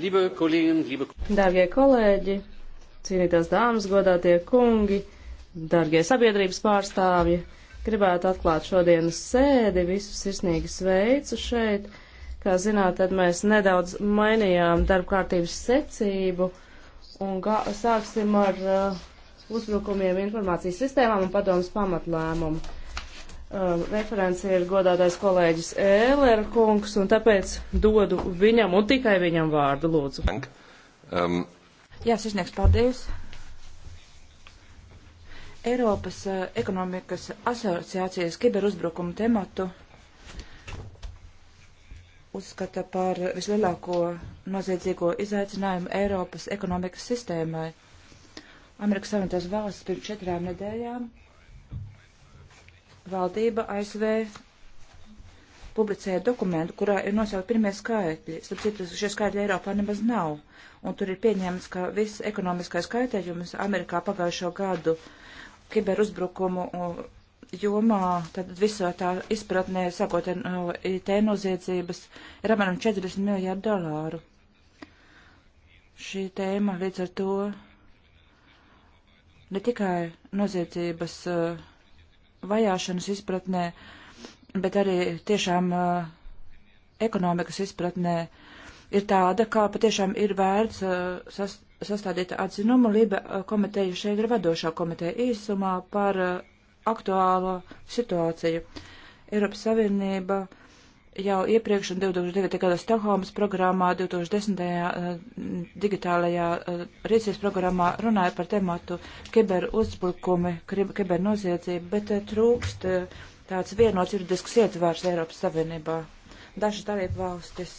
Liebe kolēģi, liebe... Dārgie kolēģi, cienītās dāmas, godātie kungi, dārgie sabiedrības pārstāvji, gribētu atklāt šodienas sēdi, visus sirsnīgi sveicu šeit. Kā zināt, tad mēs nedaudz mainījām darbkārtības secību un sāksim ar uh, uzbrukumiem informācijas sistēmām un padomas pamatlēmumu. Uh, referents ir godātais kolēģis Ēlera kungs, un tāpēc dodu viņam un tikai viņam vārdu, lūdzu. Um. Jā, sirsnieks, paldies. Eiropas uh, ekonomikas asociācijas kiberuzbrukumu tematu uzskata par vislielāko noziedzīgo izaicinājumu Eiropas ekonomikas sistēmai. Amerikas Savienotās valsts pirms četrām nedēļām valdība ASV publicēja dokumentu, kurā ir nosaukt pirmie skaitļi. Starp citu, šie skaitļi Eiropā nemaz nav. Un tur ir pieņēmts, ka viss ekonomiskais skaitējums Amerikā pagājušo gadu kiberuzbrukumu uh, jomā, tad visā tā izpratnē, sakot, no uh, IT noziedzības, ir apmēram 40 miljārdu dolāru. Šī tēma līdz ar to ne tikai noziedzības uh, vajāšanas izpratnē, bet arī tiešām uh, ekonomikas izpratnē ir tāda, kā patiešām ir vērts uh, sas, sastādīt atzinumu. Liba uh, komiteja šeit ir vadošā komiteja īsumā par uh, aktuālo situāciju. Eiropas Savienība uh, jau iepriekš un 2009. gada Stokholmas programmā, 2010. Eh, digitālajā eh, rīcības programmā runāja par tematu kiber uzbrukumi, kiber noziedzību, bet eh, trūkst tāds vienots juridisks ietvārs Eiropas Savienībā. Dažas dalībvalstis,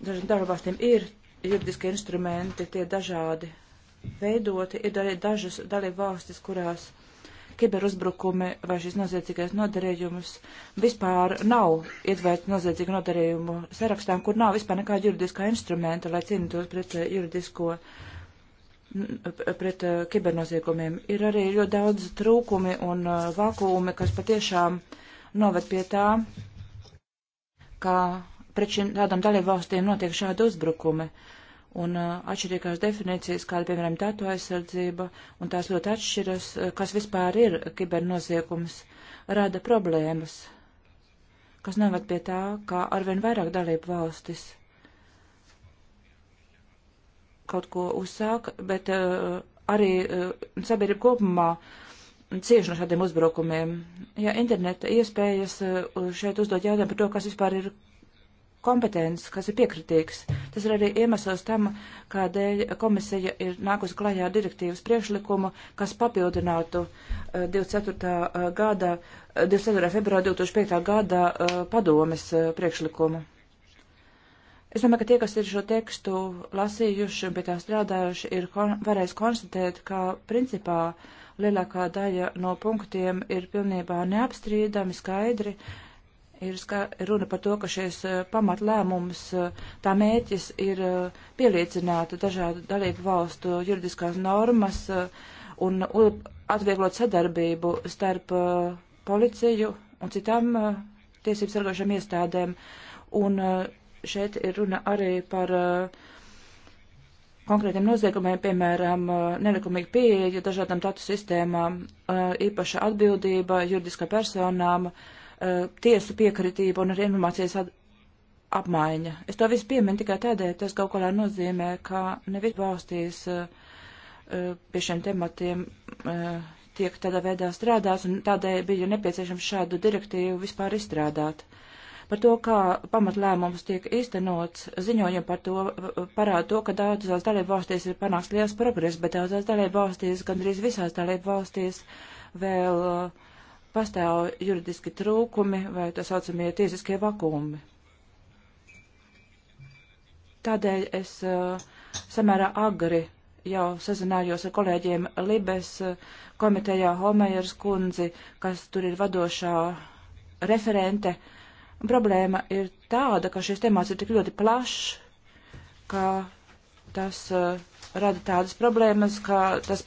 dažas dalībvalstīm ir juridiski instrumenti, tie dažādi veidoti, ir arī dažas dalībvalstis, kurās kiberuzbrukumi vai šis noziedzīgais nodarījums vispār nav ietverts noziedzīgu nodarījumu sarakstām, kur nav vispār nekāda juridiskā instrumenta, lai cīnītos pret eh, juridisko eh, pret eh, kibernoziegumiem. Ir arī ļoti daudz trūkumi un vakumi, kas patiešām noved pie tā, ka pret šiem tādām dalībvalstīm notiek šādi uzbrukumi. Uh, un atšķirīgās definīcijas, kāda, piemēram, datu aizsardzība, un tās ļoti atšķiras, kas vispār ir kibernoziegums, rada problēmas, kas nevad pie tā, kā arvien vairāk dalību valstis kaut ko uzsāk, bet uh, arī uh, sabiedrība kopumā cieši no šādiem uzbrukumiem. Jā, interneta iespējas uh, šeit uzdot jautājumu par to, kas vispār ir kompetences, kas ir piekritīgs. Tas ir arī iemesls tam, kādēļ komisija ir nākusi klajā direktīvas priekšlikumu, kas papildinātu 24. Eh, eh, gada, 24. februāra 2005. gada eh, padomes priekšlikumu. Es domāju, ka tie, kas ir šo tekstu lasījuši un pie tā strādājuši, ir kon varēs konstatēt, ka principā lielākā daļa no punktiem ir pilnībā neapstrīdami skaidri. Uh, ir runa par to, ka šīs eh, pamatlēmums, eh, tā mēķis ir eh, pieliecināt dažādu dalību valstu juridiskās normas un atvieglot sadarbību starp policiju un citām tiesību sargošām iestādēm. Un šeit ir runa arī par konkrētiem noziegumiem, piemēram, nelikumīga pieeja dažādām datu sistēmām, īpaša atbildība juridiskā personām, uh, Eh, tiesu piekritība un arī informācijas apmaiņa. Es to visu pieminu tikai tādēļ, tas kaut kādā nozīmē, ka nevis valstīs eh, eh, pie šiem tematiem tiek tādā veidā strādāts, un tādēļ bija nepieciešams šādu direktīvu vispār izstrādāt. Par to, kā pamatlēmums tiek īstenots, ziņojumi par to parāda to, ka daudzās dalību valstīs ir panāks liels progress, bet daudzās dalību valstīs, gandrīz visās dalību valstīs, vēl uh, pastāv juridiski trūkumi vai tā saucamie tiesiskie vakumi. Tādēļ es uh, samērā agri jau sazinājos ar kolēģiem Libes eh, komitejā Homēras kundzi, kas tur ir vadošā referente. Problēma ir tāda, ka šis temats ir tik ļoti plašs, ka tas uh, rada tādas problēmas, ka tas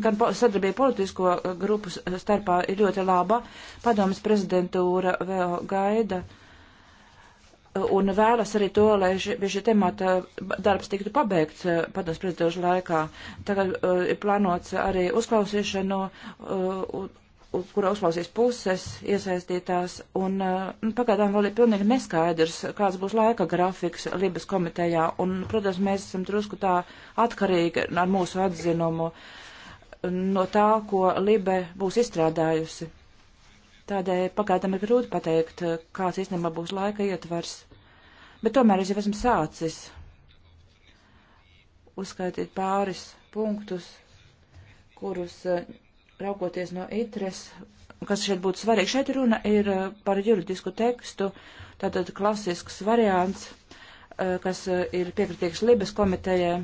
gan sadarbība politisko eh, grupu starpā ir ļoti laba. Padomas prezidentūra vēl gaida eh, un vēlas arī to, lai pie šī temata eh, darbs tiktu pabeigts padomas prezidentūras laikā. Tagad uh, ir plānots arī uzklausīšanu, uh, kurā uzklausīs puses iesaistītās, un uh, pagaidām vēl ir pilnīgi neskaidrs, kāds būs laika grafiks Libas komitejā, un, protams, mēs esam drusku tā atkarīgi ar mūsu atzinumu. Uh, no tā, ko Libe būs izstrādājusi. Tādēļ pagaidām ir grūti pateikt, kāds īstenībā būs laika ietvars. Bet tomēr es jau esmu sācis uzskaitīt pāris punktus, kurus eh, raugoties no itres, kas šeit būtu svarīgi. Šeit runa ir eh, par juridisku tekstu, tātad klasisks variants, eh, kas ir piekritīgs Libes komitejai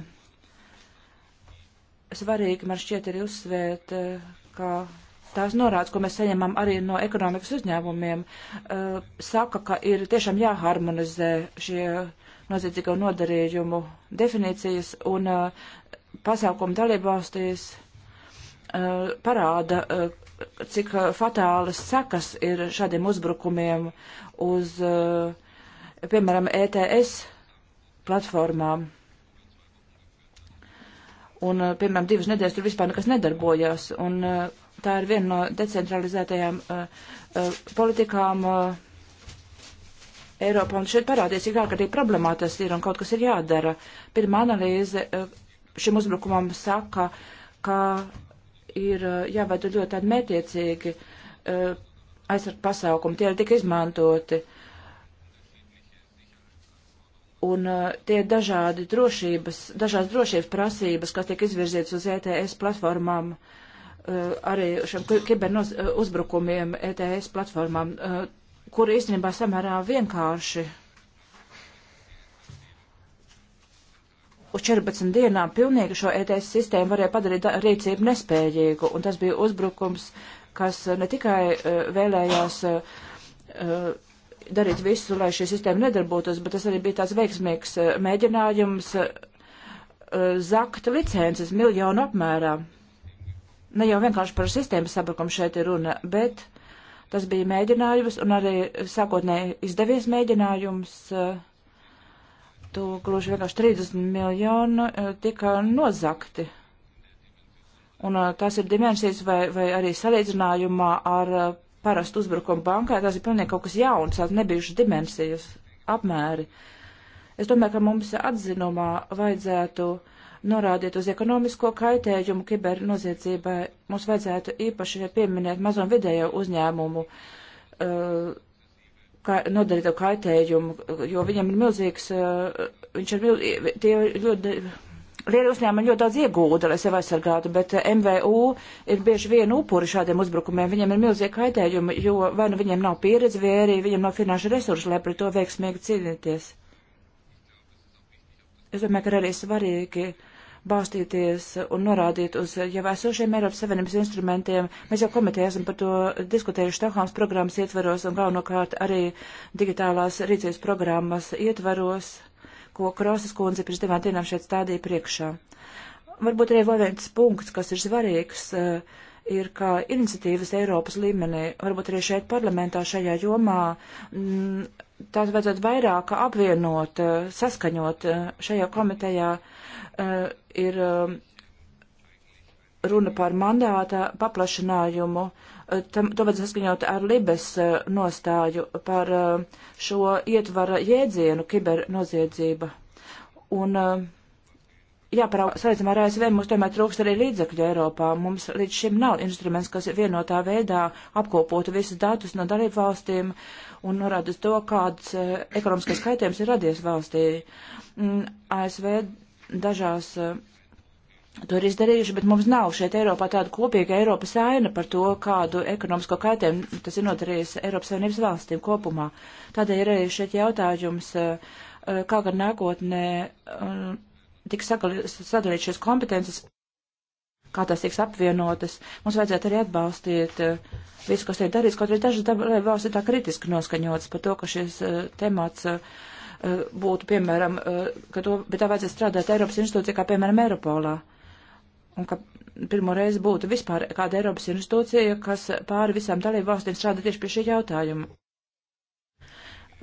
svarīgi man šķiet ir uzsvērt, eh, ka tās norādes, ko mēs saņemam arī no ekonomikas uzņēmumiem, eh, saka, ka ir tiešām jāharmonizē šie noziedzīgo nodarījumu definīcijas un eh, pasākumu dalībvalstīs parāda, cik fatālas sekas ir šādiem uzbrukumiem uz, piemēram, ETS platformām un, eh, piemēram, divas nedēļas tur vispār nekas nedarbojās, un eh, tā ir viena no decentralizētajām uh, uh, politikām uh, Eiropā, un šeit parādīs, cik ārkārtīgi problemā tas ir, un kaut kas ir jādara. Pirmā analīze šim uzbrukumam saka, ka ir jāveido ļoti tādi mētiecīgi aizsarg pasākumi, tie ir tik izmantoti. Uh, un uh, tie dažādi drošības, dažādas drošības prasības, kas tiek izvirzītas uz ETS platformām, uh, arī šiem kiberuzbrukumiem uh, ETS platformām, uh, kur īstenībā samērā vienkārši uz 14 dienām pilnīgi šo ETS sistēmu varēja padarīt rīcību nespējīgu, un tas bija uzbrukums, kas uh, ne tikai uh, vēlējās uh, uh darīt visu, lai šī sistēma nedarbotos, bet tas arī bija tāds veiksmīgs eh, mēģinājums eh, eh, zakt licences miljonu apmērā. Ne jau vienkārši par sistēmas sabrukumu šeit ir runa, bet tas bija mēģinājums un arī sākotnēji izdevies mēģinājums. Tu gluži vienkārši 30 miljonu tika nozakti. Un tās ir dimensijas vai, vai arī salīdzinājumā ar parasti uzbrukumi bankai, tas ir pilnīgi kaut kas jauns, tāds nebijušas dimensijas apmēri. Es domāju, ka mums atzinumā vajadzētu norādīt uz ekonomisko kaitējumu kibernoziedzībai. Mums vajadzētu īpaši pieminēt mazo un vidējo uzņēmumu uh, ka, nodarīto kaitējumu, jo viņam ir milzīgs, uh, viņš ir milz, tie ļoti Lieli uzņēmumi ļoti daudz iegūda, lai sevi aizsargātu, bet eh, MVU ir bieži vien upuri šādiem uzbrukumiem. Viņiem ir milzīgi kaitējumi, jo vai nu viņiem nav pieredze, vai arī viņiem nav finanšu resursu, lai pret to veiksmīgi cīnīties. Es domāju, ka arī svarīgi balstīties un norādīt uz jau esošiem Eiropas Savienības instrumentiem. Mēs jau komitejā esam par to diskutējuši Stokholmas programmas ietveros un galvenokārt arī digitālās rīcības programmas ietveros ko Krosas kundze pirms divām dienām šeit stādīja priekšā. Varbūt arī vēl viens punkts, kas ir svarīgs, eh, ir, ka iniciatīvas Eiropas līmenī, varbūt arī šeit parlamentā šajā jomā, m, mm, tās vajadzētu vairāk apvienot, eh, saskaņot. Eh, šajā komitejā ir runa par mandāta paplašinājumu tam, to vajadzētu saskaņot ar Libes eh, nostāju par eh, šo ietvara jēdzienu kibernoziedzība. Un eh, jāparauk, salīdzinām ar ASV, mums tomēr trūkst arī līdzekļu Eiropā. Mums līdz šim nav instruments, kas vienotā veidā apkopotu visus datus no dalību valstīm un norāda uz to, kāds ekonomiskais kaitējums ir radies valstī. Mm, ASV dažās uh, to ir izdarījuši, bet mums nav šeit Eiropā tāda kopīga Eiropas aina par to, kādu ekonomisko kaitējumu tas ir notarījis Eiropas Savienības valstīm kopumā. Tādēļ ir arī šeit jautājums, eh, eh, kā gan nākotnē eh, tiks sadalīt šīs kompetences, kā tās tiks apvienotas. Mums vajadzētu arī atbalstīt visu, kas tiek darīts, kaut arī dažas valsts ir tā kritiski noskaņotas par to, ka šis temats būtu, piemēram, ka to, bet tā vajadzētu strādāt Eiropas institūcija, kā piemēram Eiropolā. Uh, un ka pirmo reizi būtu vispār kāda Eiropas institūcija, kas pāri visām dalību valstīm strādā tieši pie šī jautājuma.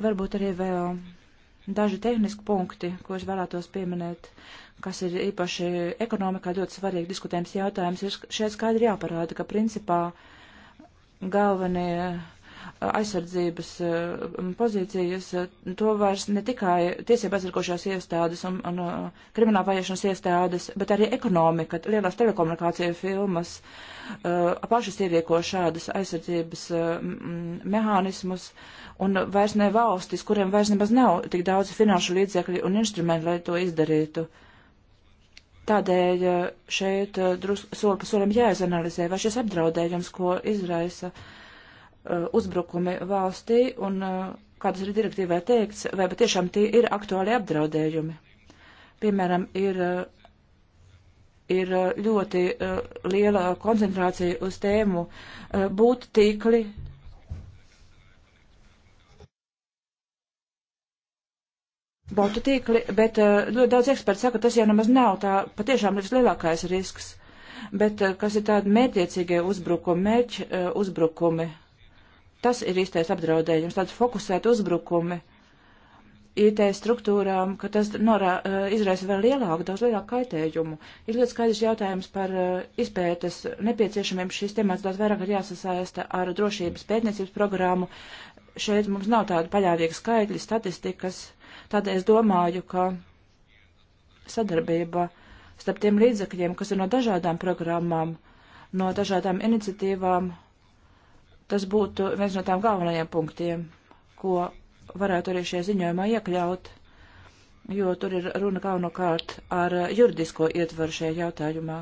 Varbūt arī vēl daži tehniski punkti, ko es vēlētos pieminēt, kas ir īpaši ekonomikā ļoti svarīgi diskutējums jautājums, ir šeit skaidri jāparāda, ka principā galvenie aizsardzības eh, pozīcijas, eh, to vairs ne tikai tiesība aizsargošās iestādes un, un eh, krimināla vajāšanas iestādes, bet arī ekonomika, lielās telekomunikācija filmas pašas ierieko šādas aizsardzības mehānismus, un vairs ne valstis, kuriem vairs nemaz nav tik daudz finanšu līdzekļu un instrumentu, lai to izdarītu. Tādēļ šeit drusku soli pa solim jāizanalizē, vai šis apdraudējums, ko izraisa uh, Uh, uzbrukumi valstī un uh, kādas ir direktīvai teikts, vai patiešām tie ir aktuāli apdraudējumi. Piemēram, ir, uh, ir ļoti liela koncentrācija uz tēmu būt tīkli. Bautu tīkli, bet ļoti daudz eksperti saka, tas jau nemaz nav tā patiešām ir vislielākais risks. Bet kas ir tādi mērķiecīgie uzbrukumi, mērķi uzbrukumi? Tas ir īstais apdraudējums, tāds fokusēt uzbrukumi IT struktūrām, ka tas norā, eh, izraisa vēl lielāku, daudz lielāku kaitējumu. Ir ļoti skaidrs jautājums par eh, izpētes nepieciešamiem. Šis temats daudz vairāk ir jāsasaista ar drošības pētniecības programmu. Šeit mums nav tāda paļāvīga skaitļa, statistikas. Tādēļ es domāju, ka sadarbība starp tiem līdzakļiem, kas ir no dažādām programmām, no dažādām iniciatīvām, Tas būtu viens no tām galvenajiem punktiem, ko varētu arī šajā ziņojumā iekļaut, jo tur ir runa galvenokārt ar eh, juridisko ietvaru šajā jautājumā.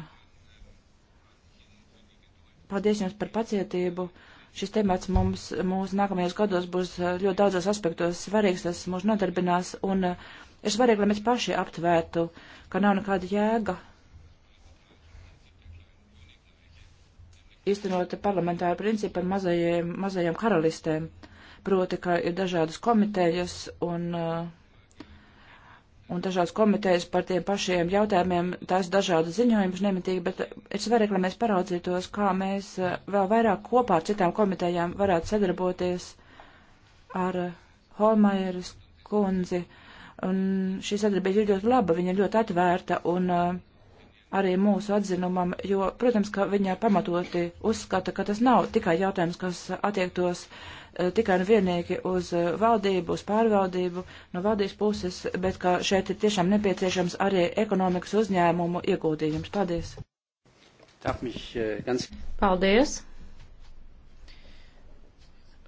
Paldies jums par pacietību. Šis temats mums mūsu nākamajos gados būs eh, ļoti daudzos aspektos svarīgs, tas mūs nodarbinās, un eh, ir svarīgi, lai mēs paši aptvērtu, ka nav nekāda jēga īstenota parlamentāra principa par mazajiem, mazajiem karalistēm. Proti, ka ir dažādas komitejas un, uh, un dažādas komitejas par tiem pašiem jautājumiem, tās dažādas ziņojumus nemitīgi, bet ir svarīgi, lai mēs paraudzītos, kā mēs uh, vēl vairāk kopā ar citām komitejām varētu sadarboties ar Holmajeras kundzi. Un šī sadarbība ir ļoti laba, viņa ir ļoti atvērta un uh, arī mūsu atzinumam, jo, protams, ka viņa pamatoti uzskata, ka tas nav tikai jautājums, kas attiektos eh, tikai un vienīgi uz eh, valdību, uz pārvaldību no valdības puses, bet ka šeit ir tiešām nepieciešams arī ekonomikas uzņēmumu ieguldījums. Paldies! Eh, Paldies!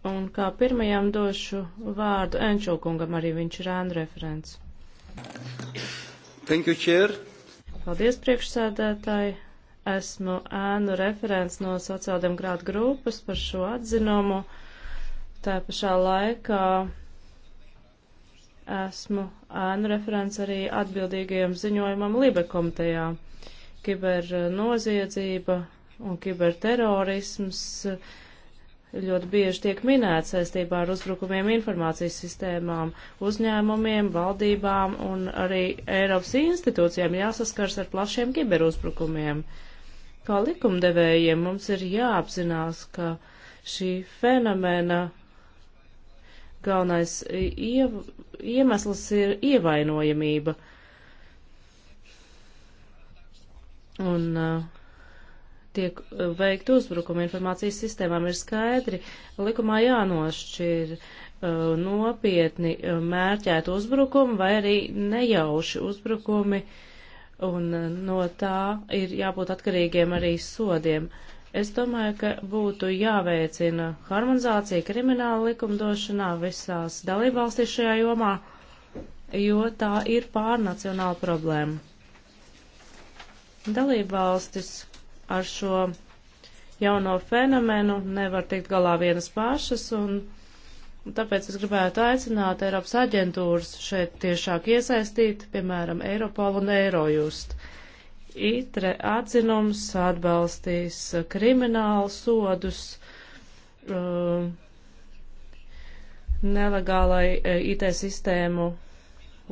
Un kā pirmajam došu vārdu Enčulkungam, arī viņš ir ēnu referents. Thank you, Chair. Paldies, priekšsēdētāji. Esmu ēnu referents no sociāldemokrāta grupas par šo atzinumu. Tā pašā laikā esmu ēnu referents arī atbildīgajam ziņojumam Libe komitejā. Kibernoziedzība un kiberterorisms. Uh, ļoti bieži tiek minēts saistībā ar uzbrukumiem informācijas sistēmām, uzņēmumiem, valdībām un arī Eiropas institūcijām jāsaskars ar plašiem kiberuzbrukumiem. Kā likumdevējiem mums ir jāapzinās, ka šī fenomena galvenais iev iemesls ir ievainojamība. Un uh, tiek eh, veikt uzbrukuma informācijas sistēmām, ir skaidri likumā jānošķir eh, nopietni eh, mērķēt uzbrukumu vai arī nejauši uzbrukumi, un no tā ir jābūt atkarīgiem arī sodiem. Es domāju, ka būtu jāveicina harmonizācija krimināla likumdošanā visās dalībvalstīs šajā jomā, jo tā ir pārnacionāla problēma. Dalībvalstis ar šo jauno fenomenu nevar tikt galā vienas pašas, un tāpēc es gribētu aicināt Eiropas aģentūras šeit tiešāk iesaistīt, piemēram, Eiropolu un Eirojust. ITRE atzinums atbalstīs kriminālu sodus. Uh, nelegālai e, IT sistēmu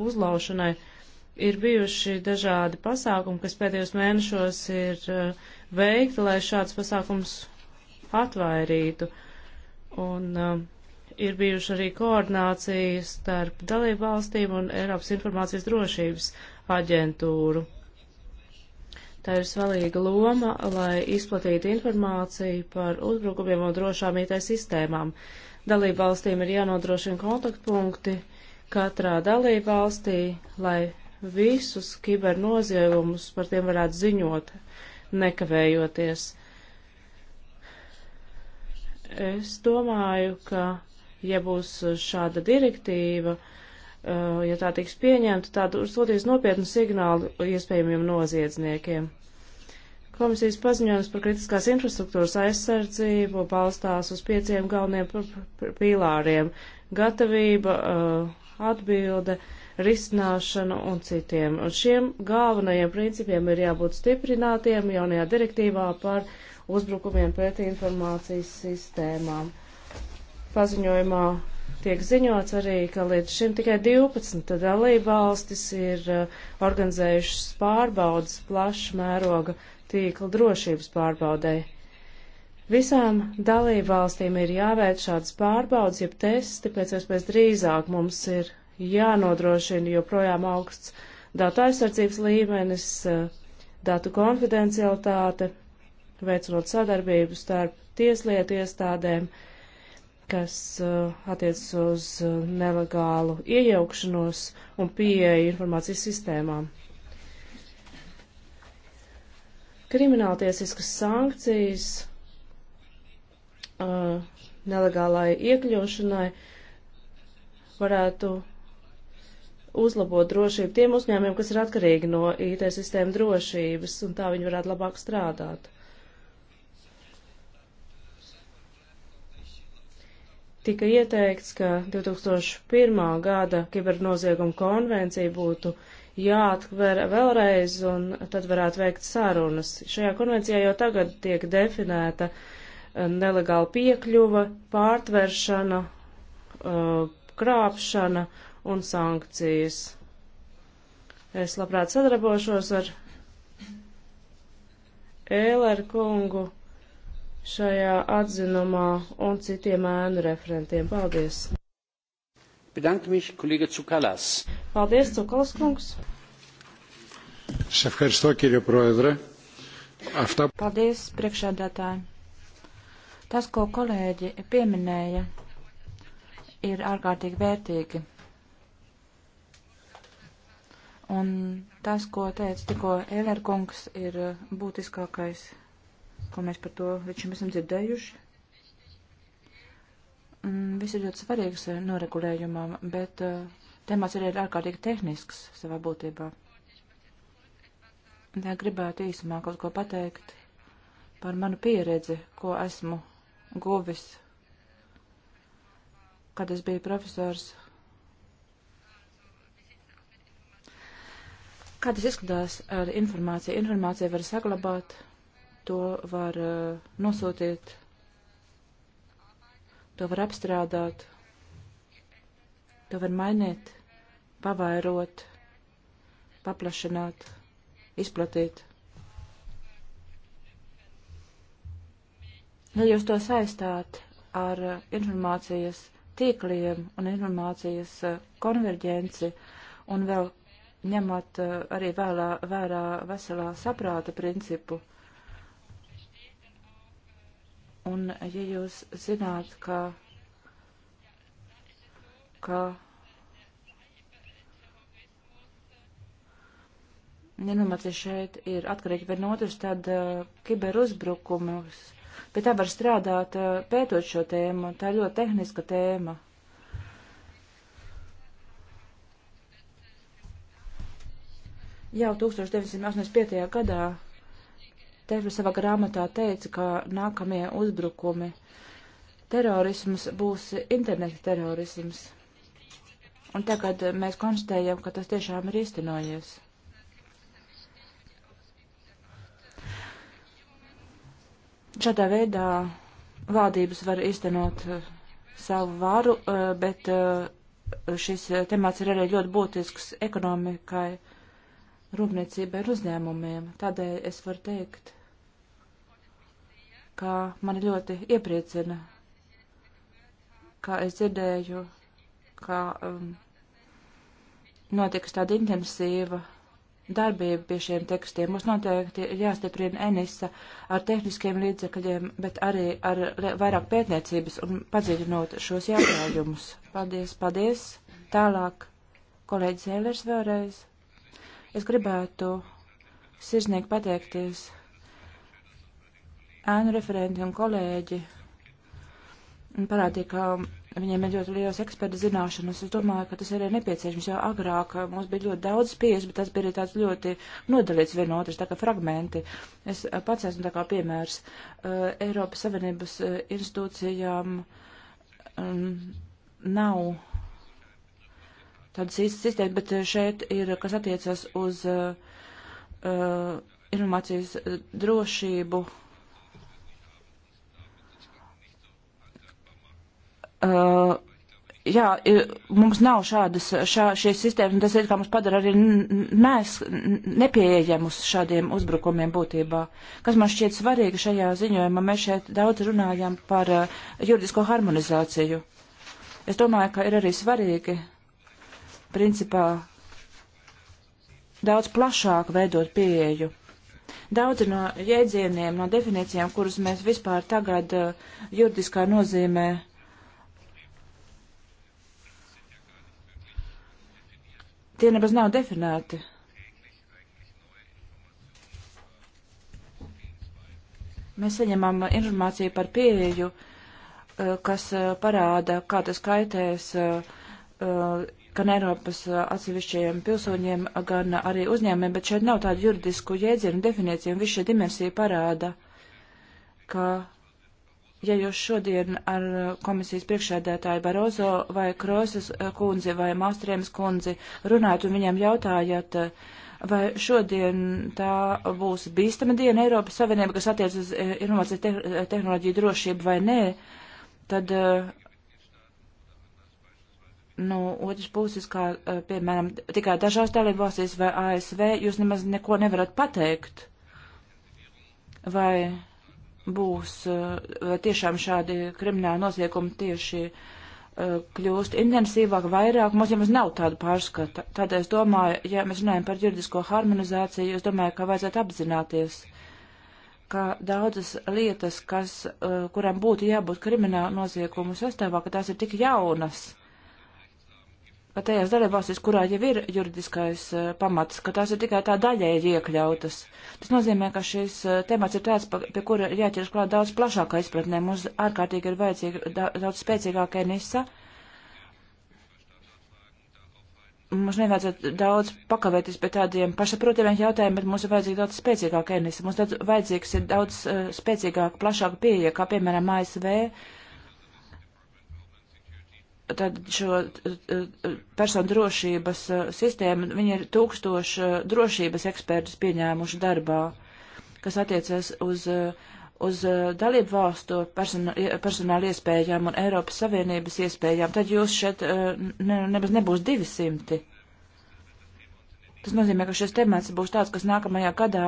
uzlaušanai ir bijuši dažādi pasākumi, kas pēdējos mēnešos ir uh, veikt, lai šāds pasākums atvairītu. Un uh, ir bijuši arī koordinācija starp dalību valstīm un Eiropas informācijas drošības aģentūru. Tā ir svarīga loma, lai izplatītu informāciju par uzbrukumiem un drošām IT sistēmām. Dalību valstīm ir jānodrošina kontaktpunkti katrā dalību valstī, lai visus kibernoziegumus par tiem varētu ziņot nekavējoties. Es domāju, ka, ja būs šāda direktīva, uh, ja tā tiks pieņemta, tad sūtīs nopietnu signālu iespējamiem noziedzniekiem. Komisijas paziņojums par kritiskās infrastruktūras aizsardzību balstās uz pieciem galveniem pīlāriem - gatavība, uh, atbilde, uh, risināšanu un citiem. Un šiem galvenajiem principiem ir jābūt stiprinātiem jaunajā direktīvā par uzbrukumiem pret informācijas sistēmām. Paziņojumā tiek ziņots arī, ka līdz šim tikai 12 dalība valstis ir uh, organizējušas pārbaudas plaša mēroga tīkla drošības pārbaudēji. Visām dalībvalstīm ir jāveic šādas pārbaudas, jeb testi, pēc iespējas drīzāk mums ir jānodrošina joprojām augsts datu aizsardzības līmenis, eh, datu konfidencialitāte, veicinot sadarbību starp tieslietu iestādēm, kas eh, attiecas uz eh, nelegālu iejaukšanos un pieeju informācijas sistēmām. Krimināltiesiskas sankcijas uh, nelegālai iekļūšanai varētu uzlabot drošību tiem uzņēmiem, kas ir atkarīgi no IT sistēmu drošības, un tā viņi varētu labāk strādāt. Tika ieteikts, ka 2001. gada kibernozieguma konvencija būtu jāatver vēlreiz, un tad varētu veikt sarunas. Šajā konvencijā jau tagad tiek definēta uh, nelegāla piekļuva, pārtveršana, uh, krāpšana un sankcijas. Es labprāt sadarbošos ar Ēleru kungu šajā atzinumā un citiem ēnu referentiem. Paldies! Bedankt mich, kolēģa Cukalas. Paldies, Cukalas kungs! Σε ευχαριστώ κύριε Πρόεδρε. Αυτά... Paldies, priekšādātāji. Tas, ko kolēģi pieminēja, ir ārkārtīgi vērtīgi Un tas, ko teica tikko Ēlerkungs, ir uh, būtiskākais, ko mēs par to līdz šim esam dzirdējuši. Viss ir ļoti svarīgs uh, noregulējumam, bet uh, temats arī ir ārkārtīgi tehnisks savā būtībā. Jā, gribētu īsumā kaut ko pateikt par manu pieredzi, ko esmu guvis, kad es biju profesors Kā tas izskatās ar informāciju? Informāciju var saglabāt, to var uh, nosūtīt, to var apstrādāt, to var mainīt, pavairot, paplašināt, izplatīt. Ja jūs to saistāt ar uh, informācijas tīkliem un informācijas uh, konverģenci un vēl ņemot eh, arī vēlā, vērā veselā saprāta principu. Un ja jūs zināt, ka, ka nenomācīs šeit ir atkarīgi vien otrs, tad uh, kiberuzbrukumus. Pie tā var strādāt, uh, pētot šo tēmu. Tā ir ļoti tehniska tēma. jau 1985. gadā Tefra savā grāmatā teica, ka nākamie uzbrukumi terorisms būs interneta terorisms. Un tagad mēs konstatējam, ka tas tiešām ir īstenojies. Šādā veidā valdības var iztenot uh, savu varu, uh, bet uh, šis temats ir arī ļoti būtisks ekonomikai rūpniecībai ar uzņēmumiem. Tādēļ es varu teikt, ka mani ļoti iepriecina, kā es dzirdēju, ka um, notiks tāda intensīva darbība pie šiem tekstiem. Mums noteikti ir jāstiprina Enisa ar tehniskiem līdzekļiem, bet arī ar vairāk pētniecības un padziļinot šos jautājumus. Paldies, paldies. Tālāk kolēģis Ēlers vēlreiz. Es gribētu sirsnīgi pateikties ēnu referenti un kolēģi un parādīja, ka viņiem ir ļoti liels eksperta zināšanas. Es domāju, ka tas ir arī nepieciešams. Jau agrāk mums bija ļoti daudz pieejas, bet tas bija arī tāds ļoti nodalīts viena otras, tā kā fragmenti. Es pats esmu tā kā piemērs uh, Eiropas Savienības uh, institūcijām um, nav tādas īstas izteikt, bet eh, šeit ir, kas attiecas uz uh, informācijas drošību. Uh, jā, mums nav šādas, šā, šīs sistēmas, un tas ir, kā mums padara arī mēs nepieejamus šādiem uzbrukumiem būtībā. Kas man šķiet svarīgi šajā ziņojumā, mēs šeit daudz runājam par uh, juridisko harmonizāciju. Es domāju, ka ir arī svarīgi principā daudz plašāk veidot pieeju. Daudzi no jēdzieniem, no definīcijām, kurus mēs vispār tagad uh, juridiskā nozīmē tie nemaz nav definēti. Mēs saņemam informāciju par pieeju, eh, kas eh, parāda, kā tas kaitēs gan Eiropas atsevišķajiem pilsoņiem, gan arī uzņēmumiem, bet šeit nav tādu juridisku jēdzienu definīciju, un viss šī dimensija parāda, ka, ja jūs šodien ar komisijas priekšēdētāju Barozo vai Krosas kundzi vai Māstrēmas kundzi runājat un viņam jautājat, vai šodien tā būs bīstama diena Eiropas Savienība, kas attiec uz informācijas tehnoloģiju drošību vai nē, tad uh, no nu, otras puses, kā eh, piemēram tikai dažās dalībvalstīs vai ASV, jūs nemaz neko nevarat pateikt, vai būs eh, vai tiešām šādi krimināli noziegumi tieši eh, kļūst intensīvāk, vairāk, mums jau nav tāda pārskata. Tādēļ es domāju, ja mēs runājam par juridisko harmonizāciju, es domāju, ka vajadzētu apzināties, ka daudzas lietas, kas, kurām būtu jābūt krimināla noziegumu sastāvā, ka tās ir tik jaunas ka tajās dalībvalstīs, kurā jau ir juridiskais uh, pamats, ka tās ir tikai tā daļēji iekļautas. Tas nozīmē, ka šis uh, temats ir tāds, pa, pie kura jāķers klāt daudz plašākā izpratnē. Mums ārkārtīgi ir vajadzīga da, daudz spēcīgāka enisa. Mums nevajadzētu daudz pakavēties pie tādiem pašaprotamiem jautājumiem, bet mums ir vajadzīga daudz spēcīgāka enisa. Mums daudz vajadzīgs ir daudz uh, spēcīgāka, plašāka pieeja, kā piemēram ASV. Uh, tad šo eh, eh, personu drošības eh, sistēmu, viņi ir tūkstoši drošības ekspertus pieņēmuši darbā, kas attiecas uz, uz dalību valstu personu, personāla iespējām un Eiropas Savienības iespējām. Tad jūs šeit ne, nebūs, nebūs 200. Tas nozīmē, ka šis temats būs tāds, kas nākamajā gadā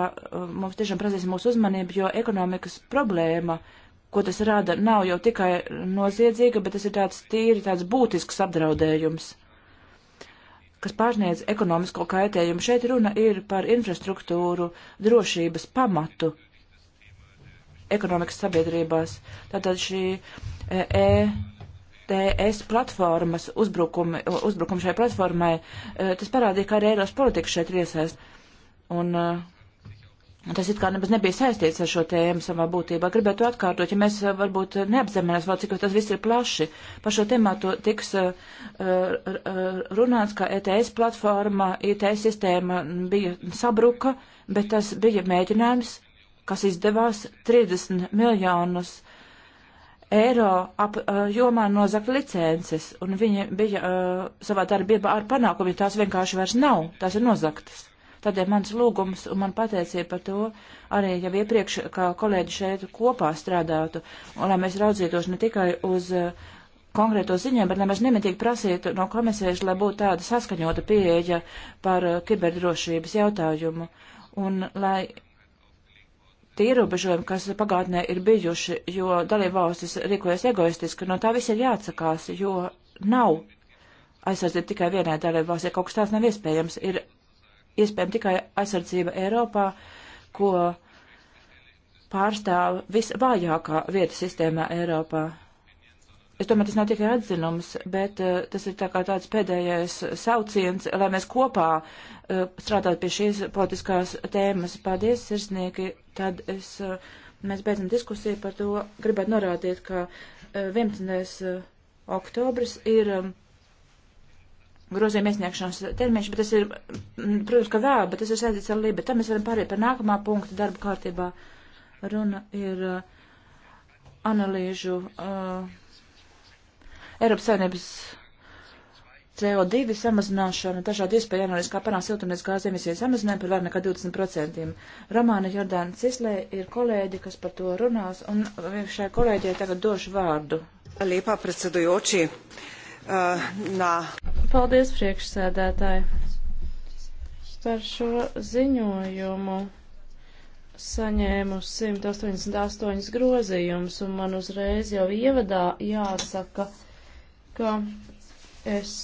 mums tiešām prasīs mūsu uzmanību, jo ekonomikas problēma uh, ko tas rada, nav jau tikai noziedzīga, bet tas ir tāds tīri tāds būtisks apdraudējums, kas pārsniedz ekonomisko kaitējumu. Šeit runa ir par infrastruktūru drošības pamatu ekonomikas sabiedrībās. Tātad šī ETS e platformas uzbrukumi, uzbrukumi šai platformai, e, tas parādīja, kā arī Eiropas politika šeit iesaist. Un uh, Tas it kā nemaz nebija saistīts ar šo tēmu savā būtībā. Gribētu atkārtot, ja mēs eh, varbūt eh, neapzināmies vēl, cik tas viss ir plaši. Par šo tēmātu tiks uh, runāts, ka ETS platforma, ETS sistēma bija sabruka, bet tas bija mēģinājums, kas izdevās 30 miljonus eiro ap uh, jomā nozakt licences, un viņi bija uh, savā darbībā ar panākumu, ja tās vienkārši vairs nav, tās ir nozaktas. Tādēļ mans lūgums un man pateicība par to arī jau iepriekš, kā kolēģi šeit kopā strādātu, un lai mēs raudzītos ne tikai uz uh, konkrēto ziņojumu, bet lai mēs nemitīgi prasītu no komisijas, lai būtu tāda saskaņota pieeja par uh, kiberdrošības jautājumu. Un lai tie ierobežojumi, kas pagātnē ir bijuši, jo dalībvalstis rīkojas egoistiski, no tā viss ir jāatsakās, jo nav aizsardzīt tikai vienai dalībvalstī, kaut kas tāds nav iespējams. Ir iespējama tikai aizsardzība Eiropā, ko pārstāv visvājākā vieta sistēmā Eiropā. Es domāju, tas nav tikai atzinums, bet uh, tas ir tā kā tāds pēdējais sauciens, lai mēs kopā uh, strādātu pie šīs politiskās tēmas. Paldies, sirsnieki. Tad es, uh, mēs beidzam diskusiju par to. Gribētu norādīt, ka uh, 11. oktobris ir. Um, grozījuma iesniegšanas termiņš, bet tas ir, mm, protams, ka vēl, bet tas ir saistīts ar Lībiju. Tad mēs varam pāriet par nākamā punktu darba kārtībā. Runa ir uh, analīžu uh, Eiropas Savienības CO2 samazināšana, dažādi iespēja analīzes, kā panākt siltumnīcas gāzes emisijas samazinājumu par vairāk nekā 20%. Romāna Jordāna Cislē ir kolēģi, kas par to runās, un šai kolēģijai tagad došu vārdu. Liepā, precedujoči. Uh, uh, nā. Paldies, priekšsēdētāji, par šo ziņojumu. Saņēmu 188 grozījumus, un man uzreiz jau ievadā jāsaka, ka es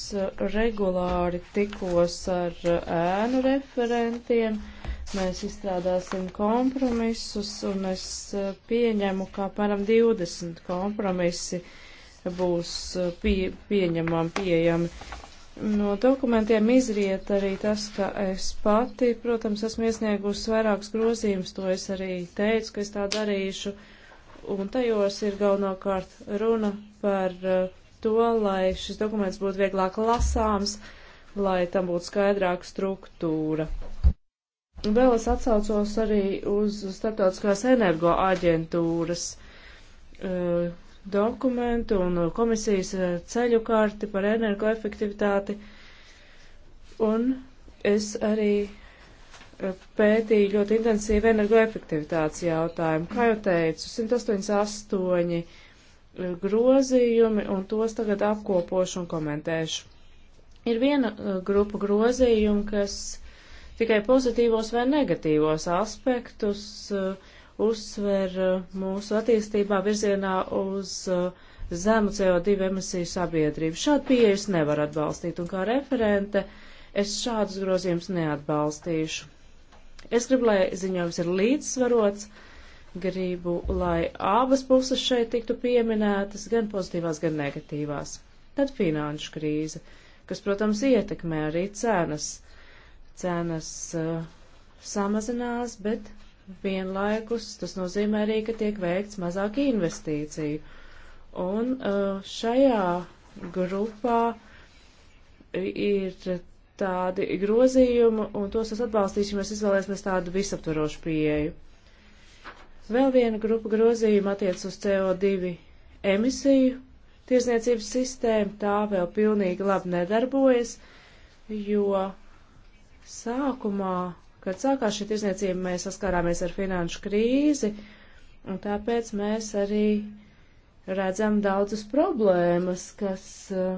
regulāri tikos ar ēnu referentiem mēs izstrādāsim kompromisus, un es pieņemu, ka apmēram 20 kompromisi būs eh, pie, pieņemami, pieejami. No dokumentiem izriet arī tas, ka es pati, protams, esmu iesniegusi vairākus grozījumus, to es arī teicu, ka es tā darīšu, un tajos ir galvenokārt runa par eh, to, lai šis dokuments būtu vieglāk lasāms, lai tam būtu skaidrāka struktūra. Vēl es atsaucos arī uz Startautiskās energoaģentūras uh, dokumentu un komisijas eh, ceļu karti par energoefektivitāti. Un es arī eh, pētīju ļoti intensīvi energoefektivitātes jautājumu. Kā jau teicu, 188 eh, grozījumi un tos tagad apkopošu un komentēšu. Ir viena grupa grozījumu, kas tikai pozitīvos vai negatīvos aspektus uh, uzsver uh, mūsu attīstībā virzienā uz uh, zemu CO2 emisiju sabiedrību. Šādu pieeju es nevaru atbalstīt, un kā referente es šādus grozījumus neatbalstīšu. Es gribu, lai ziņojums ir līdzsvarots, gribu, lai abas puses šeit tiktu pieminētas, gan pozitīvās, gan negatīvās. Tad finanšu krīze, kas, protams, ietekmē arī cenas. Cenas uh, samazinās, bet vienlaikus tas nozīmē arī, ka tiek veikts mazāk investīciju. Un uh, šajā grupā ir tādi grozījumi, un tos es atbalstīšu, ja mēs izvēlēsimies tādu visaptvarošu pieeju. Vēl viena grupa grozījuma attiec uz CO2 emisiju tiesniecības sistēmu, tā vēl pilnīgi labi nedarbojas, jo sākumā Kad sākās šī tirzniecība, mēs saskārāmies ar finanšu krīzi, un tāpēc mēs arī redzam daudzas problēmas, kas eh,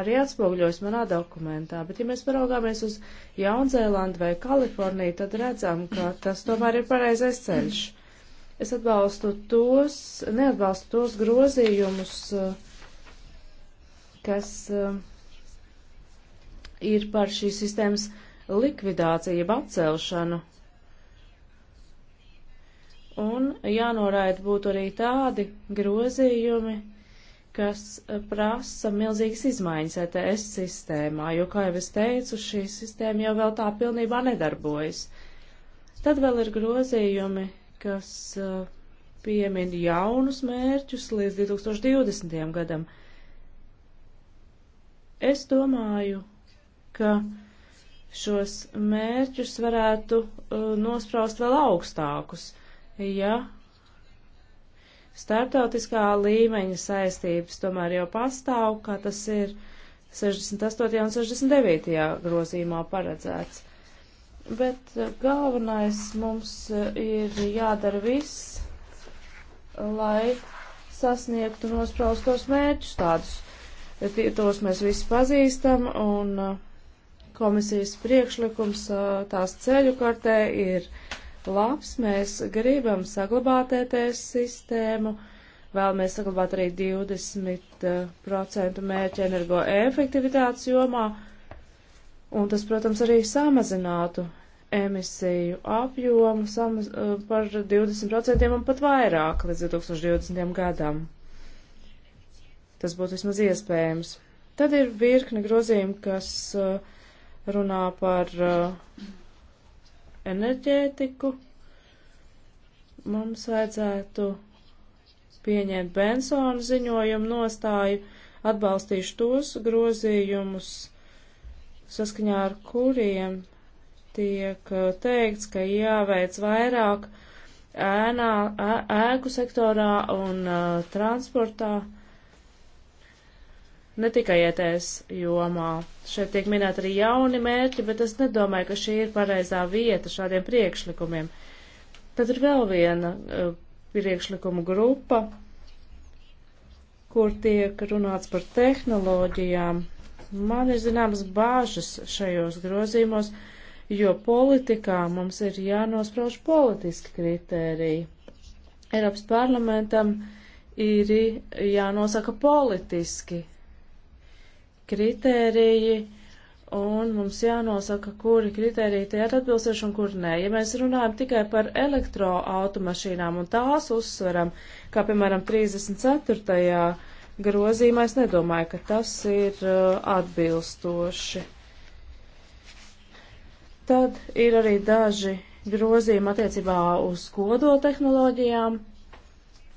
arī atspoguļojas manā dokumentā. Bet, ja mēs paraugāmies uz Jaunzēlandu vai Kaliforniju, tad redzam, ka tas tomēr ir pareizais ceļš. Es atbalstu tos, neatbalstu tos grozījumus, eh, kas eh, ir par šīs sistēmas likvidāciju, jeb atcelšanu. Un jānoraida būtu arī tādi grozījumi, kas prasa milzīgas izmaiņas ETS sistēmā, jo, kā jau es teicu, šī sistēma jau vēl tā pilnībā nedarbojas. Tad vēl ir grozījumi, kas uh, piemin jaunus mērķus līdz 2020. gadam. Es domāju, ka. Mm šos mērķus varētu uh, nospraust vēl augstākus, ja starptautiskā līmeņa saistības tomēr jau pastāv, kā tas ir 68. un 69. grozījumā paredzēts. Bet uh, galvenais mums uh, ir jādara viss, lai sasniegtu nospraustos mērķus tādus. Tos mēs visi pazīstam un uh, Komisijas priekšlikums tās ceļu kartē ir labs. Mēs gribam saglabāt ETS sistēmu, vēlamies saglabāt arī 20% mērķi energoefektivitātes jomā, un tas, protams, arī samazinātu emisiju apjomu samaz, par 20% un pat vairāk līdz 2020. gadam. Tas būtu vismaz iespējams. Tad ir virkne grozījumi, kas uh, runā par uh, enerģētiku. Mums vajadzētu pieņemt Bensona ziņojumu nostāju, atbalstīšu tos grozījumus, saskaņā ar kuriem tiek uh, teikts, ka jāveic vairāk ēnā, ēku sektorā un uh, transportā. Uh, ne tikai ETS jomā. Šeit tiek minēti arī jauni mērķi, bet es nedomāju, ka šī ir pareizā vieta šādiem priekšlikumiem. Tad ir vēl viena uh, priekšlikumu grupa, kur tiek runāts par tehnoloģijām. Man ir zināmas bāžas šajos grozījumos, jo politikā mums ir jānosprauž politiski kritēriji. Eiropas parlamentam ir jānosaka politiski kritēriji, un mums jānosaka, kuri kritēriji tie ir atbilstoši un kur nē. Ja mēs runājam tikai par elektroautomašīnām un tās uzsveram, kā piemēram 34. grozīmā, es nedomāju, ka tas ir uh, atbilstoši. Tad ir arī daži grozījumi attiecībā uz kodoltehnoloģijām. tehnoloģijām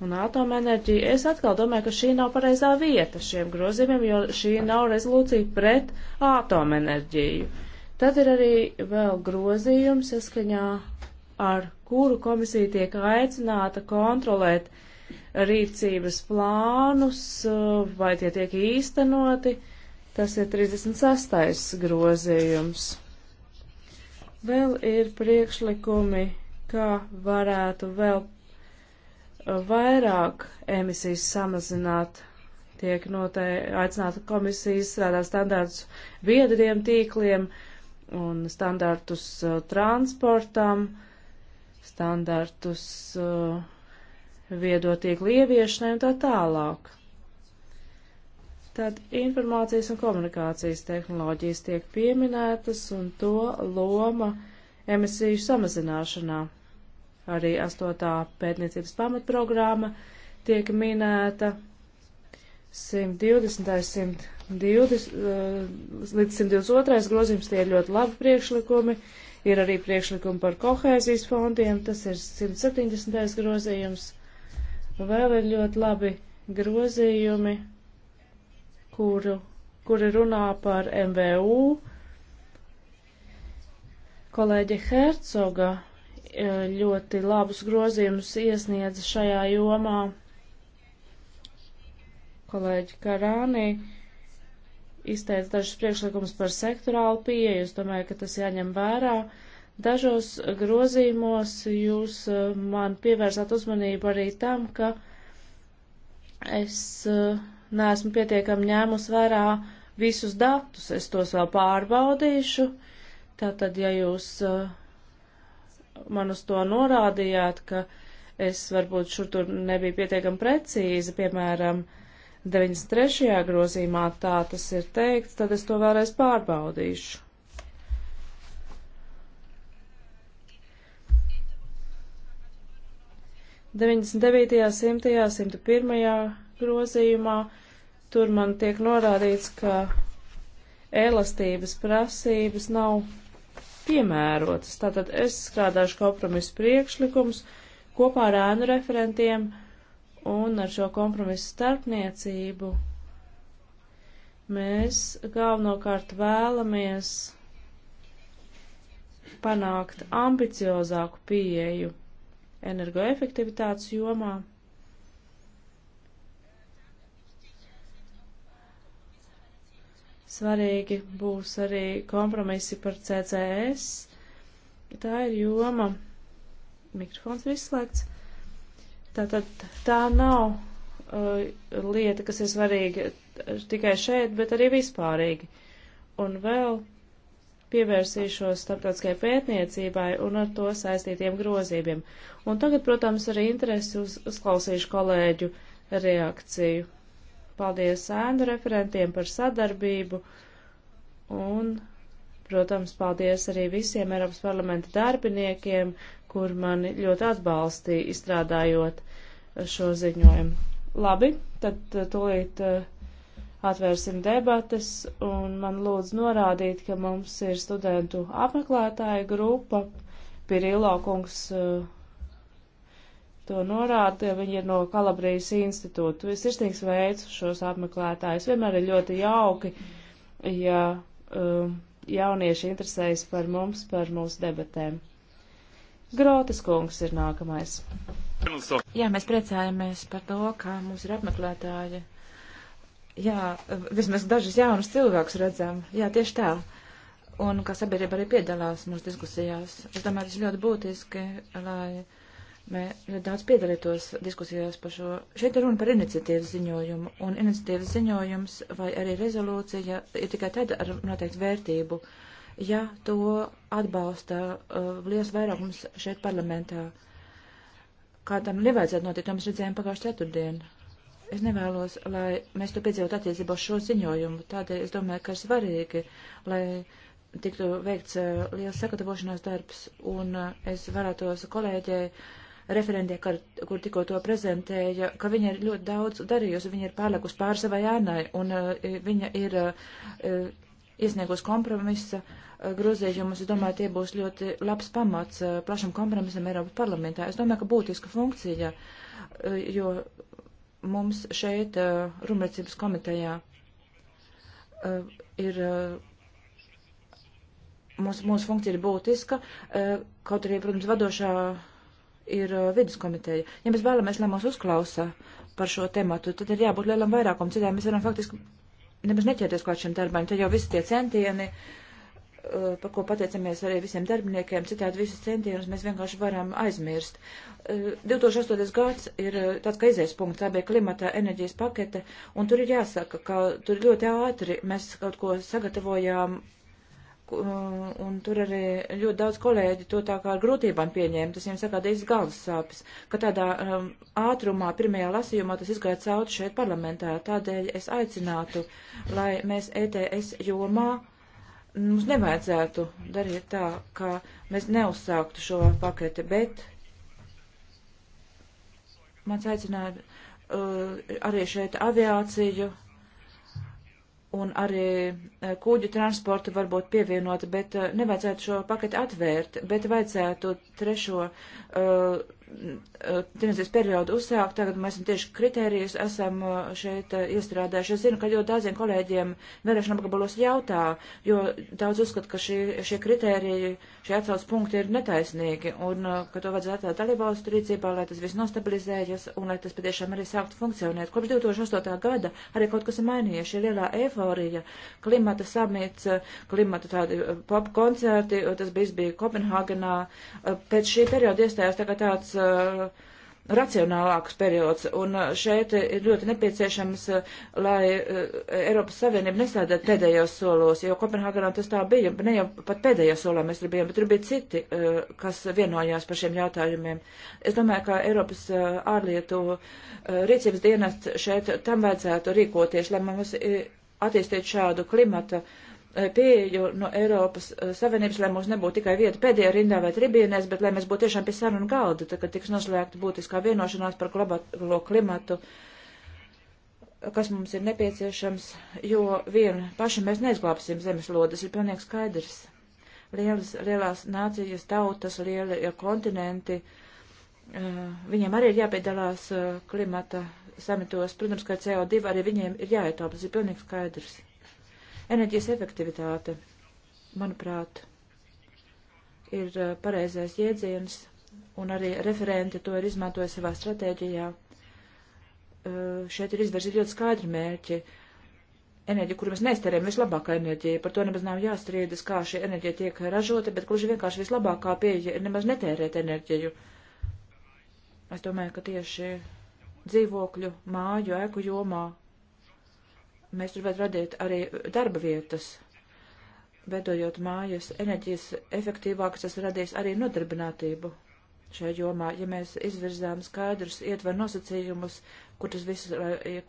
un atomenerģiju, es atkal domāju, ka šī nav pareizā vieta šiem grozījumiem, jo šī nav rezolūcija pret atomenerģiju. Tad ir arī vēl grozījums, saskaņā ar kuru komisija tiek aicināta kontrolēt rīcības plānus, vai tie tiek īstenoti. Tas ir 36. grozījums. Vēl ir priekšlikumi, kā varētu vēl vairāk emisijas samazināt. Tiek noteikti aicināta komisija izstrādāt standārtus viedriem tīkliem un standārtus uh, transportam, standārtus uh, viedotīgu ieviešanai un tā tālāk. Tad informācijas un komunikācijas tehnoloģijas tiek pieminētas un to loma emisiju samazināšanā arī astotā pētniecības pamatprogramma tiek minēta 120. 120 uh, līdz 122. grozījums tie ir ļoti labi priekšlikumi. Ir arī priekšlikumi par kohēzijas fondiem, tas ir 170. grozījums. Vēl ir ļoti labi grozījumi, kuru, kuri runā par MVU. Kolēģe Hercoga E, ļoti labus grozījumus iesniedza šajā jomā kolēģi Karānī izteica dažus priekšlikumus par sektorālu pieeju. Es domāju, ka tas jāņem vērā. Dažos grozījumos jūs e, man pievērsāt uzmanību arī tam, ka es e, neesmu pietiekami ņēmus vērā visus datus. Es tos vēl pārbaudīšu. Tātad, ja jūs uh, man uz to norādījāt, ka es varbūt šur tur nebija pietiekami precīzi, piemēram, 93. grozīmā tā tas ir teikts, tad es to vēlreiz pārbaudīšu. Deviņdesmit devītajā, simtajā, simta pirmajā grozījumā tur man tiek norādīts, ka elastības prasības nav piemērotas. Tātad es strādāšu kompromisu priekšlikums kopā ar ēnu referentiem un ar šo kompromisu starpniecību. Mēs galvenokārt vēlamies panākt ambiciozāku pieeju energoefektivitātes jomā. Svarīgi būs arī kompromisi par CCS. Tā ir joma. Mikrofons ir izslēgts. Tātad tā nav uh, lieta, kas ir svarīga tikai šeit, bet arī vispārīgi. Un vēl pievērsīšos starptautiskajai pētniecībai un ar to saistītiem grozībiem. Un tagad, protams, arī interesi uz, uzklausīšu kolēģu reakciju. Paldies ēnu referentiem par sadarbību un, protams, paldies arī visiem Eiropas parlamenta darbiniekiem, kur mani ļoti atbalstīja izstrādājot eh, šo ziņojumu. Labi, tad eh, tūlīt eh, atvērsim debates un man lūdzu norādīt, ka mums ir studentu apmeklētāja grupa. Pirilo kungs to norāda, viņi ir no Kalabrijas institūta. Tu esi sirsnīgs veids šos apmeklētājus. Vienmēr ir ļoti jauki, ja um, jaunieši interesējas par mums, par mūsu debatēm. Grotas kungs ir nākamais. Jā, mēs priecājamies par to, kā mums ir apmeklētāji. Jā, vismaz dažus jaunus cilvēkus redzam. Jā, tieši tā un kā sabiedrība arī piedalās mūsu diskusijās. Es domāju, tas ir ļoti būtiski, lai Mēs daudz piedalītos diskusijās par šo. Šeit ir runa par iniciatīvas ziņojumu, un iniciatīvas ziņojums vai arī rezolūcija ir tikai tad ar noteiktu vērtību, ja to atbalsta uh, liels vairākums šeit parlamentā. Kādam nevajadzētu notikt, to mēs redzējām pagājušā ceturtdiena. Es nevēlos, lai mēs to piedzīvotu attiecībā uz šo ziņojumu, tādēļ es domāju, ka ir svarīgi, lai tiktu veikts uh, liels sagatavošanās darbs, un uh, es varētos kolēģei uh, referentē, kar, kur tikko to prezentēja, ka viņa ir ļoti daudz darījusi, viņa ir pārlekusi pār savai ēnai, un uh, viņa ir uh, iesniegus kompromisa uh, grozījumus. Es domāju, tie būs ļoti labs pamats uh, plašam kompromisam Eiropas parlamentā. Es domāju, ka būtiska funkcija, uh, jo mums šeit uh, Rumniecības komitejā uh, ir. Uh, mūsu, mūsu funkcija ir būtiska, kaut arī, protams, vadošā ir uh, viduskomiteja. Ja mēs vēlamies, lai mūs uzklausa par šo tematu, tad ir jābūt lielam vairākam. Citādi mēs varam faktiski nemaz neķerties klāt šiem darbiem. Tad jau visi tie centieni, uh, par ko pateicamies arī visiem darbiniekiem, citādi visus centienus mēs vienkārši varam aizmirst. 2008. Uh, gads ir tāds, ka izies punkts, tā bija klimata enerģijas pakete, un tur ir jāsaka, ka tur ļoti ātri mēs kaut ko sagatavojām Uh, un tur arī ļoti daudz kolēģi to tā kā ar grūtībām pieņēma, tas viņiem sakā dēļas galvas sāpes, ka tādā um, ātrumā pirmajā lasījumā tas izgāja cauri šeit parlamentā, tādēļ es aicinātu, lai mēs ETS jomā mm, mums nevajadzētu darīt tā, ka mēs neuzsāktu šo paketi, bet mans aicinājums uh, arī šeit aviāciju un arī eh, kūģu transportu varbūt pievienot, bet eh, nevajadzētu šo paketi atvērt, bet vajadzētu trešo uh, tirdzniecības periodu uzsākt, tagad mēs tieši kritērijus esam uh, šeit uh, iestrādājuši. Es zinu, ka ļoti daudziem kolēģiem vēlēšana apgabalos jautā, jo daudz uzskat, ka šī, šie kritēriji, šie atsauc punkti ir netaisnīgi un uh, ka to vajadzētu atstāt dalībvalstu rīcībā, lai tas viss nostabilizējas un lai tas patiešām arī sāktu funkcionēt. Kopš 2008. gada arī kaut kas ir mainījies. Šī lielā eiforija, klimata samits, klimata tādi pop koncerti, tas viss bija Kopenhāgenā. Pēc šī perioda iestājās tagad tāds uh, racionālāks periods, un uh, šeit ir ļoti nepieciešams, uh, lai uh, Eiropas Savienība nesēdētu pēdējos solos, jo Kopenhāgenā tas tā bija, ne jau pat pēdējā solā mēs tur bijām, bet tur bija citi, kas vienojās par šiem jautājumiem. Es domāju, ka Eiropas ārlietu rīcības dienests šeit tam vajadzētu rīkoties, lai mums attīstītu šādu klimata uh, Eh, pieeju no Eiropas eh, Savienības, lai mums nebūtu tikai vieta pēdējā rindā vai tribienēs, bet lai mēs būtu tiešām pie sarunu galda, tad, kad tiks noslēgta būtiskā vienošanās par globālo klimatu, kas mums ir nepieciešams, jo vien paši mēs neizglābsim zemeslodes, ir pilnīgi skaidrs. Lielas, lielās nācijas, tautas, lielie kontinenti, eh, viņiem arī ir jāpiedalās klimata samitos, protams, ka CO2 arī viņiem ir jāietaupa, tas ir pilnīgi skaidrs Enerģijas efektivitāte, manuprāt, ir eh, pareizais jēdziens, un arī referenti to ir izmantojuši savā stratēģijā. Eh, šeit ir izvirzīti ļoti skaidri mērķi. Enerģija, kuru mēs neizterējam, vislabākā enerģija, par to nemaz nav jāstrīdas, kā šī enerģija tiek ražota, bet gluži vienkārši vislabākā pieeja ir nemaz netērēt enerģiju. Es domāju, ka tieši dzīvokļu, māju, ēku jomā Mēs gribētu radīt arī darba vietas, veidojot mājas enerģijas efektīvākas, tas radīs arī nodarbinātību šajā jomā, ja mēs izvirzām skaidrus ietver nosacījumus, kur tas visu,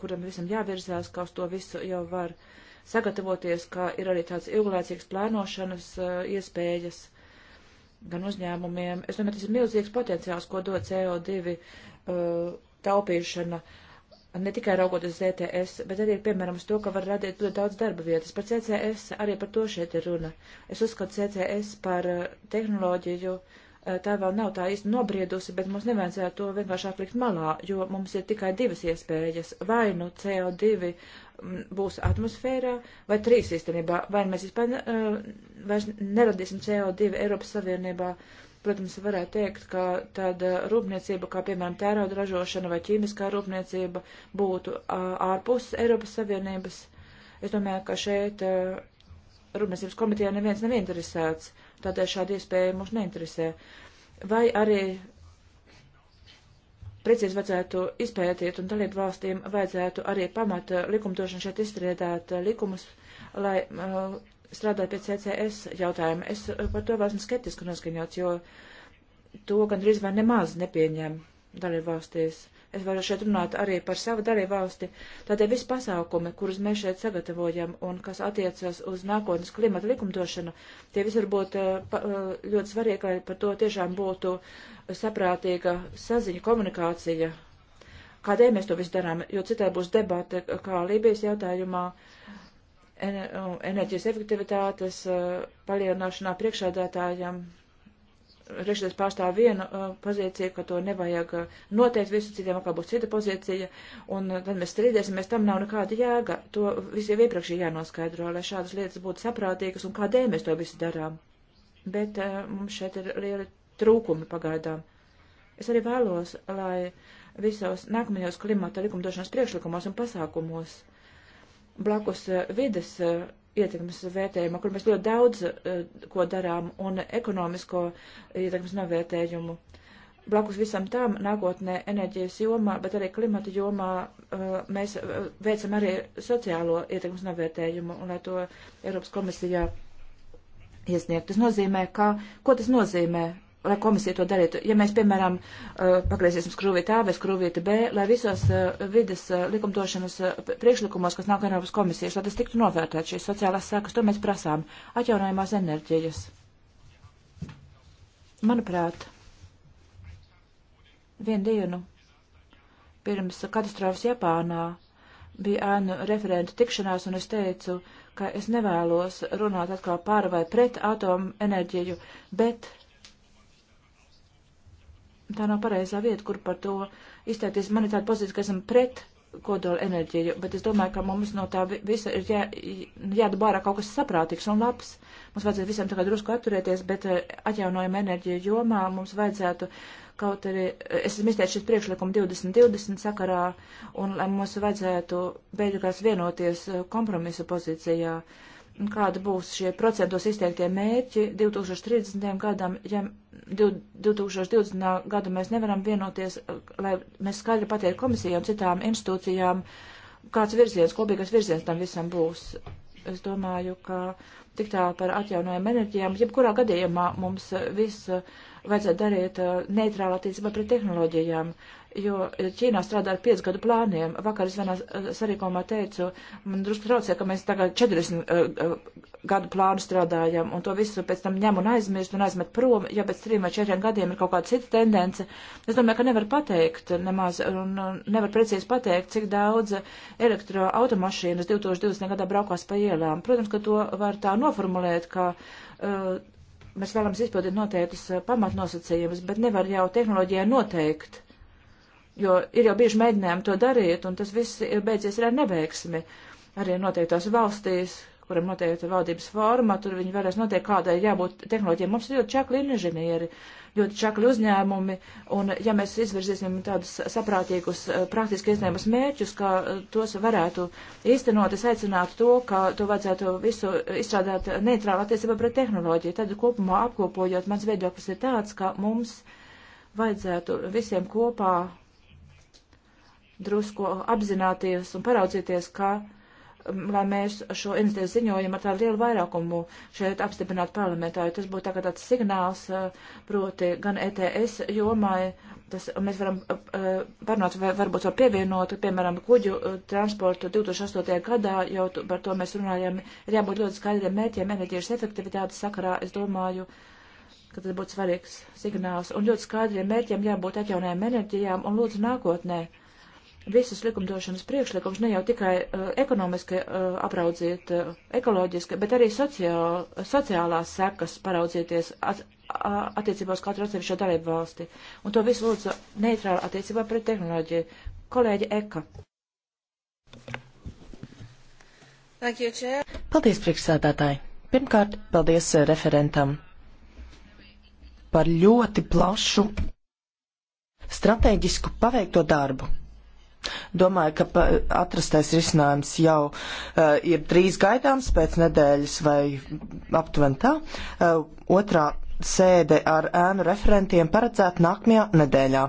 kuram visam jāvirzās, ka uz to visu jau var sagatavoties, ka ir arī tāds ilglaicīgs plānošanas uh, iespējas gan uzņēmumiem. Es domāju, tas ir milzīgs potenciāls, ko dod CO2 uh, taupīšana. Uh, ne tikai raugoties uz ETS, bet arī, piemēram, uz to, ka var radīt ļoti daudz darba vietas. Par CCS arī par to šeit ir runa. Es uzskatu CCS par eh, tehnoloģiju, eh, tā vēl nav tā īsti nobriedusi, bet mums nevajadzētu to vienkārši atlikt malā, jo mums ir tikai divas iespējas. Vai nu CO2 mm, būs atmosfērā, vai trīs īstenībā, vai mēs vispār eh, vairs neradīsim CO2 Eiropas Savienībā. Uh, Protams, varētu teikt, ka tāda rūpniecība, kā piemēram tērauda ražošana vai ķīmiskā rūpniecība, būtu ārpus Eiropas Savienības. Es domāju, ka šeit rūpniecības komitejā neviens nav interesēts, tādēļ šāda iespēja mūs neinteresē. Vai arī precīzi vajadzētu izpētīt, un dalību valstīm vajadzētu arī pamata likumdošanu šeit izstrādāt likumus, lai uh, strādāju pie CCS jautājuma. Es eh, par to esmu skeptiski noskaņots, jo to gandrīz vai nemaz nepieņem dalībvalstīs. Es varu šeit runāt arī par savu dalībvalsti. Tādēļ visi pasākumi, kurus mēs šeit sagatavojam un kas attiecas uz nākotnes klimata likumdošanu, tie visi var būt eh, eh, ļoti svarīgi, lai par to tiešām būtu saprātīga saziņa, komunikācija. Kādēļ mēs to visu darām? Jo citādi būs debata, kā Lībijas jautājumā. Uh, enerģijas efektivitātes palielināšanā priekšādātājam. Rešidēs pārstāv vienu pozīciju, ka to nevajag noteikt visu, citiem atkal būs cita pozīcija, un tad mēs strīdēsimies, tam nav nekāda jēga. To visu jau iepriekš ir jānoskaidro, lai šādas lietas būtu saprātīgas un kādēļ mēs to visu darām. Bet mums šeit ir lieli trūkumi pagaidām. Es arī vēlos, lai visos nākamajos klimata likumdošanas priekšlikumos un pasākumos uh, blakus eh, vides eh, ietekmes vērtējuma, kur mēs ļoti daudz eh, ko darām, un ekonomisko ietekmes novērtējumu. Blakus visam tam nākotnē enerģijas jomā, bet arī klimata jomā mēs veicam arī sociālo ietekmes novērtējumu, un lai to Eiropas komisijā iesniegt. Tas nozīmē, ka, ko tas nozīmē lai komisija to darītu. Ja mēs, piemēram, uh, pagriezīsim skrūvīti A vai skrūvīti B, lai visos uh, vidas uh, likumdošanas priekšlikumos, kas nāk Eiropas komisijas, lai tas tiktu novērtēt šīs sociālās sākas, to mēs prasām atjaunojumās enerģijas. Manuprāt, vienu dienu pirms katastrofas Japānā bija ēnu referentu tikšanās, un es teicu, ka es nevēlos runāt atkal par vai pret atomu enerģiju, bet tā nav pareizā vieta, kur par to izteikties. Man ir tāda pozīcija, ka esam pret kodola enerģiju, bet es domāju, ka mums no tā visa ir jā, jādabārā kaut kas saprātīgs un labs. Mums vajadzētu visiem tagad drusku atturēties, bet eh, atjaunojama enerģija jomā mums vajadzētu kaut arī, eh, es esmu izteicis šis priekšlikumu 2020 sakarā, un lai mums vajadzētu beigās vienoties eh, kompromisa pozīcijā. Uh, kāda būs šie procentos izteiktie mērķi 2030. gadam, ja 2020. gadu mēs nevaram vienoties, lai mēs skaidri pateiktu komisijām, citām institūcijām, kāds virziens, kopīgais virziens tam visam būs. Es domāju, ka tik tā par atjaunojumu enerģijām, jebkurā gadījumā mums viss vajadzētu darīt uh, neitrāli attiecībā pret tehnoloģijām jo Ķīnā strādā ar 5 gadu plāniem. Vakar es vienā eh, sarīkumā teicu, man drusku traucē, ka mēs tagad 40 uh, gadu plānu strādājam un to visu pēc tam ņem un aizmirst un aizmet prom, ja pēc 3 vai 4 gadiem ir kaut kāda cita tendence. Es domāju, ka nevar pateikt nemaz un nevar precīzi pateikt, cik daudz elektroautomašīnas 2020. gadā braukās pa ielām. Protams, ka to var tā noformulēt, ka. Uh, Mēs vēlamies izpildīt noteiktus eh, pamatnosacījumus, bet nevar jau tehnoloģijai noteikt, jo ir jau bieži mēģinājumi to darīt, un tas viss ir beidzies ar neveiksmi. Arī noteiktās valstīs, kuram noteikti ir valdības forma, tur viņi varēs noteikt, kādai jābūt tehnoloģijai. Mums ir ļoti čakli inženieri, ļoti čakli uzņēmumi, un ja mēs izvirzīsim tādus saprātīgus, eh, praktiski iesniegums mērķus, kā eh, tos varētu īstenot, es aicinātu to, ka to vajadzētu visu izstrādāt neitrāli attiecībā pret tehnoloģiju. Tad kopumā apkopojot, mans viedoklis ir tāds, ka mums vajadzētu visiem kopā drusku apzināties un paraudzīties, kā, lai mēs šo iniciatīvu ziņojam ar tādu lielu vairākumu šeit apstiprinātu parlamentā, jo tas būtu tagad tāds signāls, proti gan ETS jomai, tas mēs varam parunāt, varbūt var pievienot, piemēram, kuģu transportu 2008. gadā, jau par to mēs runājam, ir jābūt ļoti skaidriem mērķiem enerģijas efektivitātes sakarā, es domāju, ka tas būtu svarīgs signāls, un ļoti skaidriem mērķiem jābūt atjaunējām enerģijām, un lūdzu nākotnē. Ne visus likumdošanas priekšlikumus ne jau tikai uh, ekonomiski uh, apraudziet uh, ekoloģiski, bet arī sociāl, sociālās sekas paraudzieties at, attiecībā uz katru atsevišķo dalību valsti. Un to visu lūdzu neitrāli attiecībā pret tehnoloģiju. Kolēģi Eka. You, paldies, priekšsēdētāji. Pirmkārt, paldies eh, referentam par ļoti plašu stratēģisku paveikto darbu Domāju, ka atrastais risinājums jau uh, ir drīz gaidāms pēc nedēļas vai aptuveni tā. Uh, otrā sēde ar ēnu referentiem paredzēta nākamajā nedēļā.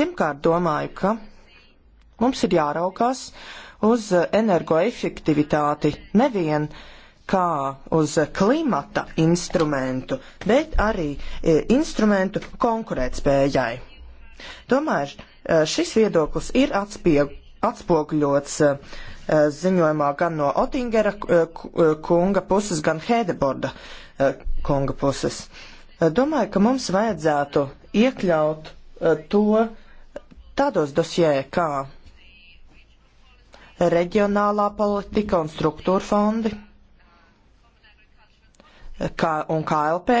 Pirmkārt, domāju, ka mums ir jāraukās uz energoefektivitāti nevien uh, kā uz klimata instrumentu, bet arī e, instrumentu konkurētspējai. Tomēr e, šis viedoklis ir atspiegu, atspoguļots e, ziņojumā gan no Otingera kunga puses, gan Hedeborda kunga puses. Domāju, ka mums vajadzētu iekļaut to tādos dosjē, kā reģionālā politika un struktūra fondi kā, un KLP.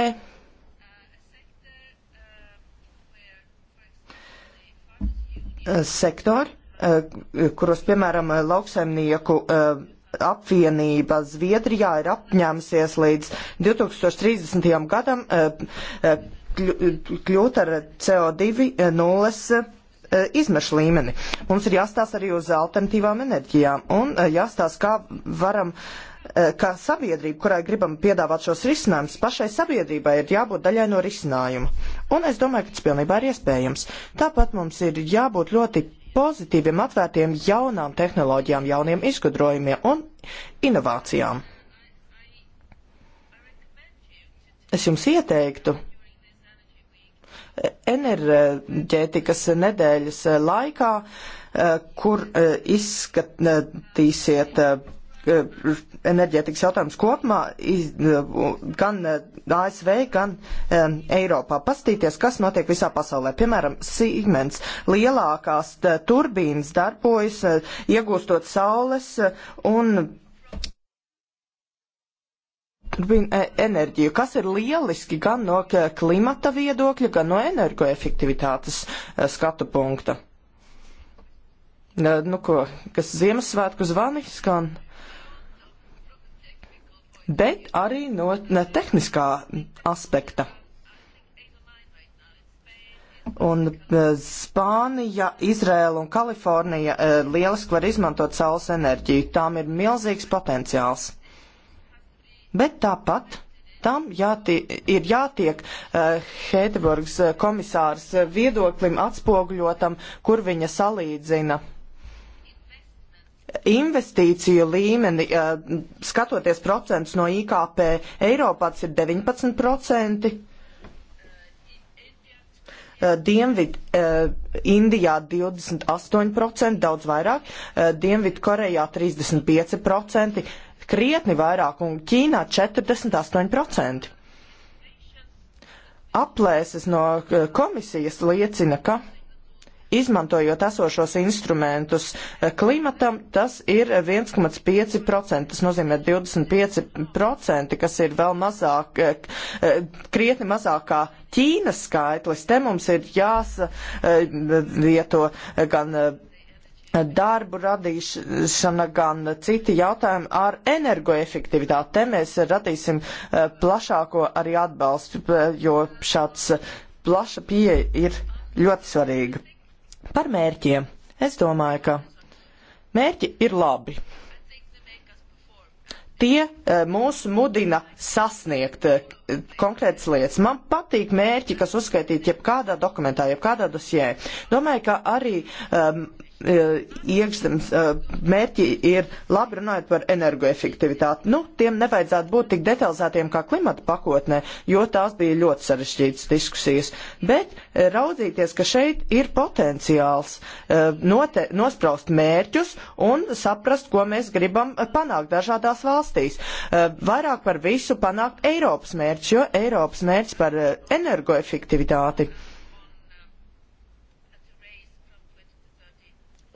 Sektori, eh, kuros, piemēram, lauksaimnieku eh, apvienība Zviedrijā ir apņēmusies līdz 2030. gadam eh, kļūt ar CO2 nulles izmešu līmeni. Mums ir jāstāsta arī uz alternatīvām enerģijām un jāstāsta, kā varam uh, Eh, ka sabiedrība, kurai gribam piedāvāt šos risinājumus, pašai sabiedrībai ir jābūt daļai no risinājuma. Un es domāju, ka tas pilnībā ir iespējams. Tāpat mums ir jābūt ļoti pozitīviem, atvērtiem jaunām tehnoloģijām, jauniem izgudrojumiem un inovācijām. Es jums ieteiktu eh, enerģētikas nedēļas eh, laikā, kur izskatīsiet enerģētikas jautājums kopumā gan eh, ASV, gan eh, Eiropā. Pastīties, kas notiek visā pasaulē. Piemēram, Siemens lielākās eh, turbīnas darbojas, iegūstot saules un enerģiju, kas ir lieliski gan no klimata viedokļa, gan no energoefektivitātes skatu punkta. Nu ko, kas Ziemassvētku zvani skan? bet arī no ne, tehniskā aspekta. Un e, Spānija, Izrēla un Kalifornija e, lieliski var izmantot saules enerģiju. Tām ir milzīgs potenciāls. Bet tāpat tam jātie, ir jātiek uh, e, Hedeburgas komisāras viedoklim atspoguļotam, kur viņa salīdzina investīciju līmeni, eh, skatoties procentus no IKP, Eiropā tas ir 19%, eh, Dienvid eh, Indijā 28%, daudz vairāk, Dienvid Korejā 35%, krietni vairāk un Ķīnā 48%. Aplēses no komisijas liecina, ka izmantojot esošos instrumentus eh, klimatam, tas ir 1,5%. Tas nozīmē 25%, kas ir vēl mazāk, eh, eh, krietni mazākā Ķīnas skaitlis. Te mums ir jāsavieto gan darbu radīšana, gan citi jautājumi ar energoefektivitāti. Te mēs radīsim plašāko arī atbalstu, jo šāds plaša pieeja ir ļoti svarīga. Par mērķiem. Es domāju, ka mērķi ir labi. Tie eh, mūs mudina sasniegt eh, konkrētas lietas. Man patīk mērķi, kas uzskaitīti jebkādā dokumentā, jebkādā dosjē. Domāju, ka arī um, E, iekšzemes e, mērķi ir labi runājot par energoefektivitāti. Nu, tiem nevajadzētu būt tik detalizētiem kā klimata pakotnē, jo tās bija ļoti sarežģītas diskusijas. Bet e, raudzīties, ka šeit ir potenciāls note, nospraust mērķus un saprast, ko mēs gribam panākt dažādās valstīs. Vairāk par visu panākt Eiropas mērķus, jo Eiropas mērķis par energoefektivitāti.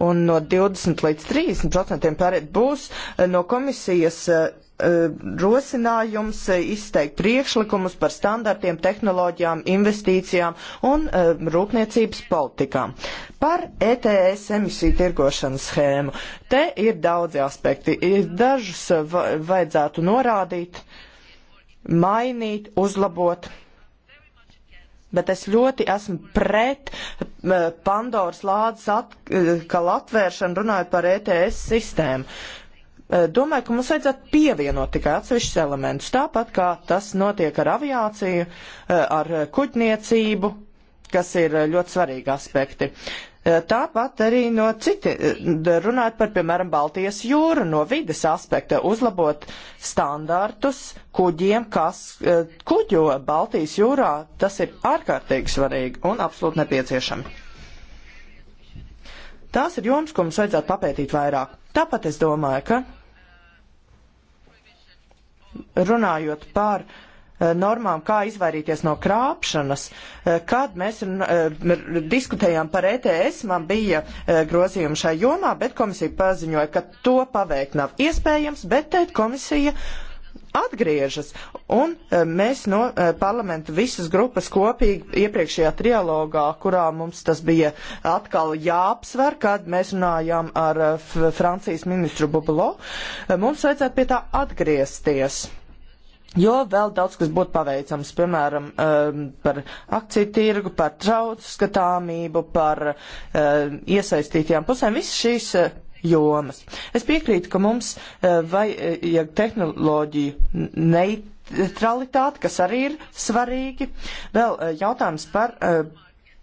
un no 20 līdz 30% pārēt būs eh, no komisijas eh, eh, rosinājums izteikt priekšlikumus par standartiem, tehnoloģijām, investīcijām un rūpniecības politikām. Par ETS emisiju tirgošanas schēmu. Te ir daudzi aspekti. Dažus vajadzētu norādīt, mainīt, uzlabot bet es ļoti esmu pret Pandoras lādes atkal atvēršanu runājot par ETS sistēmu. E, domāju, ka mums vajadzētu pievienot tikai atsevišķus elementus, tāpat kā tas notiek ar aviāciju, e, ar kuģniecību, kas ir ļoti svarīgi aspekti. Uh, Eh, tāpat arī no citi, eh, runāt par, piemēram, Baltijas jūru, no vides aspekta, uzlabot standartus kuģiem, kas eh, kuģo Baltijas jūrā, tas ir ārkārtīgi svarīgi un absolūti nepieciešami. Tās ir jomas, ko mums vajadzētu papētīt vairāk. Tāpat es domāju, ka runājot par uh, Eh, normām, kā izvairīties no krāpšanas. Eh, kad mēs eh, diskutējām par ETS, man bija grozījumi šai jomā, bet komisija paziņoja, ka to paveikt nav iespējams, bet teikt komisija atgriežas. Un mēs no parlamenta visas grupas kopīgi iepriekšējā trialogā, kurā mums tas bija atkal jāapsver, kad mēs runājām ar Francijas ministru Bubulo, mums vajadzētu pie tā atgriezties Jo vēl daudz kas būtu paveicams, piemēram, um, par akciju tirgu, par traucu skatāmību, par um, iesaistītajām pusēm, visas šīs uh, jomas. Es piekrītu, ka mums uh, vajag uh, tehnoloģiju neitralitāti, kas arī ir svarīgi. Vēl jautājums par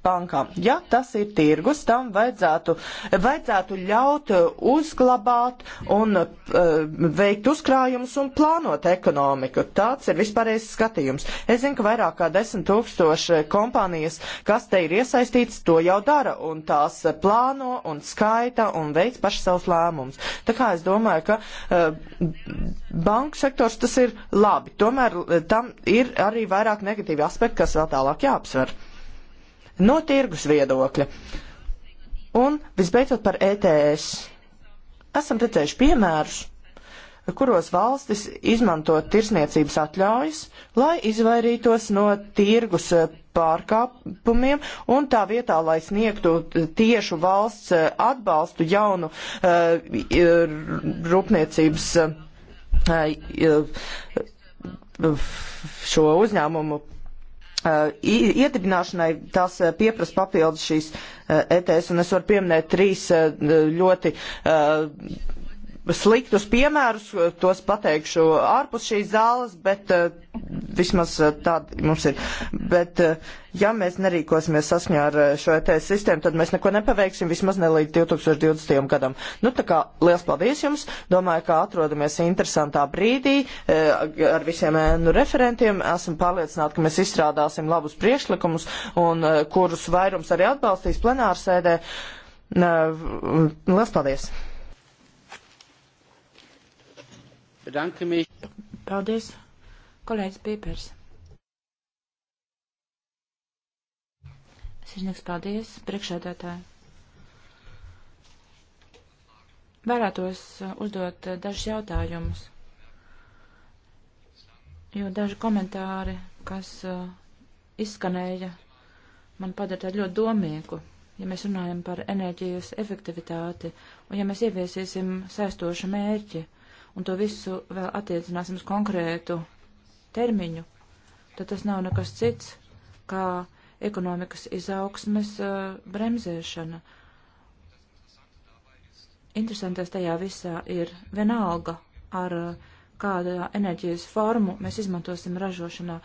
bankām. Ja tas ir tirgus, tam vajadzētu, vajadzētu ļaut eh, uzglabāt un uh, veikt uzkrājumus un plānot ekonomiku. Tāds ir vispārējais skatījums. Es zinu, ka vairāk kā desmit tūkstoši kompānijas, kas te ir iesaistīts, to jau dara un tās plāno un skaita un veids paši savus lēmumus. Tā kā es domāju, ka uh, banku sektors tas ir labi. Tomēr tam ir arī vairāk negatīvi aspekti, kas vēl tālāk jāapsver no tirgus viedokļa. Un visbeidzot par ETS. Esam redzējuši piemērus, kuros valstis izmanto tirsniecības atļaujas, lai izvairītos no tirgus eh, pārkāpumiem un tā vietā, lai sniegtu eh, tiešu valsts eh, atbalstu jaunu rūpniecības šo uzņēmumu Uh, Iedibināšanai tās uh, pieprasa papildus šīs uh, ETS, un es varu pieminēt trīs ļoti sliktus piemērus, tos pateikšu ārpus šīs zāles, bet eh, vismaz eh, tādi mums ir. Bet eh, ja mēs nerīkosimies saskaņā ar šo ETS sistēmu, tad mēs neko nepaveiksim vismaz ne līdz 2020. gadam. Nu tā kā liels paldies jums, domāju, ka atrodamies interesantā brīdī ar visiem nu, referentiem. Esam pārliecināti, ka mēs izstrādāsim labus priekšlikumus un kurus vairums arī atbalstīs plenārsēdē. Liels paldies! bedanke mich. Paldies, kolēģis Pīpers. Sirsnieks, paldies, priekšēdētāji. Vēlētos uh, uzdot uh, dažus jautājumus, jo daži komentāri, kas uh, izskanēja, man padara tādu ļoti domīgu ja mēs runājam par enerģijas efektivitāti un ja mēs ieviesīsim saistošu mērķi, un to visu vēl attiecināsim uz konkrētu termiņu, tad tas nav nekas cits kā ekonomikas izaugsmes uh, bremzēšana. Interesantais tajā visā ir vienalga ar uh, kādu enerģijas formu mēs izmantosim ražošanā.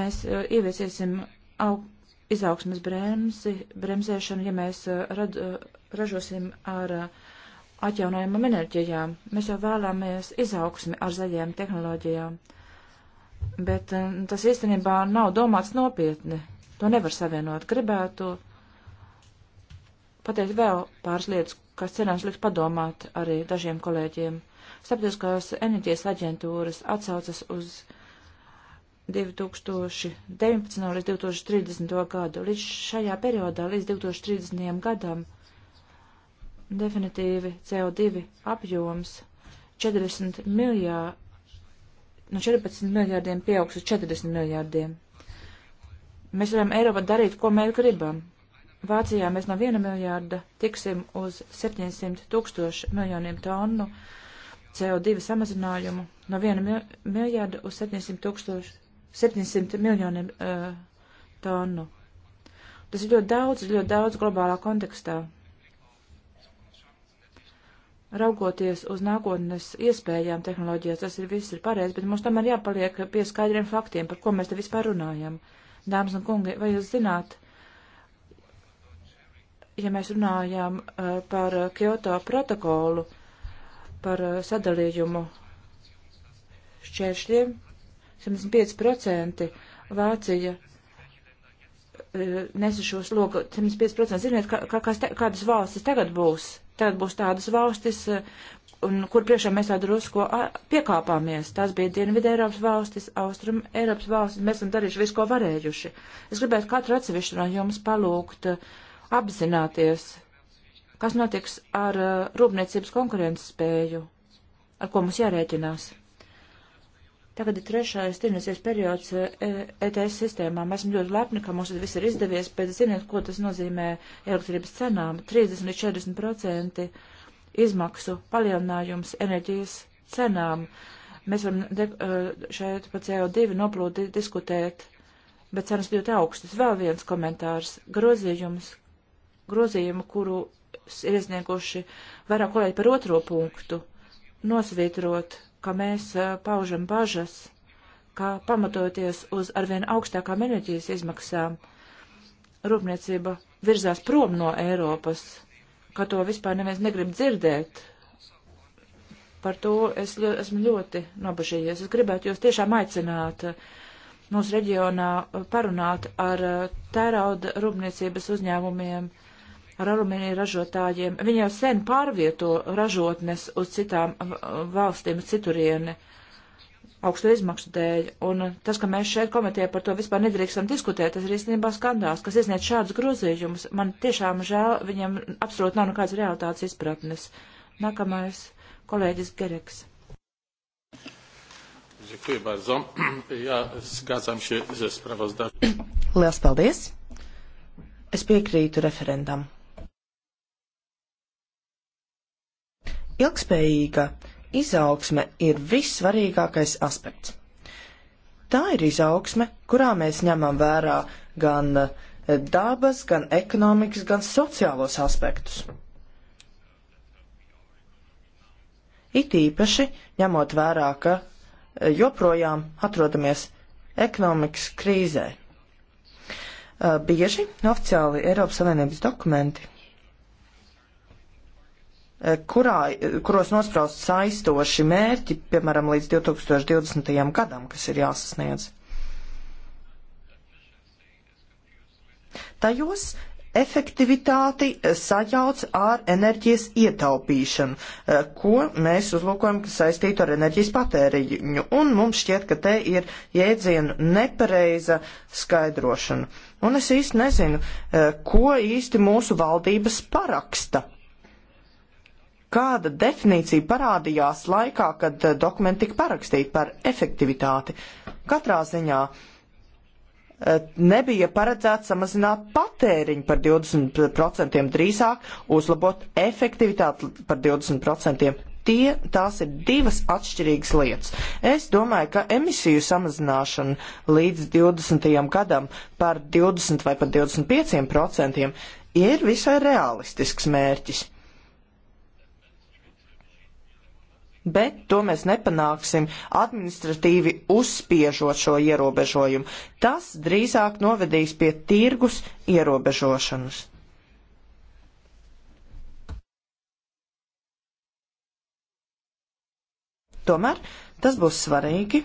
Mēs uh, ieviesiesim aug, izaugsmes bremzi, bremzēšanu, ja mēs uh, rad, uh, ražosim ar uh, atjaunojumam enerģijām. Mēs jau vēlamies izaugsmi ar zaļajām tehnoloģijām, bet eh, tas īstenībā nav domāts nopietni. To nevar savienot. Gribētu pateikt vēl pāris lietas, kas cerams liks padomāt arī dažiem kolēģiem. Starptautiskās enerģijas aģentūras atsaucas uz 2019. līdz 2030. gadu. Līdz šajā periodā, līdz 2030. gadam, definitīvi CO2 apjoms 40 miljā, no 14 miljārdiem pieaugs uz 40 miljārdiem. Mēs varam Eiropā darīt, ko mēs gribam. Vācijā mēs no 1 miljārda tiksim uz 700 tūkstošu miljoniem tonu CO2 samazinājumu, no 1 miljārda uz 700 tūkstošu, 700 miljoniem uh, eh, tonu. Tas ir ļoti daudz, ļoti daudz globālā kontekstā raugoties uz nākotnes iespējām tehnoloģijās, tas ir viss ir pareizi, bet mums tomēr jāpaliek pie skaidriem faktiem, par ko mēs te vispār runājam. Dāmas un kungi, vai jūs zināt, ja mēs runājām eh, par Kyoto protokolu, par eh, sadalījumu šķēršļiem, 75% Vācija eh, nesa šo slogu, 75% ziniet, kā, kā, kādas valstis tagad būs Tad būs tādas valstis, eh, un kur priekšā mēs tādu rusko piekāpāmies. Tās bija Dienvidē Eiropas valstis, Austrum Eiropas valstis, mēs esam darījuši visu, ko varējuši. Es gribētu katru atsevišķu no jums palūgt eh, apzināties, kas notiks ar eh, rūpniecības konkurences spēju, ar ko mums jārēķinās. Tagad ir trešais tirnesies periods ETS eh, e sistēmām. Esmu ļoti lepni, ka mums tas viss ir izdevies, bet ziniet, ko tas nozīmē elektrības cenām. 30 līdz 40 procenti izmaksu palielinājums enerģijas cenām. Mēs varam eh, šeit par CO2 noplūdi diskutēt, bet cenas ļoti augstas. Vēl viens komentārs - grozījums, grozījumu, kuru ir iesnieguši vairāk kolēģi par otro punktu - nosvītrot ka mēs paužam bažas, ka pamatoties uz arvien augstākām enerģijas izmaksām, rūpniecība virzās prom no Eiropas, ka to vispār neviens negrib dzirdēt. Par to es ļo, esmu ļoti nobažījies. Es gribētu jūs tiešām aicināt mūsu reģionā parunāt ar tērauda rūpniecības uzņēmumiem. Uh, ar alumīnija ražotājiem. Viņi jau sen pārvieto ražotnes uz citām valstīm, citurieni augstu izmaksu dēļ. Un tas, ka mēs šeit komitē par to vispār nedrīkstam diskutēt, tas ir īstenībā skandāls, kas izniec šādus grozījumus. Man tiešām žēl, viņam absolūti nav nekāds realitātes izpratnes. Nākamais kolēģis Gereks. Dziekuji bardzo. Jā, zgadzam się ze sprawozdawcą. Lielas paldies! Es piekrītu referendam. Ilgspējīga izaugsme ir vissvarīgākais aspekts. Tā ir izaugsme, kurā mēs ņemam vērā gan eh, dabas, gan ekonomikas, gan sociālos aspektus. It īpaši ņemot vērā, ka eh, joprojām atrodamies ekonomikas krīzē. Eh, bieži oficiāli Eiropas Savienības dokumenti Eh, kurā, kuros nospraust saistoši mērķi, piemēram, līdz 2020. gadam, kas ir jāsasniedz. Tajos efektivitāti eh, sajauc ar enerģijas ietaupīšanu, eh, ko mēs uzlūkojam, kas saistītu ar enerģijas patēriņu. Un mums šķiet, ka te ir jēdzienu nepareiza skaidrošana. Un es īsti nezinu, ko īsti mūsu valdības paraksta kāda definīcija parādījās laikā, kad eh, dokumenti tika parakstīti par efektivitāti. Katrā ziņā eh, nebija paredzēts samazināt patēriņu par 20%, drīzāk uzlabot efektivitāti par 20%. Tie, tās ir divas atšķirīgas lietas. Es domāju, ka emisiju samazināšana līdz 20. gadam par 20 vai pat 25% ir visai realistisks mērķis bet to mēs nepanāksim administratīvi uzspiežot šo ierobežojumu. Tas drīzāk novedīs pie tirgus ierobežošanas. Tomēr tas būs svarīgi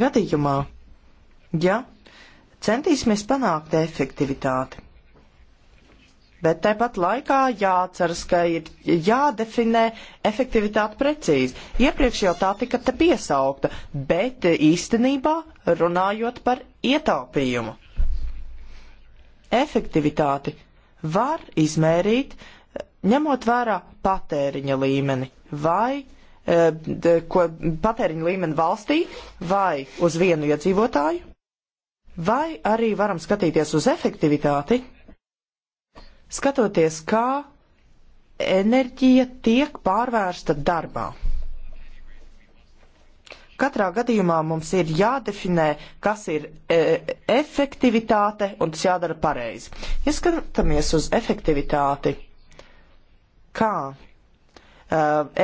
gadījumā, ja centīsimies panākt efektivitāti bet tāpat laikā jāatceras, ka ir jādefinē efektivitāte precīzi. Iepriekš jau tā tika te piesaukta, bet īstenībā runājot par ietaupījumu. Efektivitāti var izmērīt, ņemot vērā patēriņa līmeni vai eh, ko patēriņa līmeni valstī vai uz vienu iedzīvotāju, vai arī varam skatīties uz efektivitāti skatoties, kā enerģija tiek pārvērsta darbā. Katrā gadījumā mums ir jādefinē, kas ir e, efektivitāte, un tas jādara pareizi. Ja skatāmies uz efektivitāti, kā e,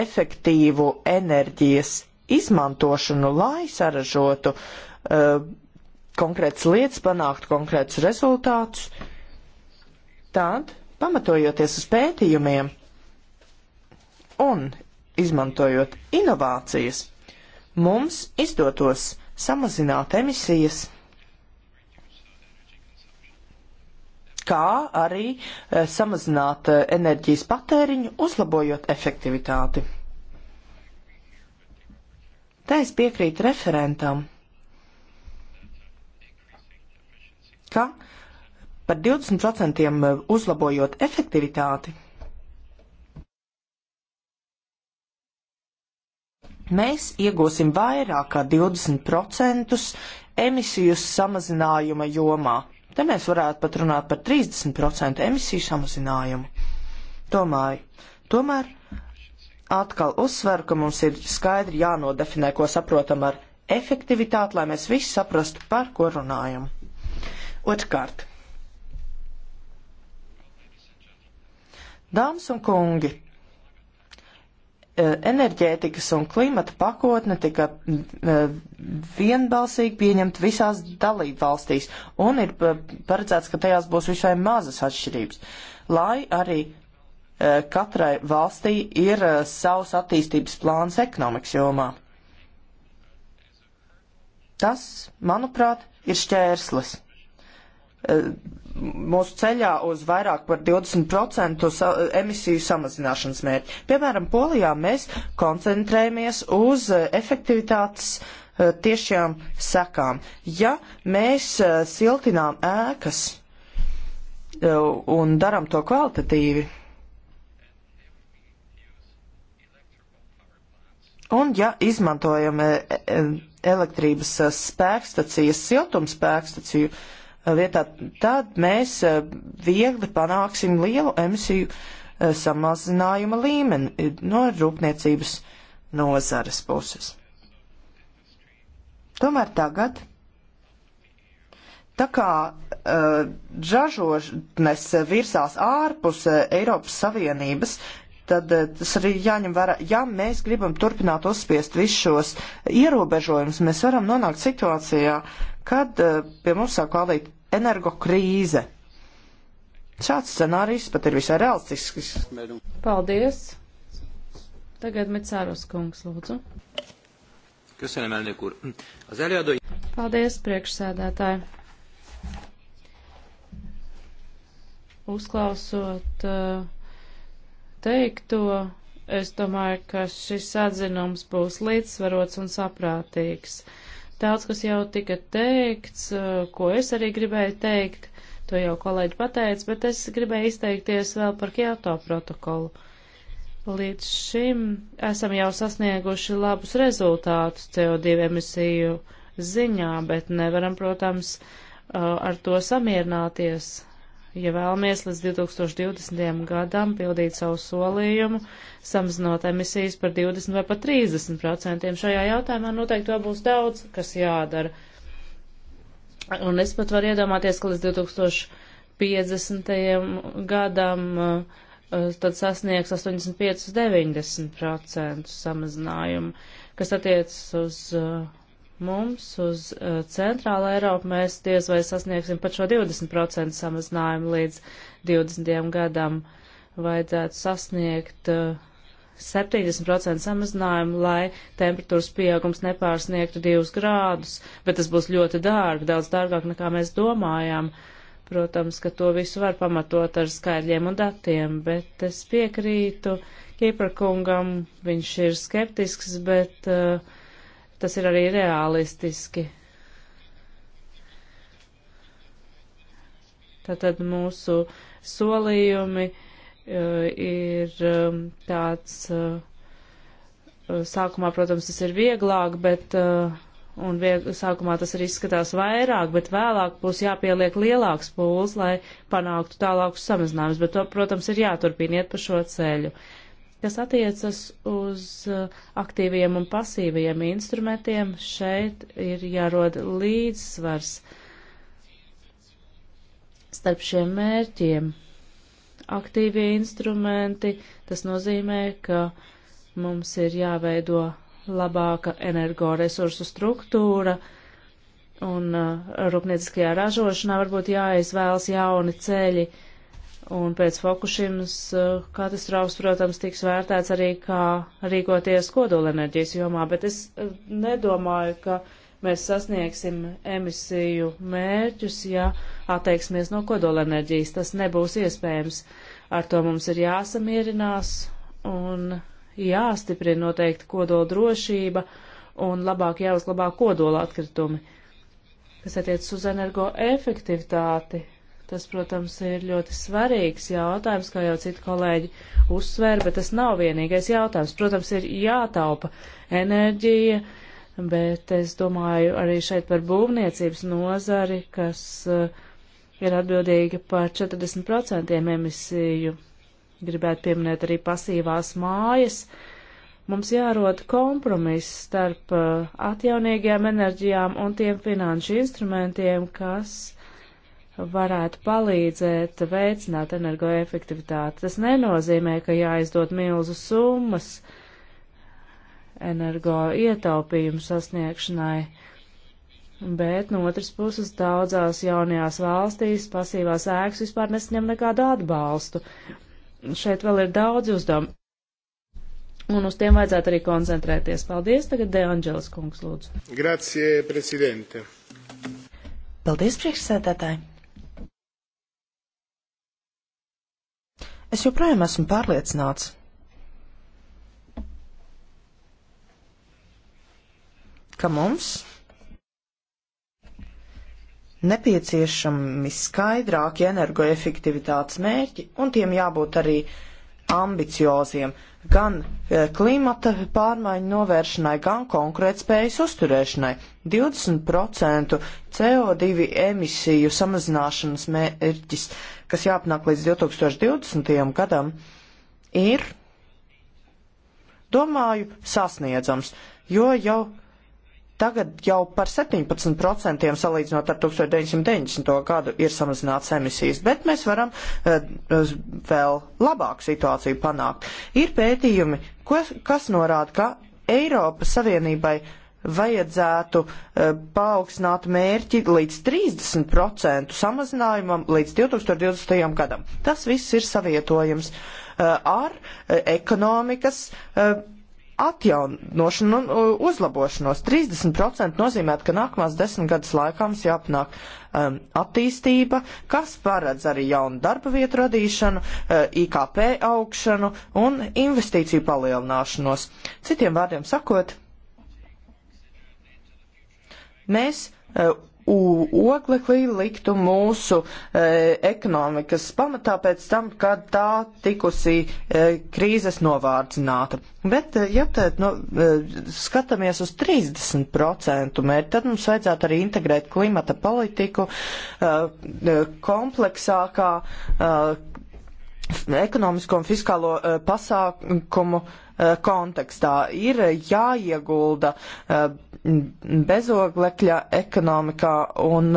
efektīvu enerģijas izmantošanu, lai saražotu e, konkrētas lietas, panāktu konkrētus rezultātus, e, Tad, pamatojoties uz pētījumiem un izmantojot inovācijas, mums izdotos samazināt emisijas, kā arī e, samazināt e, enerģijas patēriņu, uzlabojot efektivitāti. Tā es piekrītu referentam, ka uh, par 20% eh, uzlabojot efektivitāti, mēs iegūsim vairāk kā 20% emisiju samazinājuma jomā. Te mēs varētu pat runāt par 30% emisiju samazinājumu. Tomēr, tomēr atkal uzsveru, ka mums ir skaidri jānodefinē, ko saprotam ar efektivitāti, lai mēs visi saprastu, par ko runājam. Otrkārt, Dāmas un kungi, eh, enerģētikas un klimata pakotne tika eh, vienbalsīgi pieņemta visās dalību valstīs, un ir eh, paredzēts, ka tajās būs visai mazas atšķirības, lai arī katrai valstī ir savs attīstības plāns ekonomikas jomā. Tas, manuprāt, ir šķērslis mūsu ceļā uz vairāk par 20% sa emisiju samazināšanas mērķi. Piemēram, Polijā mēs koncentrējamies uz eh, efektivitātes eh, tiešām sekām. Ja mēs eh, siltinām ēkas un daram to kvalitatīvi, un ja izmantojam elektrības spēkstacijas, siltumspēkstaciju, spēkstaciju, lietā, tad mēs eh, viegli panāksim lielu emisiju eh, samazinājuma līmeni eh, no rūpniecības nozares puses. Tomēr tagad, tā kā uh, ražošanas virsās ārpus uh, Eiropas Savienības, tad uh, tas arī jāņem vērā. Ja mēs gribam turpināt uzspiest visus šos ierobežojumus, mēs varam nonākt situācijā, uh, kad eh, pie mums sāk valdīt energokrīze. Šāds scenārijs pat ir visai realistisks. Paldies! Tagad Mecāros kungs, lūdzu. Köszönöm, elnök úr. Az előadó... Paldies, priekšsēdētāji. Uzklausot eh, teikto, es domāju, ka šis atzinums būs līdzsvarots un saprātīgs. Daudz, kas jau tika teikts, eh, ko es arī gribēju teikt, to jau kolēģi pateica, bet es gribēju izteikties vēl par Kyoto protokolu. Līdz šim esam jau sasnieguši labus rezultātus CO2 emisiju ziņā, bet nevaram, protams, eh, ar to samierināties ja vēlamies līdz 2020. gadam pildīt savu solījumu, samazinot emisijas par 20 vai pat 30 procentiem. Šajā jautājumā noteikti to būs daudz, kas jādara. Un es pat varu iedomāties, ka līdz 2050. gadam eh, eh, tad sasniegs 85-90 procentu samazinājumu, kas attiecas uz uh, Mums uz uh, centrāla Eiropa mēs diez vai sasniegsim pat šo 20% samazinājumu līdz 20. gadam. Vajadzētu sasniegt uh, eh, 70% samazinājumu, lai temperatūras pieaugums nepārsniegtu 2 grādus, bet tas būs ļoti dārgi, daudz dārgāk nekā mēs domājām. Protams, ka to visu var pamatot ar skaidriem un datiem, bet es piekrītu Kīperkungam, viņš ir skeptisks, bet uh, tas ir arī realistiski. Tātad mūsu solījumi uh, ir um, tāds, uh, sākumā, protams, tas ir vieglāk, bet, uh, un vieg sākumā tas arī izskatās vairāk, bet vēlāk būs jāpieliek lielāks pūls, lai panāktu tālākus samazinājumus, bet to, protams, ir jāturpiniet pa šo ceļu. Uh, Kas attiecas uz uh, aktīviem un pasīviem instrumentiem, šeit ir jārod līdzsvars starp šiem mērķiem. Aktīvie instrumenti, tas nozīmē, ka mums ir jāveido labāka energoresursu struktūra, un uh, rūpnieciskajā ražošanā varbūt jāizvēlas jauni ceļi, uh, Un pēc Fukushimas eh, katastrofas, protams, tiks vērtēts arī, kā rīkoties kodolenerģijas jomā, bet es eh, nedomāju, ka mēs sasniegsim emisiju mērķus, ja atteiksimies no kodolenerģijas. Tas nebūs iespējams. Ar to mums ir jāsamierinās un jāstiprina noteikti kodola drošība un labāk jāuzlabā kodola atkritumi, kas attiec uz energoefektivitāti Tas, protams, ir ļoti svarīgs jautājums, kā jau citi kolēģi uzsvēra, bet tas nav vienīgais jautājums. Protams, ir jātaupa enerģija, bet es domāju arī šeit par būvniecības nozari, kas eh, ir atbildīga par 40% emisiju. Gribētu pieminēt arī pasīvās mājas. Mums jārod kompromiss starp eh, atjaunīgajām enerģijām un tiem finanšu instrumentiem, kas varētu palīdzēt veicināt energoefektivitāti. Tas nenozīmē, ka jāizdod milzu summas energo ietaupījumu sasniegšanai, bet no otras puses daudzās jaunajās valstīs pasīvās ēkas vispār nesaņem nekādu atbalstu. Šeit vēl ir daudz uzdevumu, un uz tiem vajadzētu arī koncentrēties. Paldies, tagad Deanģelis kungs lūdzu. Grazie, prezidente. Paldies, priekšsēdētāji. Es joprojām esmu pārliecināts. ka mums nepieciešami skaidrāki energoefektivitātes mērķi, un tiem jābūt arī uh, ambicioziem gan e, klimata pārmaiņu novēršanai, gan konkurētspējas uzturēšanai. 20% CO2 emisiju samazināšanas mērķis, kas jāpanāk līdz 2020. gadam, ir, domāju, sasniedzams, jo jau tagad jau par 17% salīdzinot ar 1990. gadu ir samazināts emisijas, bet mēs varam uh, vēl labāku situāciju panākt. Ir pētījumi, ko, kas norāda, ka Eiropas Savienībai vajadzētu uh, paaugstināt mērķi līdz 30% samazinājumam līdz 2020. gadam. Tas viss ir savietojams uh, ar ekonomikas atjaunošanu un uh, uzlabošanos. 30% nozīmē, ka nākamās desmit gadus laikā mums jāpanāk um, attīstība, kas paredz arī jaunu darba vietu radīšanu, uh, IKP augšanu un investīciju palielināšanos. Citiem vārdiem sakot, mēs uh, oglekli liktu mūsu e, ekonomikas pamatā pēc tam, kad tā tikusi e, krīzes novārdzināta. Bet, e, ja tad nu, e, skatāmies uz 30% mērķi, tad mums vajadzētu arī integrēt klimata politiku e, e kompleksākā e, ekonomisko un fiskālo eh, pasākumu eh, kontekstā ir jāiegulda eh, bezoglekļa ekonomikā un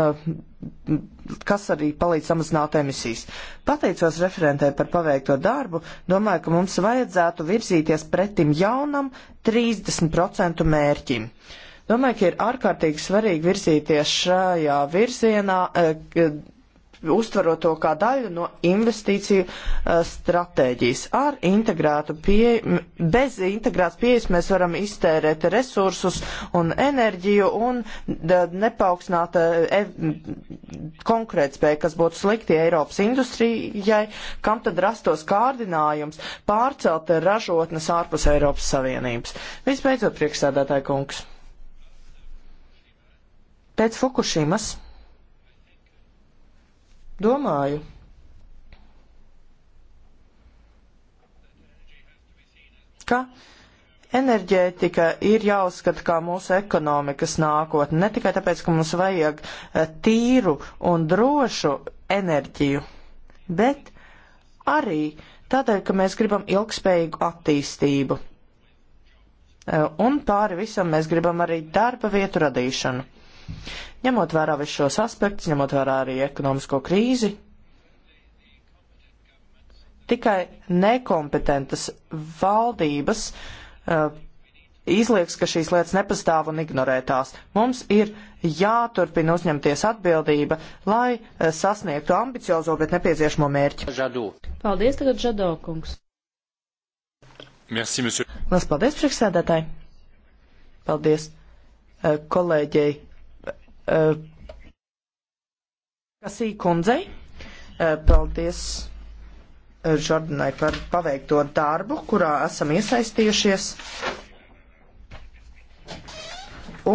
kas arī palīdz samazināt emisijas. Pateicos referentē par paveikto darbu, domāju, ka mums vajadzētu virzīties pretim jaunam 30% mērķim. Domāju, ka ir ārkārtīgi svarīgi virzīties šajā virzienā, uztverot to kā daļu no investīciju uh, stratēģijas. Ar integrētu pieeju, bez integrētas pieejas mēs varam iztērēt resursus un enerģiju un nepaukstināt e konkurētspēju, kas būtu slikti Eiropas industrijai, kam tad rastos kārdinājums pārcelt ražotnes ārpus Eiropas Savienības. Visbeidzot, priekšsēdētāji kungs. Pēc Fukushimas domāju, ka enerģētika ir jāuzskata kā mūsu ekonomikas nākotne, ne tikai tāpēc, ka mums vajag eh, tīru un drošu enerģiju, bet arī tādēļ, ka mēs gribam ilgspējīgu attīstību. Eh, un pāri visam mēs gribam arī darba vietu radīšanu. Ņemot vērā visus šos aspektus, ņemot vērā arī ekonomisko krīzi, tikai nekompetentas valdības uh, izlieks, ka šīs lietas nepastāv un ignorē tās. Mums ir jāturpina uzņemties atbildība, lai uh, sasniegtu ambiciozo, bet nepieciešamo mērķi. Žadu. Paldies, tagad Žadokungs. Merci, monsieur. Lielas paldies, priekšsēdētāji. Paldies uh, kolēģei Kasī kundzei. Eh, paldies eh, Žordinai par paveikto darbu, kurā esam iesaistījušies.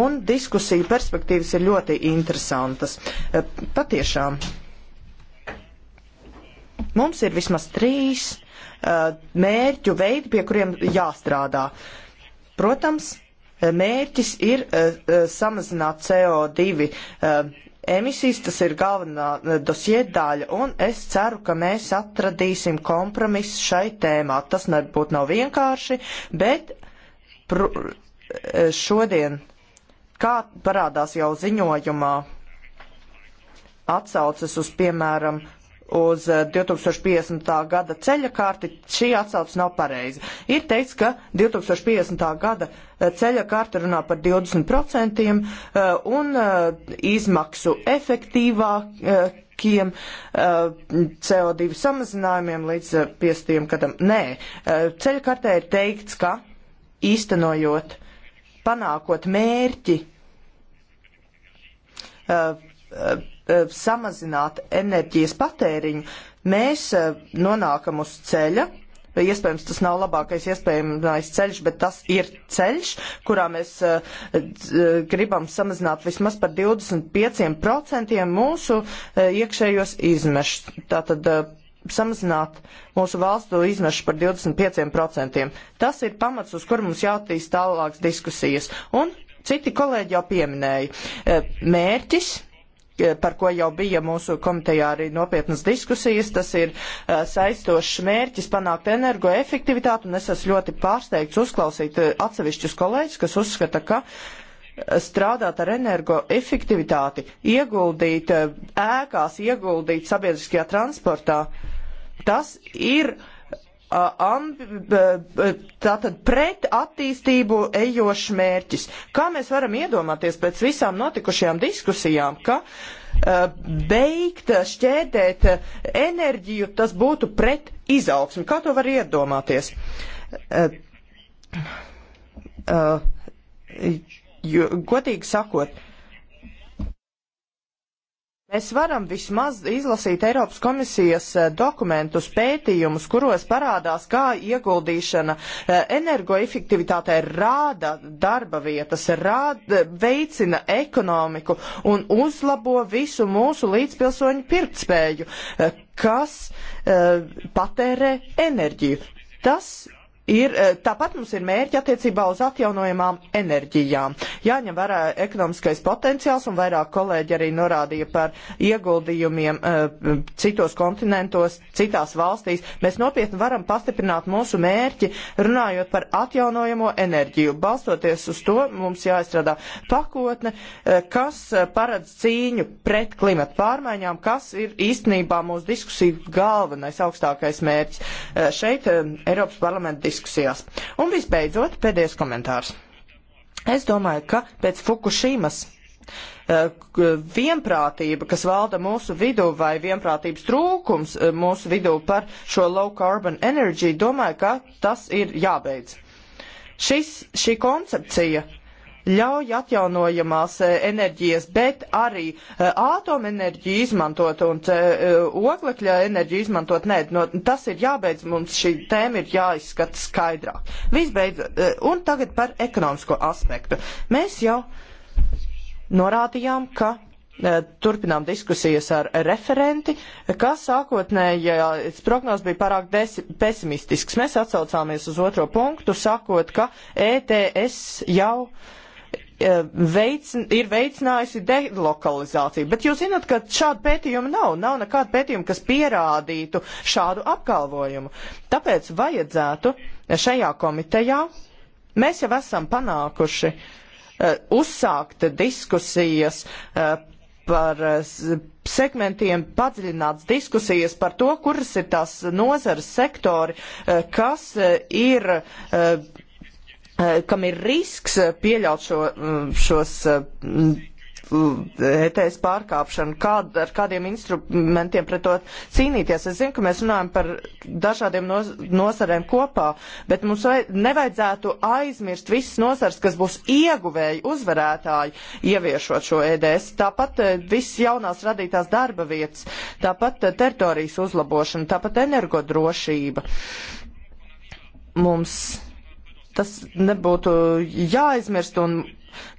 Un diskusiju perspektīvas ir ļoti interesantas. Eh, patiešām mums ir vismaz trīs mērķu veidi, pie kuriem jāstrādā. Protams, mērķis ir eh, eh, samazināt CO2 eh, emisijas, tas ir galvenā dosie daļa, un es ceru, ka mēs atradīsim kompromisu šai tēmā. Tas nebūtu nav vienkārši, bet pr, šodien, kā parādās jau ziņojumā, atsaucas uz, piemēram, uz 2050. Eh, gada ceļa karti, šī atsauce nav pareiza. Ir teikts, ka 2050. gada eh, ceļa karta runā par 20% eh, un izmaksu efektīvāk lielākiem CO2 samazinājumiem līdz piestiem gadam. Nē, ceļkartē ir teikts, ka īstenojot, panākot mērķi, Eh, samazināt enerģijas patēriņu, mēs eh, nonākam uz ceļa. Iespējams, tas nav labākais iespējamais ceļš, bet tas ir ceļš, kurā mēs eh, gribam samazināt vismaz par 25% mūsu iekšējos izmešus. Tātad samazināt mūsu valstu izmešu par 25%. Tas ir pamats, uz kur mums jātīst tālākas diskusijas. Un citi kolēģi jau pieminēja. Mērķis par ko jau bija mūsu komitejā arī nopietnas diskusijas, tas ir uh, saistošs mērķis panākt energoefektivitāti, un es esmu ļoti pārsteigts uzklausīt uh, atsevišķus kolēģus, kas uzskata, ka strādāt ar energoefektivitāti, ieguldīt uh, ēkās, ieguldīt sabiedriskajā transportā, tas ir uh, tātad pret attīstību ejošs mērķis. Kā mēs varam iedomāties pēc visām notikušajām diskusijām, ka beigt šķēdēt enerģiju, tas būtu pret izaugsmi? Kā to var iedomāties? Jo, godīgi sakot, Mēs varam vismaz izlasīt Eiropas komisijas eh, dokumentus, pētījumus, kuros parādās, kā ieguldīšana eh, energoefektivitātē rāda darba vietas, rāda, veicina ekonomiku un uzlabo visu mūsu līdzpilsoņu pirktspēju, eh, kas patērē enerģiju. Tas ir, eh, tāpat mums ir mērķi attiecībā uz atjaunojamām enerģijām. Jāņem vērā ekonomiskais potenciāls, un vairāk kolēģi arī norādīja par ieguldījumiem eh, citos kontinentos, citās valstīs. Mēs nopietni varam pastiprināt mūsu mērķi, runājot par atjaunojamo enerģiju. Balstoties uz to, mums jāizstrādā pakotne, eh, kas paredz cīņu pret klimatu pārmaiņām, kas ir īstenībā mūsu diskusiju galvenais augstākais mērķis. Šeit Eiropas parlamenta diskusija diskusijās. Un visbeidzot, pēdējais komentārs. Es domāju, ka pēc Fukushimas eh, vienprātība, kas valda mūsu vidū vai vienprātības trūkums eh, mūsu vidū par šo low carbon energy, domāju, ka tas ir jābeidz. Šis, šī koncepcija ļauj atjaunojamās e, enerģijas, bet arī ātomenerģiju e, izmantot un e, oglekļa enerģiju izmantot. Nē, no, tas ir jābeidz, mums šī tēma ir jāizskata skaidrāk. Visbeidzot, un tagad par ekonomisko aspektu. Mēs jau norādījām, ka turpinām diskusijas ar referenti, kas sākotnējais prognozes bija pārāk pesimistisks. Mēs atsaucāmies uz otro punktu, sakot, ka ETS jau uh, Eh, veic, ir veicinājusi delokalizāciju. Bet jūs zināt, ka šādu pētījumu nav. Nav nekādu pētījumu, kas pierādītu šādu apgalvojumu. Tāpēc vajadzētu šajā komitejā, mēs jau esam panākuši uh, uzsākt diskusijas uh, par uh, segmentiem padziļināts diskusijas par to, kuras ir tās nozares sektori, kas ir Eh, kam ir risks eh, pieļaut šo, mm, šos ETS eh, mm, e pārkāpšanu, kād, ar kādiem instrumentiem pret to cīnīties. Es zinu, ka mēs runājam par dažādiem nos, nozarēm kopā, bet mums vai, nevajadzētu aizmirst visas nozars, kas būs ieguvēji, uzvarētāji, ieviešot šo EDS. Tāpat visas jaunās radītās darba vietas, tāpat teritorijas uzlabošana, tāpat energodrošība. Mums tas nebūtu jāaizmirst. Un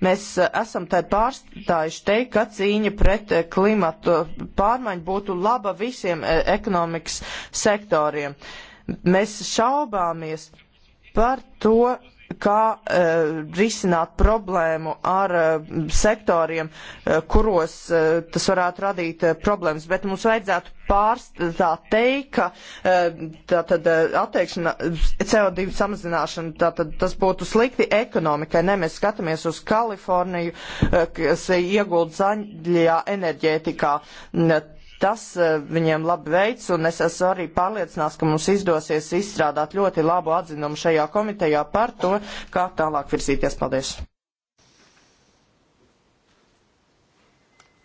mēs esam tai pārstājuši teikt, ka cīņa pret klimatu pārmaiņu būtu laba visiem e, ekonomikas sektoriem. Mēs šaubāmies par to, kā uh, risināt problēmu ar uh, sektoriem, uh, kuros uh, tas varētu radīt uh, problēmas, bet mums vajadzētu pārstāt teikt, ka uh, tātad uh, atteikšana CO2 samazināšana, tātad tas būtu slikti ekonomikai. Ne, mēs skatāmies uz Kaliforniju, uh, kas ieguld zaļajā enerģētikā. Uh, Tas eh, viņiem labi veids, un es esmu arī pārliecināts, ka mums izdosies izstrādāt ļoti labu atzinumu šajā komitejā par to, kā tālāk virzīties. Paldies!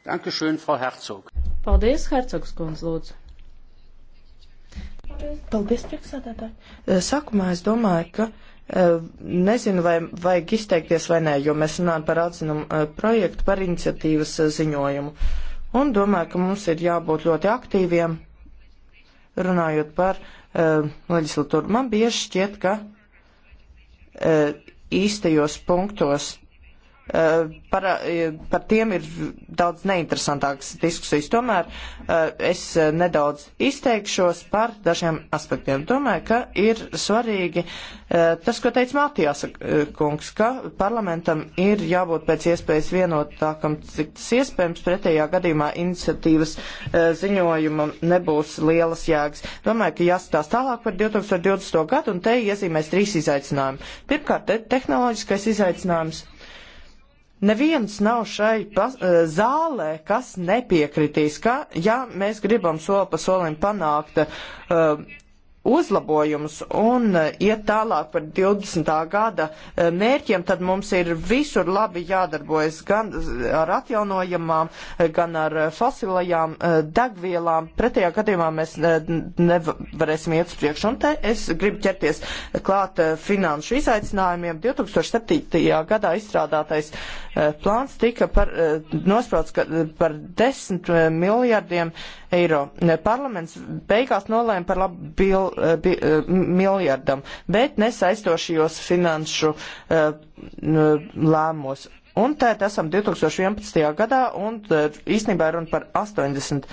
Dankeschön, Frau Herzog. Paldies, Hercogs kundz, lūdzu. Paldies, Paldies priekšsādātāji. Eh, sākumā es domāju, ka eh, Nezinu, vai vajag izteikties vai nē, jo mēs runājam par atzinumu projektu, par iniciatīvas ziņojumu un domāju, ka mums ir jābūt ļoti aktīviem, runājot par uh, leģislatūru. Man bieži šķiet, ka uh, īstajos punktos Eh, par, eh, par tiem ir daudz neinteresantākas diskusijas. Tomēr eh, es nedaudz izteikšos par dažiem aspektiem. Domāju, ka ir svarīgi tas, ko teica Mātijās kungs, ka parlamentam ir jābūt pēc iespējas vienotākam, cik tas iespējams, pretējā gadījumā iniciatīvas ziņojumam nebūs lielas jēgas. Domāju, ka jāskatās tālāk par 2020. gadu, un te iezīmēs trīs izaicinājumus. Pirmkārt, tehnoloģiskais izaicinājums Neviens nav šai pas, eh, zālē, kas nepiekritīs, ka, ja mēs gribam soli pa solim panākt uh, uzlabojumus un uh, iet tālāk par 20. gada uh, mērķiem, tad mums ir visur labi jādarbojas gan ar atjaunojamām, gan ar fosilajām uh, degvielām. Pretējā gadījumā mēs uh, nevarēsim iet uz priekšu. Un te es gribu ķerties klāt uh, finanšu izaicinājumiem. 2007. gadā izstrādātais uh, Eh, plāns tika par, eh, nosprauts eh, par 10 miljardiem eiro. Parlaments beigās nolēma par labu bil, bil, miljardam, bet nesaistošajos finanšu lēmumos. Un tēt esam 2011. gadā, un īstenībā runa par 80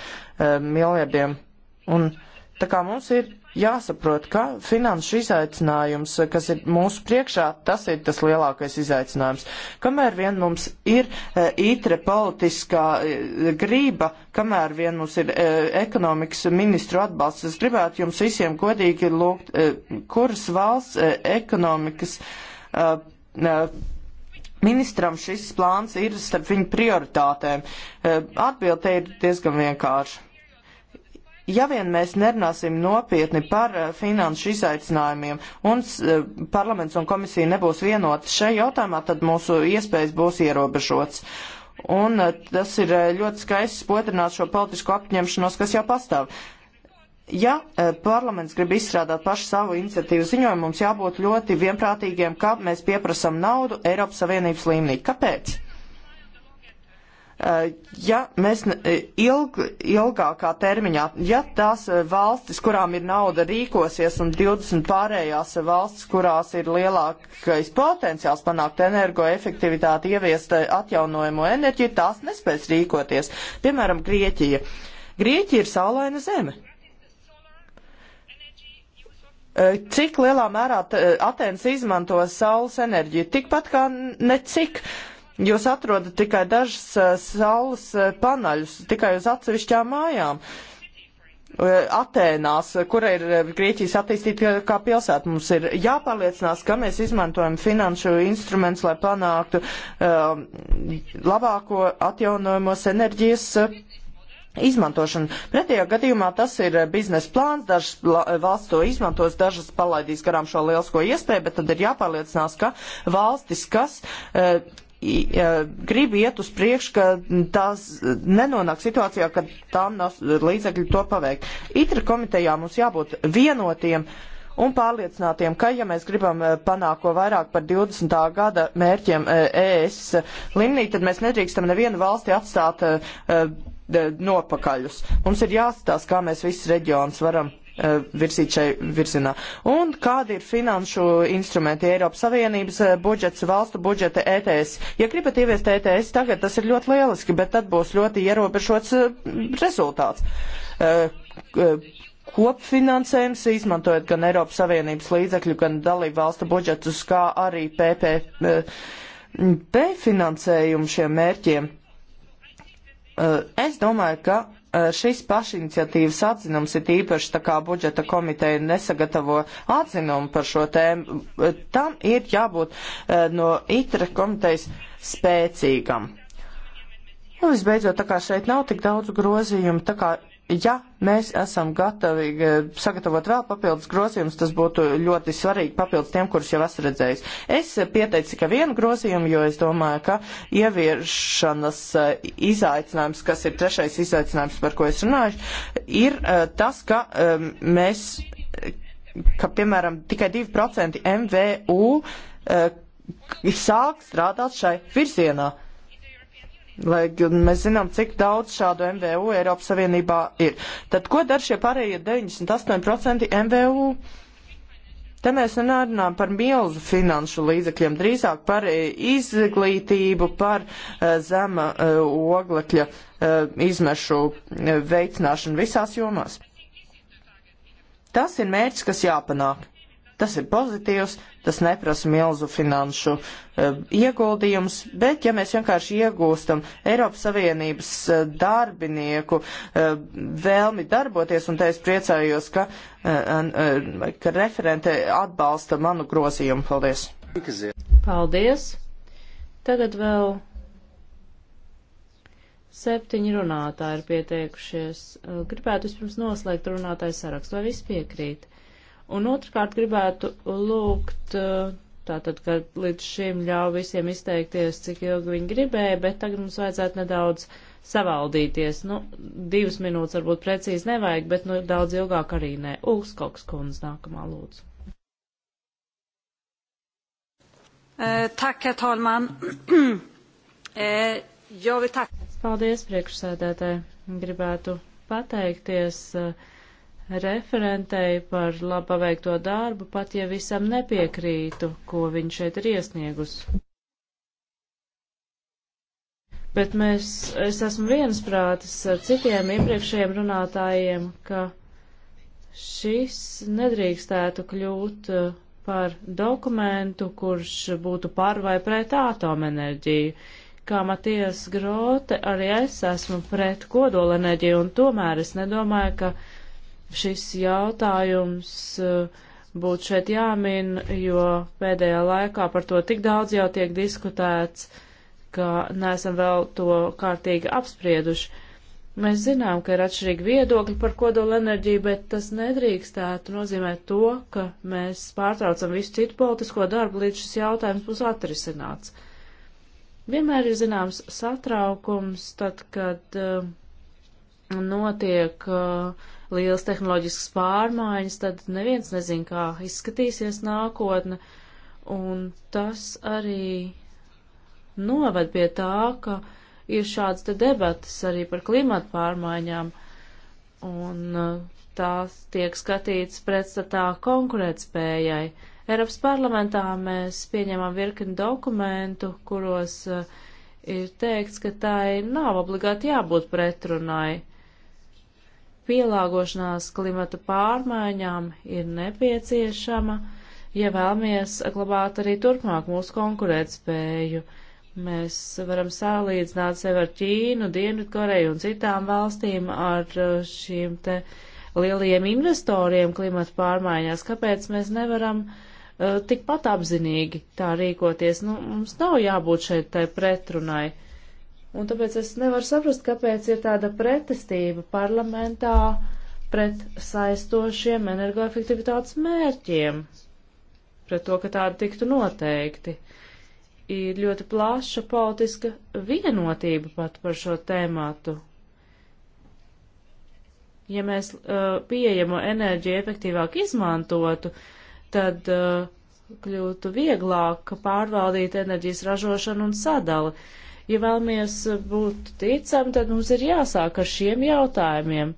miljardiem. Un tā kā mums ir jāsaprot, ka finanšu izaicinājums, kas ir mūsu priekšā, tas ir tas lielākais izaicinājums. Kamēr vien mums ir e, itre politiskā e, grība, kamēr vien mums ir e, ekonomikas ministru atbalsts, es gribētu jums visiem godīgi lūgt, e, kuras valsts e, ekonomikas e, ministram šis plāns ir starp viņu prioritātēm. Atbilde ir diezgan vienkārša. Ja vien mēs nerunāsim nopietni par eh, finanšu izaicinājumiem un eh, parlaments un komisija nebūs vienoti šajā jautājumā, tad mūsu iespējas būs ierobežots. Un eh, tas ir ļoti skaisti spotrināt šo politisko apņemšanos, kas jau pastāv. Ja parlaments grib izstrādāt pašu savu iniciatīvu ziņojumu, mums jābūt ļoti vienprātīgiem, kā mēs pieprasam naudu Eiropas Savienības līmenī. Kāpēc? Eh, ja mēs eh, ilg, ilgākā termiņā, ja tās eh, valstis, kurām ir nauda, rīkosies un 20 pārējās valstis, kurās ir lielākais potenciāls panākt energoefektivitāti, ieviest atjaunojamo enerģiju, tās nespēs rīkoties. Piemēram, Grieķija. Grieķija ir saulaina zeme. Cik lielā mērā Atēns izmanto saules enerģiju? Tikpat kā necik. Uh, Jūs atrodat tikai dažas eh, saules eh, paneļus, tikai uz atsevišķām mājām. Eh, Atēnās, kura ir Grieķijas attīstīta kā pilsēta, mums ir jāpārliecinās, ka mēs izmantojam finanšu instruments, lai panāktu uh, labāko atjaunojamos enerģijas izmantošanu. Pretējā gadījumā tas ir biznesa plāns, dažas valsts to izmantos, dažas palaidīs garām šo lielisko iespēju, bet tad ir jāpārliecinās, ka valstis, kas. Uh, E, grib iet uz priekšu, ka tās nenonāk situācijā, ka tām nav līdzekļi to paveikt. Itra komitejā mums jābūt vienotiem un pārliecinātiem, ka, ja mēs gribam e, panākt ko vairāk par 20. gada mērķiem ES e līmenī, tad mēs nedrīkstam nevienu valsti atstāt nopakaļus. Mums ir jāskatās, kā mēs visus reģionus varam Eh, virzīt šai virzienā. Un kādi ir finanšu instrumenti Eiropas Savienības eh, budžets, valstu budžeta ETS? Ja gribat ieviest ETS tagad, tas ir ļoti lieliski, bet tad būs ļoti ierobežots eh, rezultāts. Kopfinansējums izmantojot gan Eiropas Savienības līdzekļu, gan dalību valstu budžetus, kā arī PPP finansējumu šiem mērķiem. Es domāju, ka Eh, šis pašiniciatīvas atzinums ir īpaši tā kā budžeta komiteja nesagatavo atzinumu par šo tēmu, eh, tam ir jābūt eh, no itra komitejas spēcīgam. Un visbeidzot, tā kā šeit nav tik daudz grozījumu, tā kā Ja mēs esam gatavi e, sagatavot vēl papildus grozījumus, tas būtu ļoti svarīgi papildus tiem, kurus jau esmu redzējis. Es pieteicu tikai vienu grozījumu, jo es domāju, ka ieviešanas e, izaicinājums, kas ir trešais izaicinājums, par ko es runāju, ir e, tas, ka mēs, ka piemēram tikai 2% MVU sāk strādāt šai virzienā Lai mēs zinām, cik daudz šādu MVU Eiropas Savienībā ir. Tad ko dar šie pārējie 98% MVU? Te mēs nerunājam par milzu finanšu līdzekļiem, drīzāk par e, izglītību, par e, zema e, oglekļa izmešu veicināšanu visās jomās. Tas ir mērķis, kas jāpanāk. Tas ir pozitīvs, Tas neprasa milzu finanšu eh, ieguldījums, bet ja mēs vienkārši iegūstam Eiropas Savienības eh, darbinieku eh, vēlmi darboties, un te es priecājos, ka, ka referente atbalsta manu grozījumu. Paldies! Paldies! Tagad vēl septiņi runātāji ir pieteikušies. Gribētu vispirms noslēgt runātāju sarakstu, vai viss piekrīt? Un otrkārt gribētu lūgt, eh, tātad, ka līdz šim ļauj visiem izteikties, cik ilgi viņi gribēja, bet tagad mums vajadzētu nedaudz savaldīties. Nu, divas minūtes varbūt precīzi nevajag, bet nu, daudz ilgāk arī nē. Ulfskoks kundze nākamā lūdzu. Uh, eh, tak, herr talman. uh, jau vi tak. Paldies, priekšsēdētāji. Gribētu pateikties. Uh, referentei par labpaveikto darbu, pat ja visam nepiekrītu, ko viņa šeit ir iesniegus. Bet mēs, es esmu viensprātis ar citiem iepriekšējiem runātājiem, ka šis nedrīkstētu kļūt uh, par dokumentu, kurš būtu par vai pret atomenerģiju. Kā Matijas Grote, arī es esmu pret kodolenerģiju, un tomēr es nedomāju, ka uh, šis jautājums eh, būtu šeit jāmin, jo pēdējā laikā par to tik daudz jau tiek diskutēts, ka neesam vēl to kārtīgi apsprieduši. Mēs zinām, ka ir atšķirīgi viedokļi par kodolenerģiju, bet tas nedrīkstētu nozīmēt to, ka mēs pārtraucam visu citu politisko darbu, līdz šis jautājums būs atrisināts. Vienmēr ir zināms satraukums, tad, kad uh, notiek uh, lielas tehnoloģiskas pārmaiņas, tad neviens nezin, kā izskatīsies nākotne. Un tas arī noved pie tā, ka ir šāds te debatas arī par klimatu pārmaiņām. Un uh, tās tiek skatīts pretstatā konkurētspējai. Eiropas parlamentā mēs pieņemam virkni dokumentu, kuros uh, ir teikts, ka tai nav obligāti jābūt pretrunai pielāgošanās klimata pārmaiņām ir nepieciešama, ja vēlamies glabāt arī turpmāk mūsu konkurētspēju. Mēs varam salīdzināt sevi ar Ķīnu, Dienvidkoreju un citām valstīm ar uh, šīm te lielajiem investoriem klimata pārmaiņās. Kāpēc mēs nevaram uh, tikpat apzinīgi tā rīkoties? Nu, mums nav jābūt šeit tai pretrunai. Uh, Un tāpēc es nevaru saprast, kāpēc ir tāda pretestība parlamentā pret saistošiem energoefektivitātes mērķiem, pret to, ka tādi tiktu noteikti. Ir ļoti plaša politiska vienotība pat par šo tēmātu. Ja mēs uh, pieejamo enerģiju efektīvāk izmantotu, tad uh, kļūtu vieglāk pārvaldīt enerģijas ražošanu un sadali. Uh, Ja vēlamies būt ticami, tad mums ir jāsāk ar šiem jautājumiem.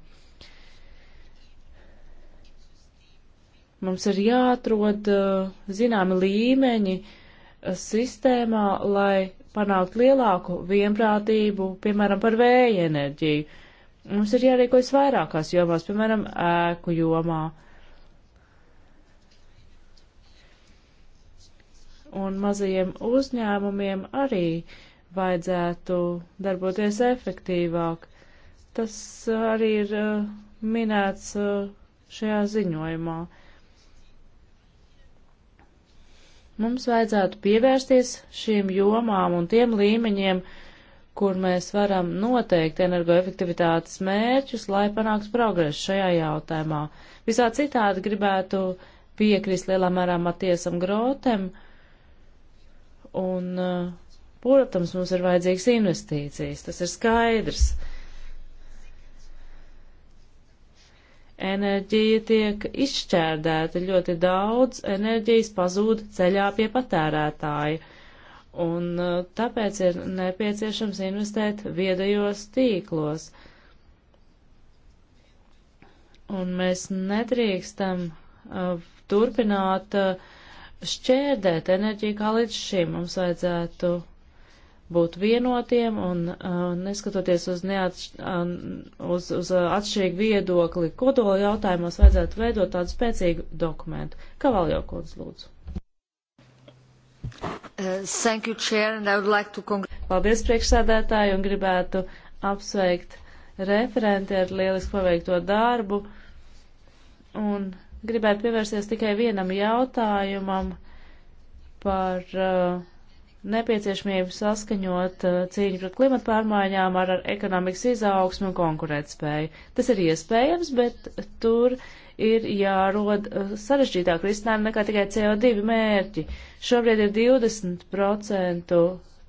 Mums ir jāatrod uh, zināmi līmeņi uh, sistēmā, lai panākt lielāku vienprātību, piemēram, par vēja enerģiju. Mums ir jārīkojas vairākās jomās, piemēram, ēku jomā. un mazajiem uzņēmumiem arī vajadzētu darboties efektīvāk. Tas uh, arī ir uh, minēts uh, šajā ziņojumā. Mums vajadzētu pievērsties šīm jomām un tiem līmeņiem, kur mēs varam noteikt energoefektivitātes mērķus, lai panāks progresu šajā jautājumā. Visā citādi gribētu piekrist lielā mērā Matiesam Grotem un uh, Protams, mums ir vajadzīgas investīcijas, tas ir skaidrs. Enerģija tiek izšķērdēta ļoti daudz, enerģijas pazūd ceļā pie patērētāja. Un uh, tāpēc ir nepieciešams investēt viedajos tīklos. Un mēs nedrīkstam uh, turpināt uh, šķērdēt enerģiju kā līdz šim. Mums vajadzētu būt vienotiem un uh, neskatoties uz, neatš, uh, uz, uz uh, atšķirīgu viedokli kodola jautājumos vajadzētu veidot tādu spēcīgu dokumentu. Kavaljo kundz, lūdzu. Uh, you, chair, like to... Paldies priekšsēdētāji un gribētu apsveikt referenti ar lielisku paveikto darbu un gribētu pievērsties tikai vienam jautājumam par uh, nepieciešamību saskaņot uh, cīņu pret klimatu pārmaiņām ar, ar ekonomikas izaugsmu un konkurētspēju. Tas ir iespējams, bet tur ir jārod uh, sarežģītāk risinājumi nekā tikai CO2 mērķi. Šobrīd ir 20%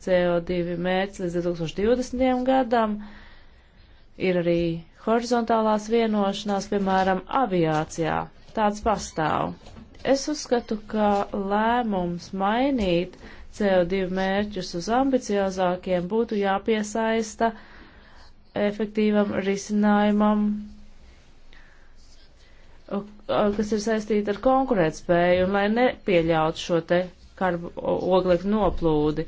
CO2 mērķis līdz 2020. gadam. Ir arī horizontālās vienošanās, piemēram, aviācijā. Tāds pastāv. Es uzskatu, ka lēmums mainīt uh, CO2 mērķus uz ambiciozākiem, būtu jāpiesaista efektīvam risinājumam kas ir saistīta ar konkurētspēju un lai nepieļautu šo te karbu oglekļu noplūdi.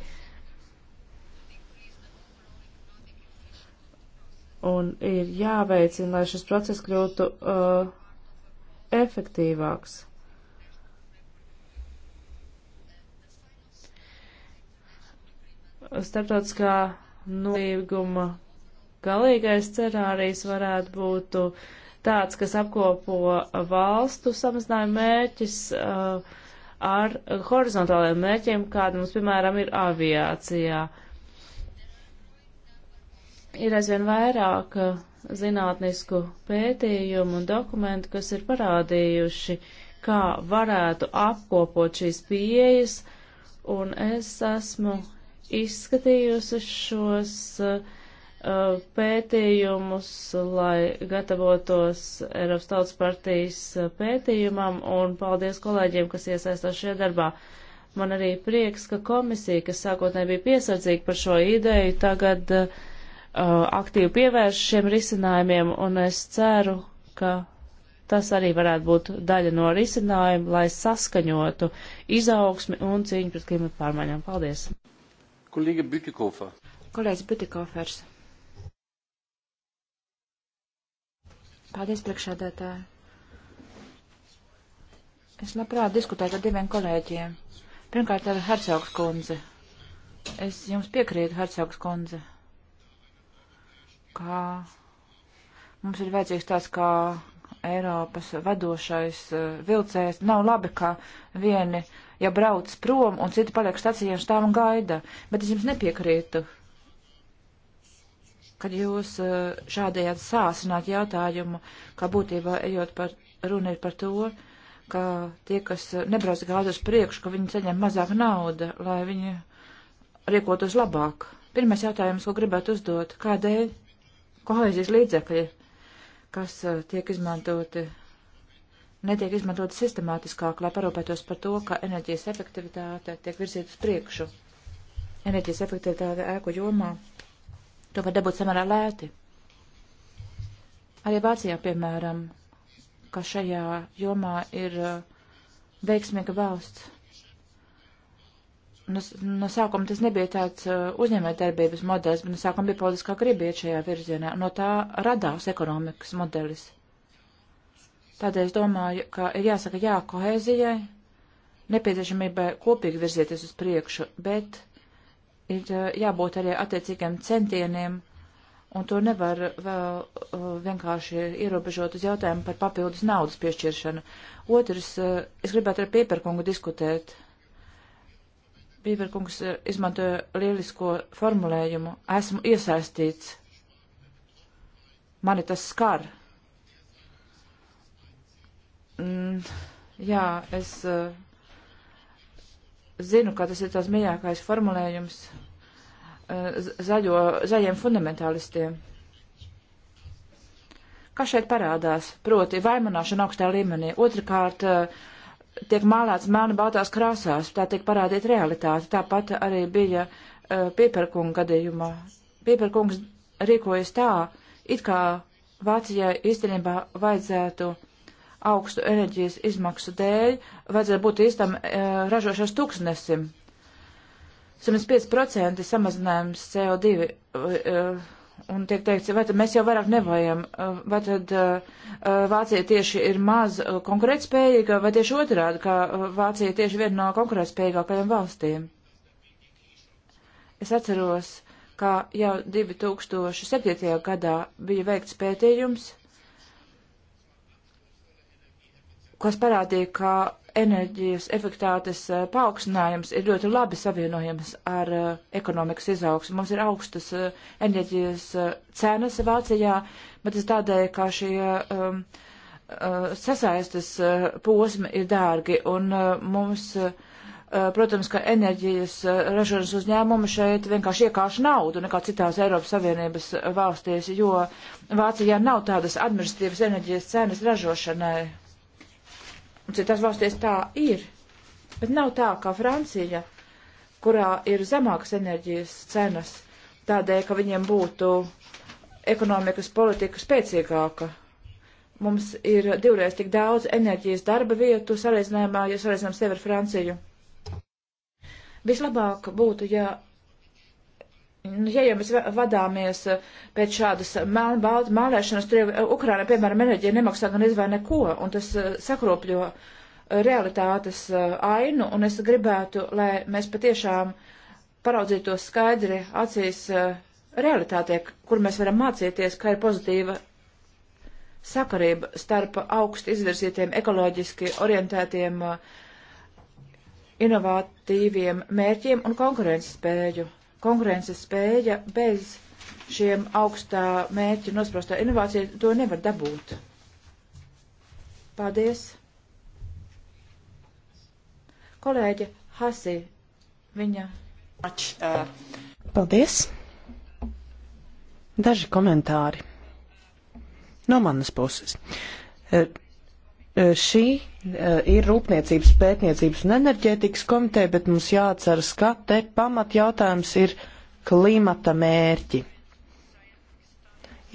Un ir jāveicina, lai šis process kļūtu uh, efektīvāks. starptautiskā nolīguma galīgais scenārijs varētu būt tāds, kas apkopo valstu samazinājumu mērķis uh, ar horizontāliem mērķiem, kāda mums, piemēram, ir aviācijā. Ir aizvien vairāk uh, zinātnisku pētījumu un dokumentu, kas ir parādījuši, kā varētu apkopot šīs pieejas, un es esmu izskatījusi šos uh, pētījumus, lai gatavotos Eiropas Tautas partijas uh, pētījumam, un paldies kolēģiem, kas iesaistās šajā darbā. Man arī prieks, ka komisija, kas sākotnēji bija piesardzīga par šo ideju, tagad uh, uh, aktīvi pievērš šiem risinājumiem, un es ceru, ka tas arī varētu būt daļa no risinājuma, lai saskaņotu izaugsmi un cīņu pret klimatu pārmaiņām. Paldies! Kolēģi Bütikofer. Kolēģis Bütikofers. Paldies, priekšādātāji. Es labprāt diskutētu ar diviem kolēģiem. Pirmkārt, ar Hercogs kundzi. Es jums piekrītu, Hercogs kundze, ka mums ir vajadzīgs tāds kā Eiropas vadošais eh, vilcējs. Nav labi, ka vieni uh, ja brauc prom un citi paliek stacijā stāv un gaida. Bet es jums nepiekrītu, kad jūs eh, šādējādi sāsināt jautājumu, kā būtībā ejot par runa ir par to, ka tie, kas eh, nebrauc gāzi uz priekšu, ka viņi saņem mazāk nauda, lai viņi riekotos labāk. Pirmais jautājums, ko gribētu uzdot, kādēļ kohēzijas līdzekļi, kas eh, tiek izmantoti netiek izmantot sistemātiskāk, lai parūpētos par to, ka enerģijas efektivitāte tiek virzīta uz priekšu. Enerģijas efektivitāte ēku jomā to var dabūt samērā lēti. Arī Vācijā, piemēram, ka šajā jomā ir uh, veiksmīga valsts. No, no sākuma tas nebija tāds uh, uzņēmējdarbības modelis, bet no sākuma bija politiskā gribiet šajā virzienā. No tā radās ekonomikas modelis. Tādēļ es domāju, ka ir jāsaka jā kohēzijai, nepieciešamībai kopīgi virzieties uz priekšu, bet ir eh, jābūt arī attiecīgiem centieniem, un to nevar vēl eh, vienkārši ierobežot uz jautājumu par papildus naudas piešķiršanu. Otrs, eh, es gribētu ar Pieperkungu diskutēt. Pieperkungs izmantoja lielisko formulējumu. Esmu iesaistīts. Mani tas skar. Mm, jā, es uh, zinu, ka tas ir tās mīļākais formulējums uh, zaļo, zaļiem fundamentālistiem. Kas šeit parādās? Proti, vaimanāšana augstā līmenī. Otrakārt, uh, tiek mālēts melni baltās krāsās, tā tiek parādīta realitāte. Tāpat arī bija uh, pieperkunga gadījumā. Pieperkungs rīkojas tā, it kā Vācijai īstenībā vajadzētu uh, augstu enerģijas izmaksu dēļ vajadzētu būt īstam e, ražošanas tūkstnesim. 75% samazinājums CO2 e, un tiek teikts, vai tad mēs jau vairāk nevajam, e, vai tad e, e, Vācija tieši ir maz konkurētspējīga, vai tieši otrādi, ka e, Vācija tieši viena no konkurētspējīgākajām valstīm. Es atceros, ka jau 2007. gadā bija veikts pētījums kas parādīja, ka enerģijas efektātes eh, paaugstinājums ir ļoti labi savienojams ar eh, ekonomikas izaugsmu. Mums ir augstas eh, enerģijas cenas Vācijā, bet tas tādēļ, ka šie um, ehm, sasaistas posmi ir dārgi un mums. Protams, ka enerģijas ražošanas uzņēmumi šeit vienkārši iekāš naudu nekā citās Eiropas Savienības valstīs, jo Vācijā nav tādas administratīvas enerģijas cenas ražošanai Un citās valstīs tā ir. Bet nav tā kā Francija, kurā ir zemākas enerģijas cenas, tādēļ, ka viņiem būtu ekonomikas politika spēcīgāka. Mums ir divreiz tik daudz enerģijas darba vietu salīdzinājumā, ja salīdzinām sevi ar Franciju. Vislabāk būtu, ja Nu, ja jau mēs vadāmies eh, pēc šādas mālēšanas, tad eh, Ukraina, piemēram, enerģija nemaksā gan izvēl neko, un tas eh, sakropļo realitātes ainu, un es gribētu, lai mēs patiešām paraudzītos skaidri acīs realitātē, kur mēs varam mācīties, ka ir pozitīva sakarība starp augstu izvirzītiem ekoloģiski orientētiem inovatīviem mērķiem un konkurences spēju konkurences spēja bez šiem augstā mērķa nosprostā inovācija, to nevar dabūt. Paldies. Kolēģe Hasi, viņa. Paldies. Daži komentāri no manas puses. Šī ir Rūpniecības pētniecības un enerģētikas komiteja, bet mums jāatceras, ka te pamat jautājums ir klimata mērķi.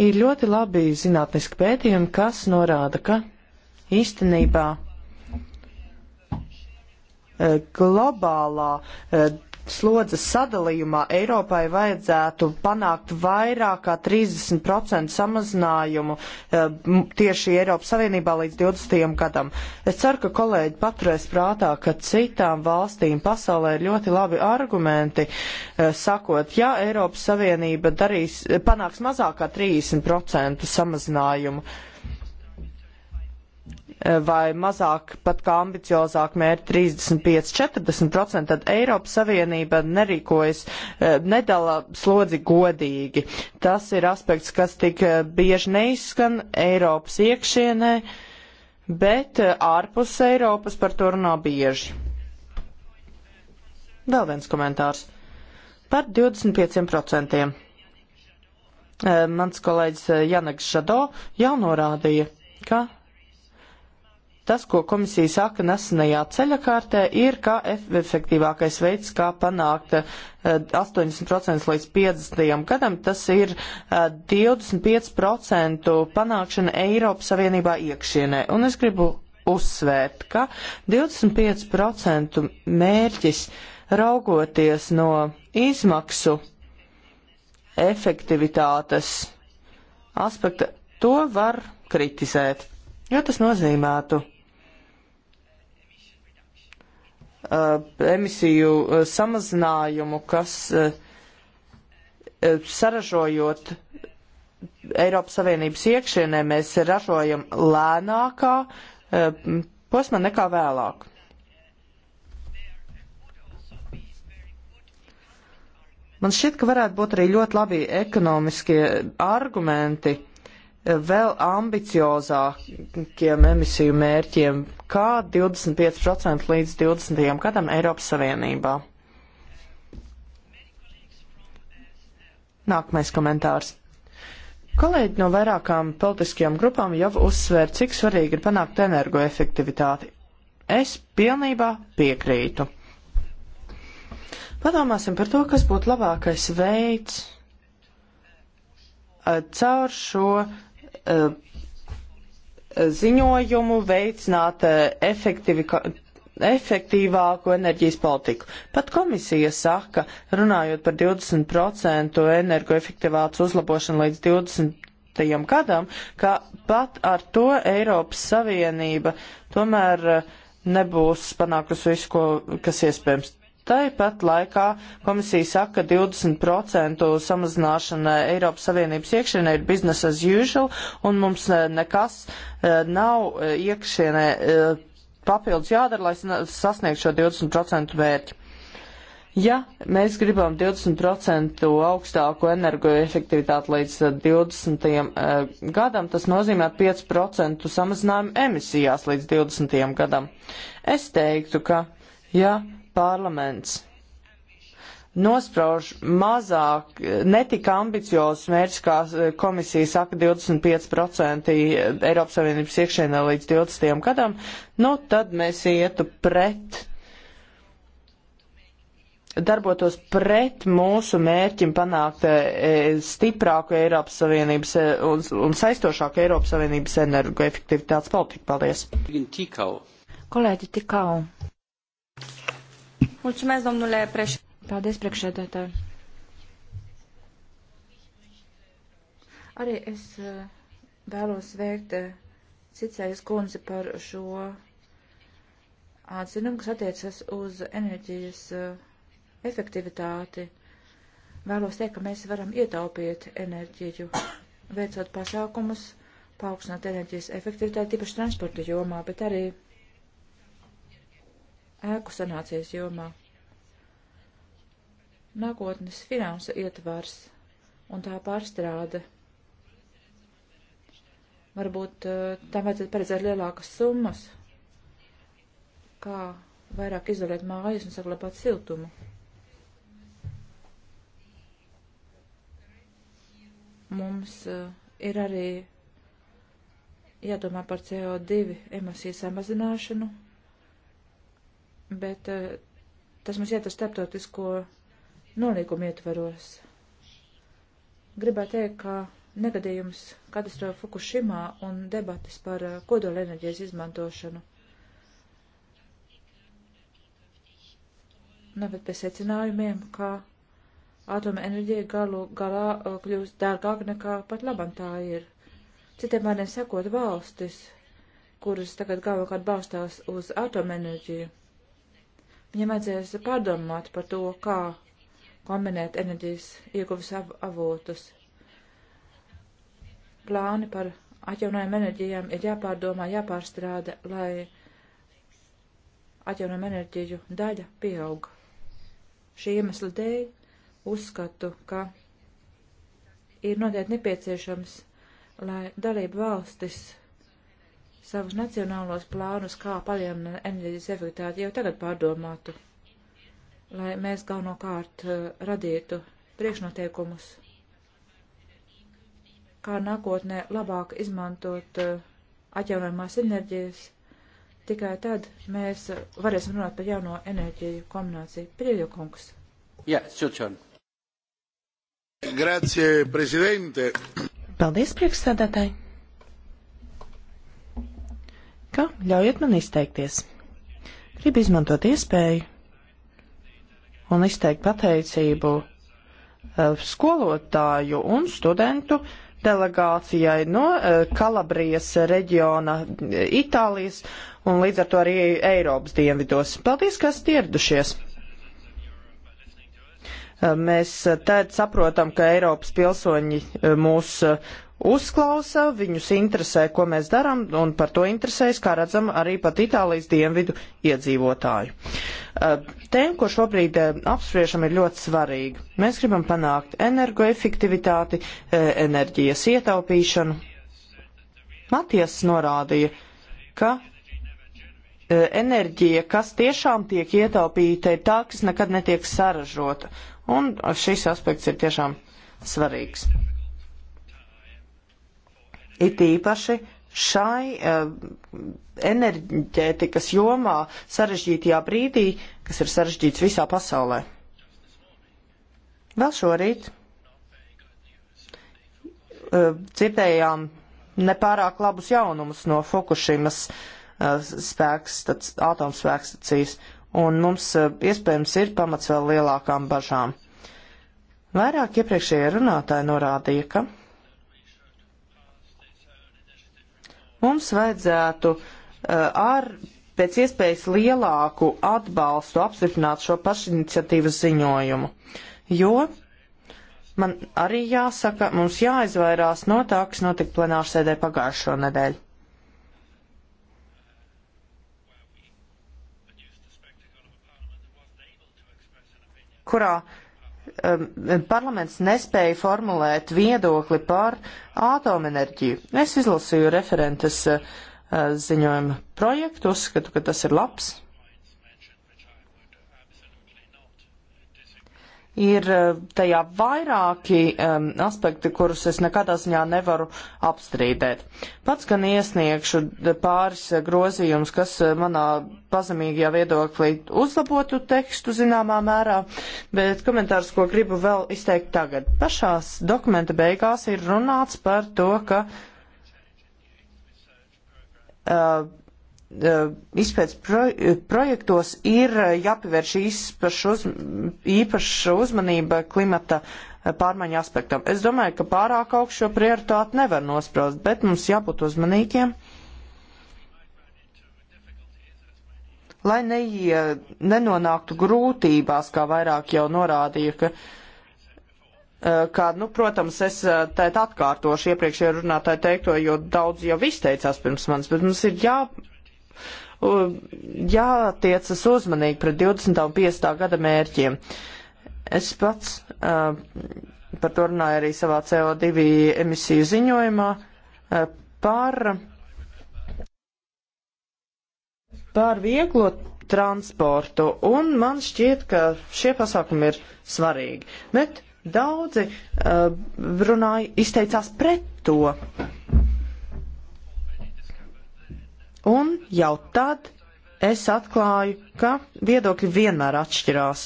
Ir ļoti labi zinātniski pētījumi, kas norāda, ka īstenībā globālā slodzes sadalījumā Eiropai vajadzētu panākt vairāk kā 30% samazinājumu eh, tieši Eiropas Savienībā līdz 20. gadam. Es ceru, ka kolēģi paturēs prātā, ka citām valstīm pasaulē ir ļoti labi argumenti, eh, sakot, ja Eiropas Savienība darīs, eh, panāks mazāk kā 30% samazinājumu vai mazāk pat kā ambiciozāk mērķi 35-40%, tad Eiropas Savienība nerīkojas, eh, nedala slodzi godīgi. Tas ir aspekts, kas tik eh, bieži neizskan Eiropas iekšienē, bet eh, ārpus Eiropas par to runā bieži. Vēl viens komentārs par 25%. Mans kolēģis Janeks Žado jau norādīja, ka Tas, ko komisija saka nesenajā ceļakārtē, ir, ka efektīvākais veids, kā panākt 80% eh, līdz 50. gadam, tas ir 25% eh, panākšana Eiropas Savienībā iekšienē. Un es gribu uzsvērt, ka 25% mērķis raugoties no izmaksu efektivitātes aspekta, to var kritizēt, jo tas nozīmētu Uh, emisiju uh, samazinājumu, kas uh, saražojot Eiropas Savienības iekšienē, mēs ražojam lēnākā posmā nekā vēlāk. Man šķiet, ka varētu būt arī ļoti labi ekonomiskie argumenti vēl ambiciozākiem emisiju mērķiem kā 25% līdz 20. gadam Eiropas Savienībā. Nākamais komentārs. Kolēģi no vairākām politiskajām grupām jau uzsvēra, cik svarīgi ir panākt energoefektivitāti. Es pilnībā piekrītu. Padomāsim par to, kas būtu labākais veids eh, caur šo eh, ziņojumu veicināt eh, efektīvāku enerģijas politiku. Pat komisija saka, runājot par 20% energoefektivitātes uzlabošanu līdz 20 tajam gadam, ka pat ar to Eiropas Savienība tomēr eh, nebūs panākusi visu, ko, kas iespējams. Tāpat laikā komisija saka, ka 20% samazināšana Eiropas Savienības iekšienē ir business as usual, un mums e, nekas e, nav e, iekšienē papildus jādara, lai sasniegtu šo 20% mērķi. Ja mēs gribam 20% augstāku energoefektivitāti līdz 20. gadam, tas nozīmē 5% samazinājumu emisijās līdz 20. gadam. Es teiktu, ka ja parlaments nosprauž mazāk, netika ambiciozus mērķus, kā eh, komisija saka, 25% Eiropas Savienības iekšēnē līdz 20. gadam, nu tad mēs ietu pret, darbotos pret mūsu mērķim panākt eh, stiprāku Eiropas Savienības eh, un, un saistošāku Eiropas Savienības energoefektivitātes politiku. Paldies! Kolēģi Tikau! Mulțumesc, domnule președinte. Paldies, priekšsēdētāji. Arī es eh, vēlos veikt eh, Cicējas kundzi par šo atzinumu, kas attiecas uz enerģijas eh, efektivitāti. Vēlos teikt, ka mēs varam ietaupīt enerģiju, veicot pasākumus, paaugstināt enerģijas efektivitāti, tīpaši transporta jomā, bet arī ēku sanācijas jomā. Nākotnes finansu ietvars un tā pārstrāde. Varbūt eh, tam vajadzētu paredzēt lielākas summas, kā vairāk izolēt mājas un saglabāt siltumu. Mums eh, ir arī jādomā par CO2 emisiju samazināšanu bet eh, tas mums iet uz starptautisko nolīgumu ietvaros. Gribētu teikt, ka negadījums katastrofa Fukushimā un debatas par eh, kodola enerģijas izmantošanu noved pie secinājumiem, ka atoma enerģija galu galā eh, kļūst dārgāk nekā pat labam tā ir. Citiem vārdiem sakot, valstis, kuras tagad galvenokārt balstās uz atomenerģiju, Viņam vajadzēs pārdomāt par to, kā kombinēt enerģijas ieguves av avotus. Plāni par atjaunojumu enerģijām ir jāpārdomā, jāpārstrāda, lai atjaunojumu enerģiju daļa pieaug. Šī iemesla dēļ uzskatu, ka ir noteikti nepieciešams, lai dalību valstis savus nacionālos plānus, kā palielināt enerģijas efektivitāti, jau tagad pārdomātu, lai mēs galvenokārt eh, radītu priekšnoteikumus, kā nākotnē labāk izmantot eh, atjaunojumās enerģijas. Tikai tad mēs varēsim runāt par jauno enerģiju kombināciju. Prieļokungs. Jā, yeah, Sučan. Sure, sure. Grazie, prezidente. Paldies, priekšsēdētāji ka ļaujiet man izteikties. Gribu izmantot iespēju un izteikt pateicību eh, skolotāju un studentu delegācijai no eh, Kalabrijas reģiona eh, Itālijas un līdz ar to arī Eiropas dienvidos. Paldies, ka esat ieradušies! Mēs tad saprotam, ka Eiropas pilsoņi mūs uzklausa, viņus interesē, ko mēs darām, un par to interesēs, kā redzam, arī pat Itālijas dienvidu iedzīvotāju. Eh, tēma, ko šobrīd eh, apspriešam, ir ļoti svarīga. Mēs gribam panākt energoefektivitāti, eh, enerģijas ietaupīšanu. Matijas norādīja, ka enerģija, kas tiešām tiek ietaupīta, ir tā, kas nekad netiek saražota. Un šis aspekts ir tiešām svarīgs. It īpaši šai uh, enerģētikas jomā sarežģītajā brīdī, kas ir sarežģīts visā pasaulē. Vēl šorīt uh, dzirdējām nepārāk labus jaunumus no Fukushimas uh, spēks, atomspēkstacijas, un mums iespējams ir pamats vēl lielākām bažām. Vairāk iepriekšējie runātāji norādīja, ka Mums vajadzētu eh, ar pēc iespējas lielāku atbalstu apstiprināt šo pašiniciatīvas ziņojumu, jo man arī jāsaka, mums jāizvairās no tā, kas notika plenārsēdē pagājušo nedēļu. kurā Um, parlaments nespēja formulēt viedokli par ātomenerģiju. Es izlasīju referentes uh, ziņojuma projektu, uzskatu, ka tas ir labs ir eh, tajā vairāki um, aspekti, kurus es nekādā ziņā nevaru apstrīdēt. Pats gan iesniegšu pāris eh, grozījumus, kas eh, manā pazemīgajā viedoklī uzlabotu tekstu zināmā mērā, bet komentārs, ko gribu vēl izteikt tagad. Pašās dokumenta beigās ir runāts par to, ka uh, E, izpētes pro, projektos ir e, jāpievērš īpaša, uz, īpaša uzmanība klimata e, pārmaiņu aspektam. Es domāju, ka pārāk augšu šo prioritāti nevar nospraust, bet mums jābūt uzmanīgiem, lai ne, nenonāktu grūtībās, kā vairāk jau norādīja, ka kā, nu, protams, es tēt atkārtošu iepriekšējā runātāja teikto, jo daudz jau izteicās pirms manis, bet mums ir jā jātiecas uzmanīgi pret 20. un 50. gada mērķiem. Es pats uh, par to runāju arī savā CO2 emisiju ziņojumā uh, par, par vieglo transportu, un man šķiet, ka šie pasākumi ir svarīgi. Bet daudzi uh, runāja, izteicās pret to. Uh, Un jau tad es atklāju, ka viedokļi vienmēr atšķirās,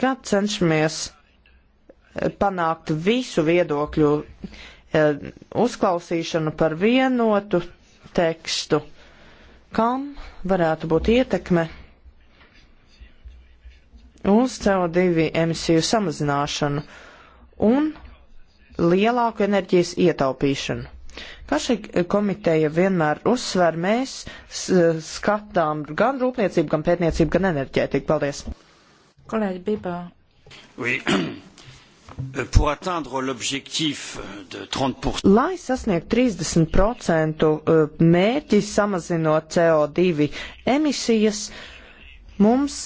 ka cenšamies eh, panākt visu viedokļu eh, uzklausīšanu par vienotu tekstu, kam varētu būt ietekme uz CO2 emisiju samazināšanu un lielāku enerģijas ietaupīšanu. Kā šī komiteja vienmēr uzsver, mēs skatām gan rūpniecību, gan pētniecību, gan enerģētiku. Paldies! Kolēģi Bibā. Oui. Pour atteindre l'objectif de 30%. Lai sasniegtu 30% eh, mērķi samazinot CO2 emisijas, mums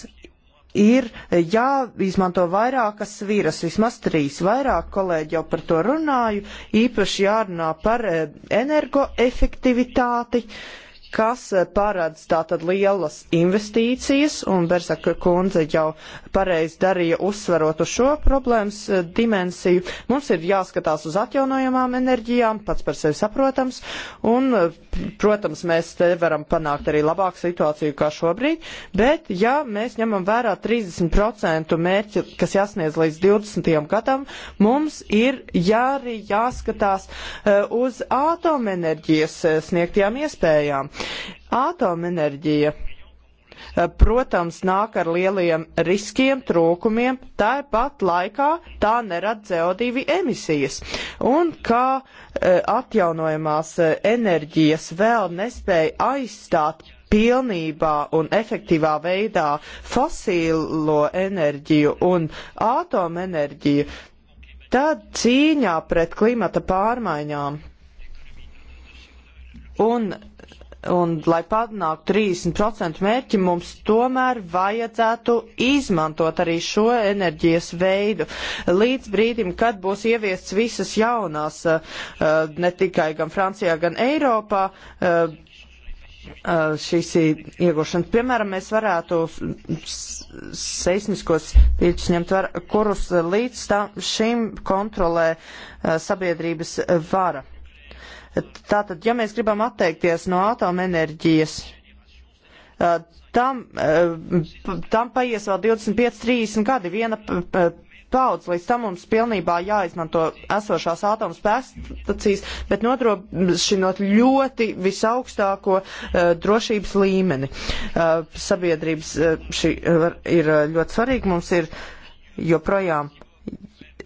ir jāizmanto vairākas sviras, vismaz trīs. Vairāk kolēģi jau par to runāju, īpaši jārunā par eh, energoefektivitāti. Uh, kas eh, paredz tātad lielas investīcijas, un Bersaka kundze jau pareizi darīja uzsverot uz šo problēmas eh, dimensiju. Mums ir jāskatās uz atjaunojamām enerģijām, pats par sevi saprotams, un, eh, protams, mēs te varam panākt arī labāku situāciju kā šobrīd, bet, ja mēs ņemam vērā 30% mērķi, kas jāsniedz līdz 20. gadam, mums ir jā arī jāskatās uz ātomenerģijas sniegtajām iespējām Atomenerģija eh, protams, nāk ar lieliem riskiem, trūkumiem, tāpat laikā tā nerada CO2 emisijas. Un kā eh, atjaunojamās eh, enerģijas vēl nespēja aizstāt pilnībā un efektīvā veidā fosīlo enerģiju un atomenerģiju, tad cīņā pret klimata pārmaiņām un Un, lai panāktu 30% mērķi, mums tomēr vajadzētu izmantot arī šo enerģijas veidu līdz brīdim, kad būs ieviests visas jaunās, eh, eh, ne tikai gan Francijā, gan Eiropā, eh, šīs iegūšanas. Piemēram, mēs varētu seismiskos pīķus ņemt vērā, kurus līdz tam šim kontrolē sabiedrības vara. Tātad, ja mēs gribam atteikties no atomenerģijas, tam, tam paies vēl 25-30 gadi, viena paudze, līdz tam mums pilnībā jāizmanto esošās atomspēkstacijas, bet nodrošinot ļoti visaugstāko uh, drošības līmeni. Uh, sabiedrības uh, šī var, ir uh, ļoti svarīga, mums ir joprojām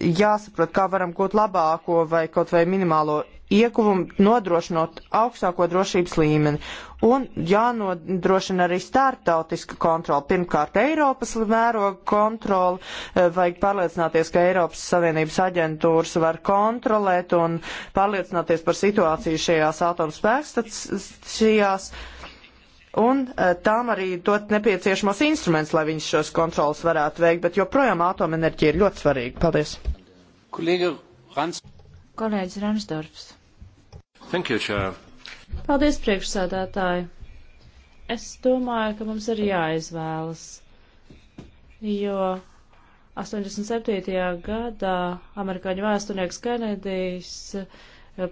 jāsaprot, kā varam gūt labāko vai kaut vai minimālo ieguvumi, nodrošinot augstāko drošības līmeni. Un jānodrošina arī startautiska kontrola. Pirmkārt, Eiropas mēroga kontrola. Eh, vajag pārliecināties, ka Eiropas Savienības aģentūras var kontrolēt un pārliecināties par situāciju šajās atomspēkstacijās. Un eh, tām arī dot nepieciešamos instrumentus, lai viņas šos kontrolas varētu veikt, bet joprojām atomenerģija ir ļoti svarīga. Paldies! Kolēģis Ransdorfs. Thank you, Chair. Paldies, priekšsēdētāji. Es domāju, ka mums ir jāizvēlas, jo 87. gadā amerikāņu vēsturnieks Kenedijs eh,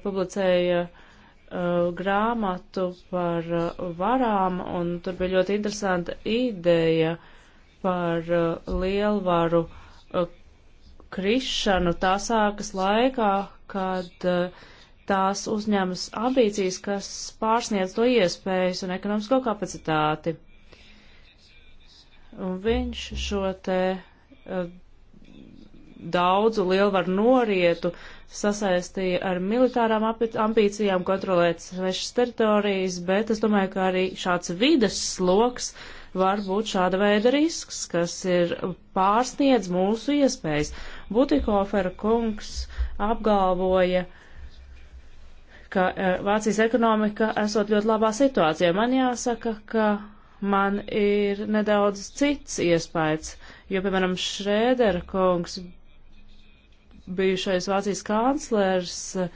publicēja uh, grāmatu par uh, varām, un tur bija ļoti interesanta ideja par uh, lielvaru krišanu. Tā sākas laikā, kad uh, tās uzņemas ambīcijas, kas pārsniedz to iespējas un ekonomisko kapacitāti. Un viņš šo te eh, daudzu lielvaru norietu sasaistīja ar militārām ambīcijām kontrolēt svešas teritorijas, bet es domāju, ka arī šāds vides sloks var būt šāda veida risks, kas ir pārsniedz mūsu iespējas. Butikofera kungs apgalvoja, uh, ka e, Vācijas ekonomika esot ļoti labā situācijā. Man jāsaka, ka man ir nedaudz cits iespējas, jo, piemēram, Šrēdera kungs, bijušais Vācijas kanclers, e,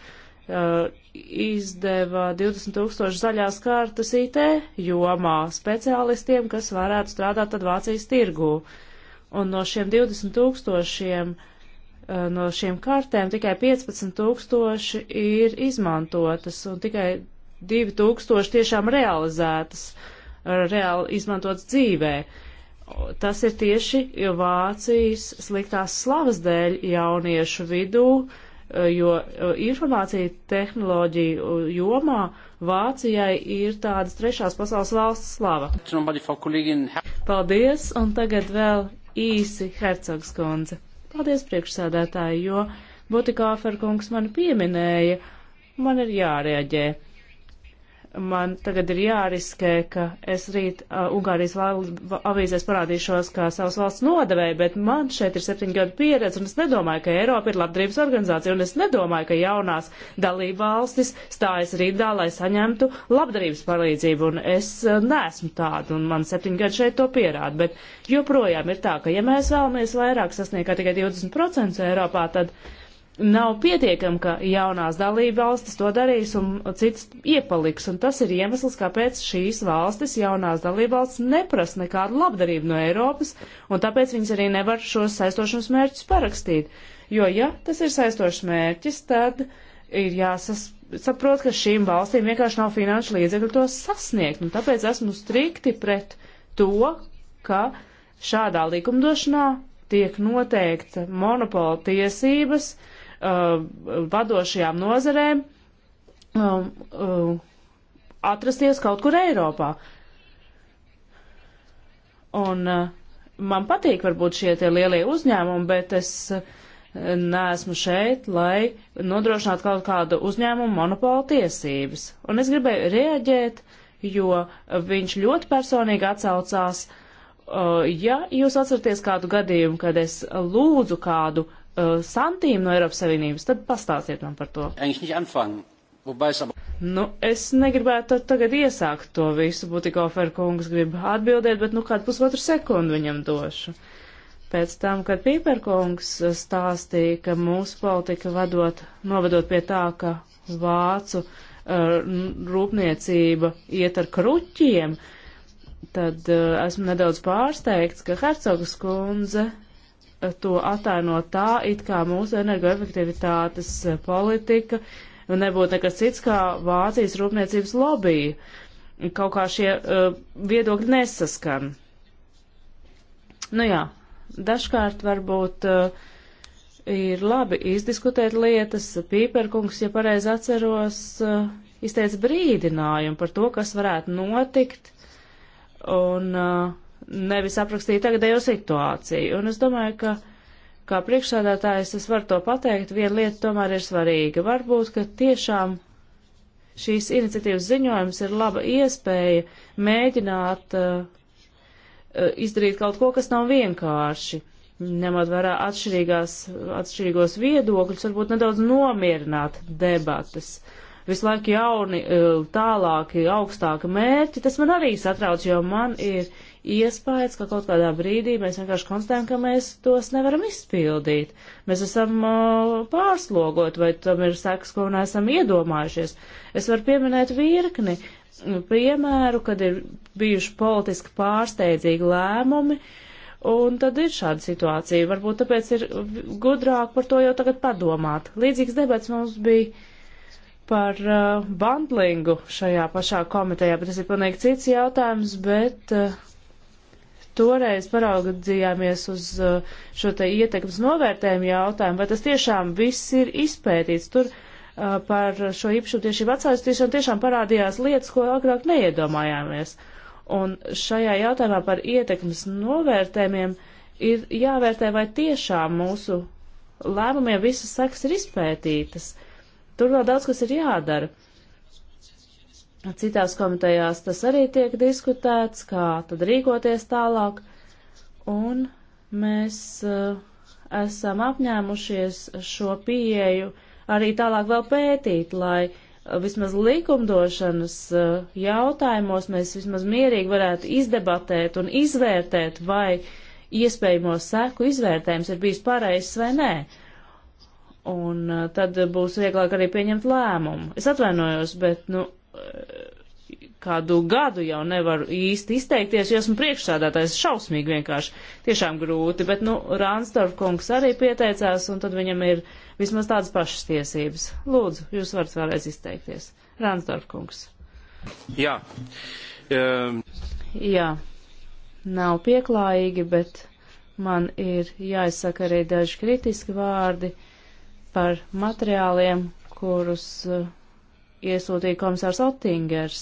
izdeva 20 tūkstoši zaļās kārtas IT jomā speciālistiem, kas varētu strādāt tad Vācijas tirgū. Un no šiem 20 tūkstošiem 000 Eh, no šīm kartēm tikai 15 tūkstoši ir izmantotas un tikai 2 tūkstoši tiešām realizētas, eh, reāli izmantotas dzīvē. Tas ir tieši Vācijas sliktās slavas dēļ jauniešu vidū, eh, jo informācija tehnoloģiju jomā Vācijai ir tādas trešās pasaules valsts slava. Paldies, un tagad vēl īsi Hercogs kundze. Paldies priekšsēdētāji, jo Botikāferkungs man pieminēja, man ir jārēģē man tagad ir jāriskē, ka es rīt uh, Ungārijas valsts avīzēs parādīšos kā savas valsts nodevēja, bet man šeit ir septiņu gadu pieredze, un es nedomāju, ka Eiropa ir labdarības organizācija, un es nedomāju, ka jaunās dalība valstis stājas rītdā, lai saņemtu labdarības palīdzību, un es uh, neesmu tāda, un man septiņu gadu šeit to pierāda, bet joprojām ir tā, ka ja mēs vēlamies vairāk sasniegt tikai 20% Eiropā, tad nav pietiekami, ka jaunās dalība valstis to darīs un citas iepaliks. Un tas ir iemesls, kāpēc šīs valstis, jaunās dalība valstis, neprasa nekādu labdarību no Eiropas, un tāpēc viņas arī nevar šos saistošanas mērķus parakstīt. Jo, ja tas ir saistošs mērķis, tad ir jāsaprot, ka šīm valstīm vienkārši nav finanšu līdzekļu to sasniegt. Un tāpēc esmu strikti pret to, ka šādā likumdošanā tiek noteikta monopola tiesības, uh, Uh, vadošajām nozarēm um, uh, atrasties kaut kur Eiropā. Un uh, man patīk varbūt šie tie lielie uzņēmumi, bet es neesmu šeit, lai nodrošinātu kaut kādu uzņēmumu monopolu tiesības. Un es gribēju reaģēt, jo viņš ļoti personīgi atsaucās. Ja jūs atceraties kādu gadījumu, kad es lūdzu kādu uh, santīm no Eiropas Savienības, tad pastāstiet man par to. Nu, es negribētu tagad iesākt to visu, Butikofer kungs grib atbildēt, bet nu kādu pusotru sekundu viņam došu. Pēc tam, kad Pīperkungs stāstīja, ka mūsu politika vadot, novedot pie tā, ka vācu uh, rūpniecība iet ar kruķiem, tad uh, esmu nedaudz pārsteigts, ka Hercogas kundze to ataino tā, it kā mūsu energoefektivitātes eh, politika nebūtu nekas cits kā Vācijas rūpniecības lobby. Kaut kā šie uh, viedokļi nesaskan. Nu jā, dažkārt varbūt uh, ir labi izdiskutēt lietas. Pīperkungs, ja pareizi atceros, uh, izteica brīdinājumu par to, kas varētu notikt. Un uh, nevis aprakstīja tagadējo situāciju. Un es domāju, ka kā priekšsādātājs es varu to pateikt, viena lieta tomēr ir svarīga. Varbūt, ka tiešām šīs iniciatīvas ziņojums ir laba iespēja mēģināt uh, uh izdarīt kaut ko, kas nav vienkārši. Ņemot vērā atšķirīgos viedokļus, varbūt nedaudz nomierināt debatas. Visu laiku jauni, uh, tālāki, augstāki mērķi, tas man arī satrauc, jo man ir iespējas, ka kaut kādā brīdī mēs vienkārši konstatējam, ka mēs tos nevaram izpildīt. Mēs esam uh, pārslogoti, vai tam ir sekas, ko neesam iedomājušies. Es varu pieminēt virkni mm, piemēru, kad ir bijuši politiski pārsteidzīgi lēmumi, un tad ir šāda situācija. Varbūt tāpēc ir gudrāk par to jau tagad padomāt. Līdzīgs debats mums bija par uh, bandlingu šajā pašā komitejā, bet tas ir pilnīgi cits jautājums, bet uh, toreiz paraudzījāmies uz uh, šo te ietekmes novērtējumu jautājumu, vai tas tiešām viss ir izpētīts. Tur uh, par šo īpašumu tiešību atsaistīšanu tiešām parādījās lietas, ko agrāk neiedomājāmies. Un šajā jautājumā par ietekmes novērtējumiem ir jāvērtē, vai tiešām mūsu lēmumiem visas sekas ir izpētītas. Tur vēl daudz kas ir jādara. Citās komitejās tas arī tiek diskutēts, kā tad rīkoties tālāk, un mēs uh, esam apņēmušies šo pieeju arī tālāk vēl pētīt, lai uh, vismaz likumdošanas uh, jautājumos mēs vismaz mierīgi varētu izdebatēt un izvērtēt, vai iespējamo seku izvērtējums ir bijis pareizs vai nē. Un tad būs vieglāk arī pieņemt lēmumu. Es atvainojos, bet, nu, Eh, kādu gadu jau nevaru īsti izteikties, jo esmu priekšsādātājs šausmīgi vienkārši, tiešām grūti, bet, nu, Rānstorf kungs arī pieteicās, un tad viņam ir vismaz tādas pašas tiesības. Lūdzu, jūs varat vēlreiz izteikties. Rānstorf kungs. Jā. Um. Jā. Nav pieklājīgi, bet man ir jāizsaka arī daži kritiski vārdi par materiāliem, kurus uh, iesūtīja komisārs Ottingers.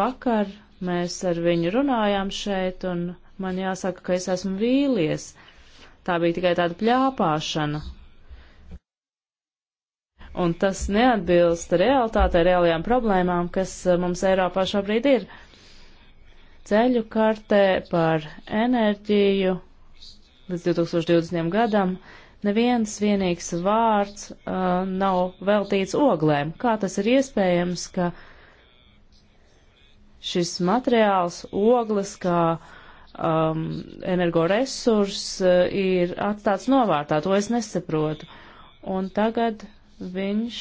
Vakar mēs ar viņu runājām šeit, un man jāsaka, ka es esmu vīlies. Tā bija tikai tāda pļāpāšana. Un tas neatbilst realitātei, reālajām problēmām, kas eh, mums Eiropā šobrīd ir. Ceļu kartē par enerģiju līdz 2020. gadam neviens vienīgs vārds uh, nav veltīts oglēm. Kā tas ir iespējams, ka šis materiāls, ogles, kā um, energoresurs, uh, ir atstāts novārtā? To es nesaprotu. Un tagad viņš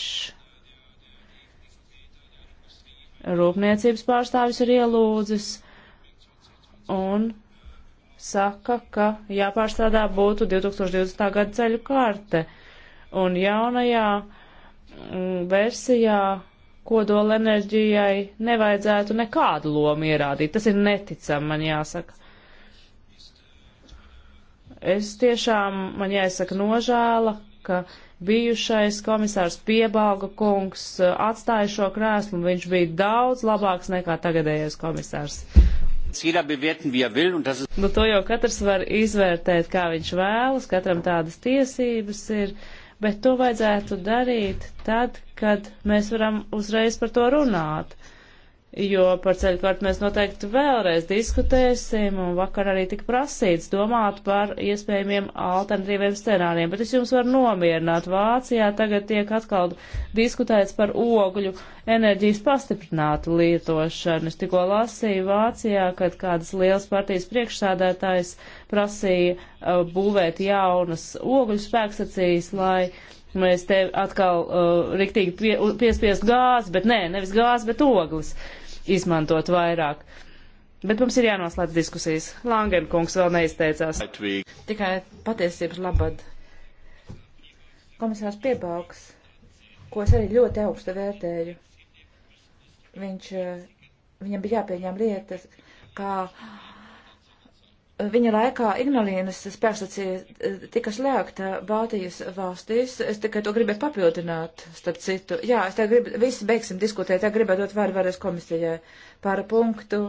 rūpniecības pārstāvis ir ielūdzis un saka, ka jāpārstrādā būtu 2020. gada ceļu kārte. Un jaunajā mm, versijā kodola enerģijai nevajadzētu nekādu lomu ierādīt. Tas ir neticami, man jāsaka. Es tiešām, man jāsaka, nožēla, ka bijušais komisārs Piebalga kungs eh, atstāja šo krēslu, un viņš bija daudz labāks nekā tagadējais komisārs. Er nu, to jau katrs var izvērtēt, kā viņš vēlas, katram tādas tiesības ir, bet to vajadzētu darīt tad, kad mēs varam uzreiz par to runāt jo par ceļu kartu mēs noteikti vēlreiz diskutēsim, un vakar arī tika prasīts domāt par iespējamiem alternatīviem scenāriem, bet es jums varu nomierināt, Vācijā tagad tiek atkal diskutēts par ogļu enerģijas pastiprinātu lietošanu. Es tikko lasīju Vācijā, kad kādas liels partijas priekšsādētājs prasīja uh, būvēt jaunas ogļu spēkstacijas, lai mēs te atkal uh, riktīgi pie, piespiest gāzi, bet nē, nevis gāzi, bet ogles. Uh, izmantot vairāk. Bet mums ir jānoslēdz diskusijas. Langenkungs vēl neizteicās. Tikai patiesības labad. Komisārs Piebalgs, ko es arī ļoti augstu vērtēju, viņš, eh, viņam bija jāpieņem lietas, kā viņa laikā Ignalīnas spēkstacija eh, tika slēgta Baltijas valstīs. Es tikai to gribēju papildināt, starp citu. Jā, es tā gribu, visi beigsim diskutēt, tā gribētu dot vārdu vairs komisijai par punktu,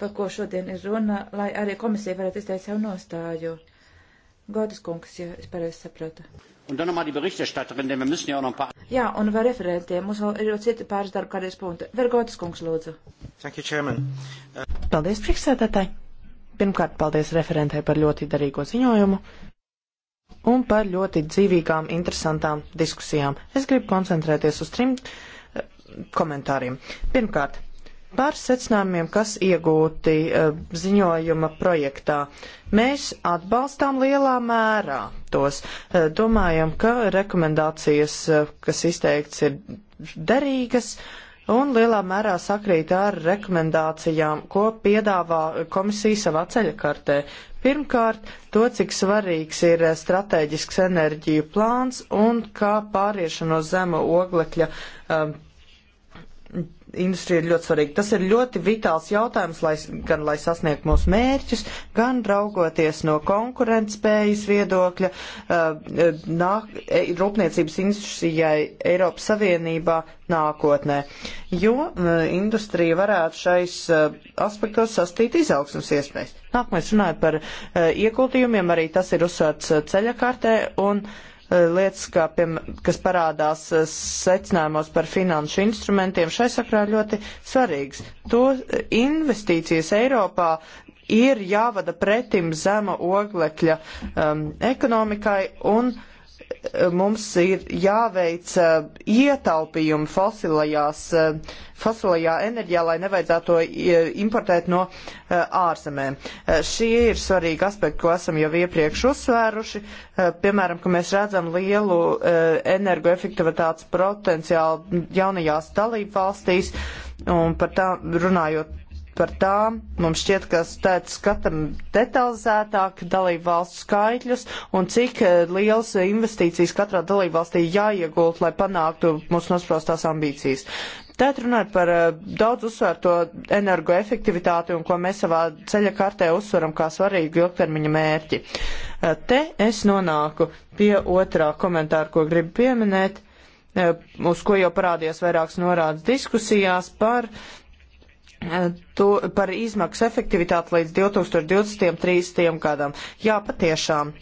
par ko šodien ir runa, lai arī komisija varētu izteikt savu nostāju. Godas kungs, ja es pareizi sapratu. Un tad nomādi berichterstatterin, mēs müssen jau nompār. Jā, un vēl referentiem, mums vēl ir jau citi pāris darba kādreiz punkti. Vēl Godas kungs, lūdzu. Thank you, chairman. Uh... Paldies, priekšsēdētāji. Pirmkārt, paldies referentē par ļoti derīgo ziņojumu un par ļoti dzīvīgām, interesantām diskusijām. Es gribu koncentrēties uz trim eh, komentāriem. Pirmkārt, par secinājumiem, kas iegūti eh, ziņojuma projektā. Mēs atbalstām lielā mērā tos. Eh, domājam, ka rekomendācijas, kas izteikts, ir derīgas. Uh, un lielā mērā sakrīt ar rekomendācijām, ko piedāvā komisija savā ceļakartē. Pirmkārt, to, cik svarīgs ir strateģisks enerģiju plāns un kā pāriešana uz zemu oglekļa um, industrija ir ļoti svarīga. Tas ir ļoti vitāls jautājums, lai, gan lai sasniegtu mūsu mērķus, gan raugoties no konkurentspējas viedokļa. Uh, uh, nāk, e, rūpniecības industrijai Eiropas Savienībā nākotnē, jo uh, industrija varētu šais aspektos sastīt izaugsmas iespējas. Nākamais runājot par iekultījumiem, arī tas ir uzsvērts ceļakārtē un uh, Eh, lietas, kā, piem, kas parādās eh, secinājumos par finanšu instrumentiem, šai sakrā ļoti svarīgs. To eh, investīcijas Eiropā ir jāvada pretim zema oglekļa um, ekonomikai un uh, mums ir jāveic ietaupījumi fosilajās, fosilajā enerģijā, lai nevajadzētu to importēt no ārzemēm. Šie ir svarīgi aspekti, ko esam jau iepriekš uzsvēruši. Piemēram, ka mēs redzam lielu energoefektivitātes potenciālu jaunajās dalību valstīs, un par tā runājot par tām. Mums šķiet, ka tad skatām detalizētāk dalību valstu skaitļus un cik eh, liels investīcijas katrā dalību valstī jāiegūt, lai panāktu mūsu nosprostās ambīcijas. Tēt runāt par eh, daudz uzsvērto energoefektivitāti un ko mēs savā ceļa kartē uzsveram kā svarīgu ilgtermiņa mērķi. Eh, te es nonāku pie otrā komentāra, ko gribu pieminēt, uz ko jau parādījās vairākas norādes diskusijās par to, par izmaksu efektivitāti līdz 2020. gadam. Jā, patiešām.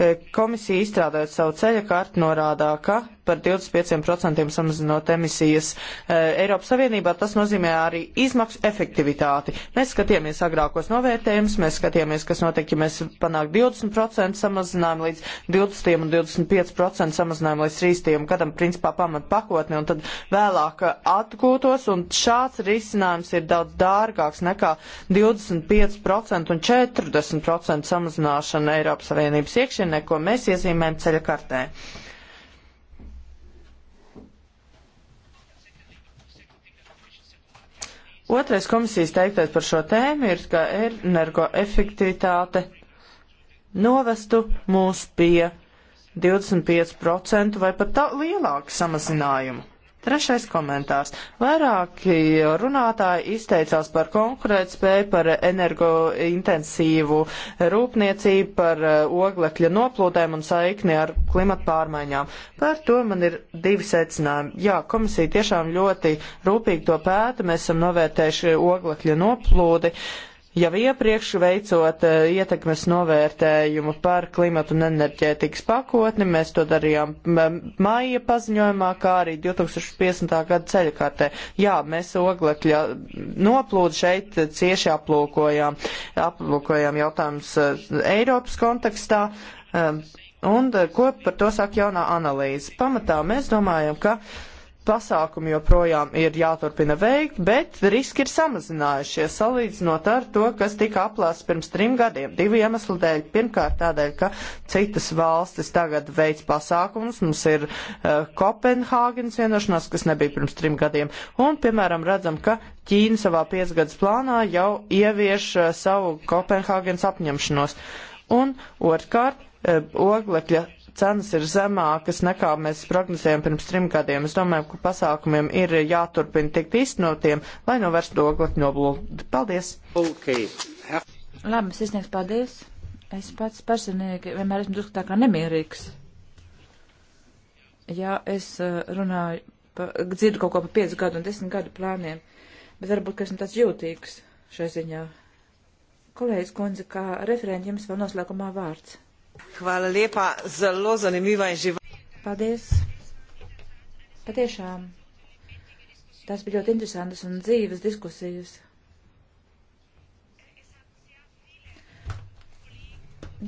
E, komisija izstrādājot savu ceļa kartu norādā, ka par 25% samazinot emisijas e, Eiropas Savienībā. Tas nozīmē arī izmaksu efektivitāti. Mēs skatījāmies agrākos novērtējumus, mēs skatījāmies, kas notiek, ja mēs panāk 20% samazinājumu līdz 20 un 25% samazinājumu līdz 30 gadam, principā pamat pakotni, un tad vēlāk atgūtos, un šāds risinājums ir daudz dārgāks nekā 25% un 40% samazināšana Eiropas Savienības iekšienē, ko mēs iezīmējam ceļa kartē. Otrais komisijas teiktais par šo tēmu ir, ka energoefektivitāte novestu mūs pie 25% vai pat lielāku samazinājumu. Trešais komentārs. Vairāki runātāji izteicās par konkurētspēju, par energointensīvu rūpniecību, par eh, oglekļa noplūdēm un saikni ar klimatu pārmaiņām. Par to man ir divi secinājumi. Jā, komisija tiešām ļoti rūpīgi to pēta, mēs esam novērtējuši oglekļa noplūdi. Uh, Jau iepriekš veicot eh, ietekmes novērtējumu par klimatu un enerģētikas pakotni, mēs to darījām maija paziņojumā, kā arī 2050. gada ceļkārtē. Jā, mēs oglekļa noplūdu šeit cieši aplūkojām, aplūkojām jautājums eh, Eiropas kontekstā. Eh, un ko par to saka jaunā analīze? Pamatā mēs domājam, ka pasākumi joprojām ir jāturpina veikt, bet riski ir samazinājušies salīdzinot ar to, kas tika aplēsts pirms trim gadiem. Divi iemesli dēļ. Pirmkārt tādēļ, ka citas valstis tagad veids pasākumus. Mums ir uh, Kopenhāgenes vienošanās, kas nebija pirms trim gadiem. Un, piemēram, redzam, ka Ķīna savā piecgadas plānā jau ievieš uh, savu Kopenhāgenes apņemšanos. Un otrkārt, uh, oglekļa cenas ir zemākas nekā mēs prognozējām pirms trim gadiem. Es domāju, ka pasākumiem ir jāturpina tikt īstenotiem, lai novērstu oglekļu noblūdu. Paldies! Okay. Labi, es izniegšu paldies. Es pats personīgi vienmēr esmu drusku tā kā nemierīgs. Jā, es eh, runāju, pa, dzirdu kaut ko pa piecu gadu un desmit gadu plāniem, bet varbūt, ka esmu tāds jūtīgs šai ziņā. Kolēģis kundze, kā referenti jums vēl noslēgumā vārds. Hvala lepa, zelo zanimiva in živahna. Paldies. Patiešām. Tās bija ļoti interesantas un dzīves diskusijas.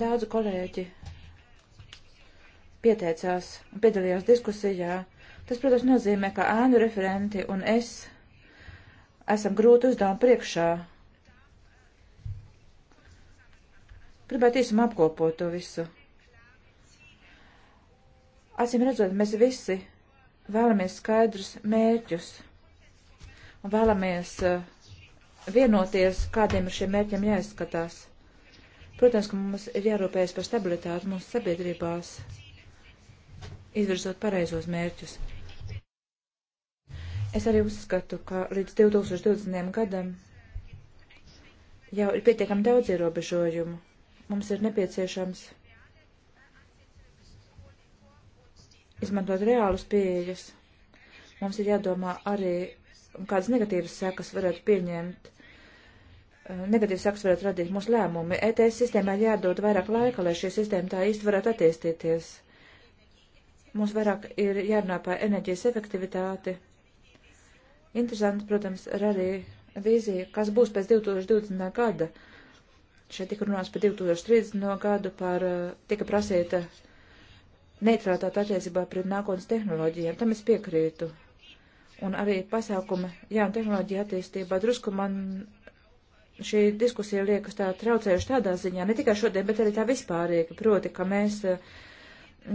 Daudzi kolēģi pieteicās un piedalījās diskusijā. Tas, protams, nozīmē, ka ēnu referenti un es esam grūti uzdevumi priekšā Gribētu īsumā apkopot to visu. Acīm redzot, mēs visi vēlamies skaidrus mērķus un vēlamies uh, vienoties, kādiem ir šiem mērķiem jāizskatās. Protams, ka mums ir jārūpējas par stabilitāti mūsu sabiedrībās, izvirzot pareizos mērķus. Es arī uzskatu, ka līdz 2020. gadam jau ir pietiekami daudz ierobežojumu mums ir nepieciešams izmantot reālus pieejas. Mums ir jādomā arī, kādas negatīvas sekas varētu pieņemt, eh, negatīvas sekas varētu radīt mūsu lēmumi. ETS sistēmai jādod vairāk laika, lai šī sistēma tā īsti varētu attīstīties. Mums vairāk ir jārunā par enerģijas efektivitāti. Interesanti, protams, ir arī vīzija, kas būs pēc 2020. gada. Šeit tika runāts par 2030. gadu, par, eh, tika prasīta neutralitāte attiecībā pret nākotnes tehnoloģijām. Tam es piekrītu. Un arī pasākumi jaunu tehnoloģiju attīstībā drusku man šī diskusija liekas tā traucējuši tādā ziņā, ne tikai šodien, bet arī tā vispārīga, proti, ka mēs eh,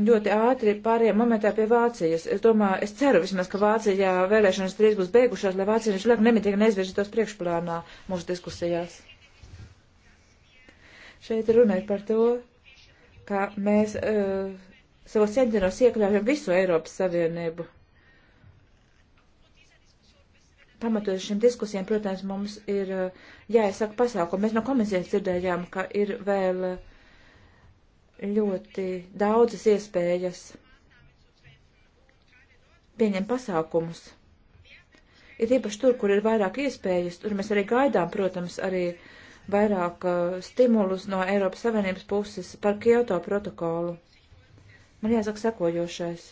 ļoti ātri pārējām momentā pie Vācijas. Es domāju, es ceru vismaz, ka Vācijā vēlēšanas trīs būs beigušās, lai Vācija viņš liek nemitīgi neizvirzītos priekšplānā mūsu diskusijās. Šeit runa ir par to, ka mēs uh, savos ķēdenos iekļaujam visu Eiropas Savienību. Pamatoties šīm diskusijām, protams, mums ir uh, eh, jāiesaka pasākumi. Mēs no komisijas dzirdējām, ka ir vēl eh, ļoti daudzas iespējas pieņemt pasākumus. Ir īpaši tur, kur ir vairāk iespējas, tur mēs arī gaidām, protams, arī uh, vairāk uh, stimulus no Eiropas Savienības puses par Kyoto protokolu. Man jāsaka sekojošais.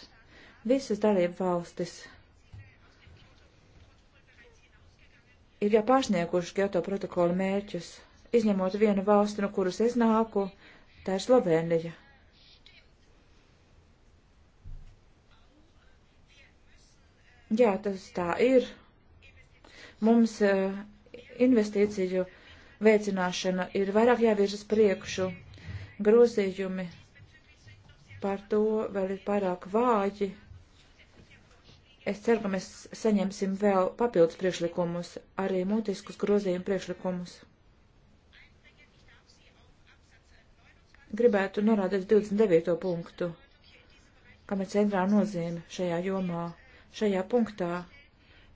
Visas dalību valstis ir jau pārsnieguši Kyoto protokola mērķus, izņemot vienu valsti, no kuras es nāku, tā ir Slovenija. Jā, tas tā ir. Mums uh, investīciju uh, veicināšana ir vairāk jāvirzas priekšu. Grozījumi par to vēl ir pārāk vāji. Es ceru, ka mēs saņemsim vēl papildus priekšlikumus, arī mutiskus grozījumu priekšlikumus. Gribētu norādīt 29. punktu, kam ir centrā nozīme šajā jomā. Šajā punktā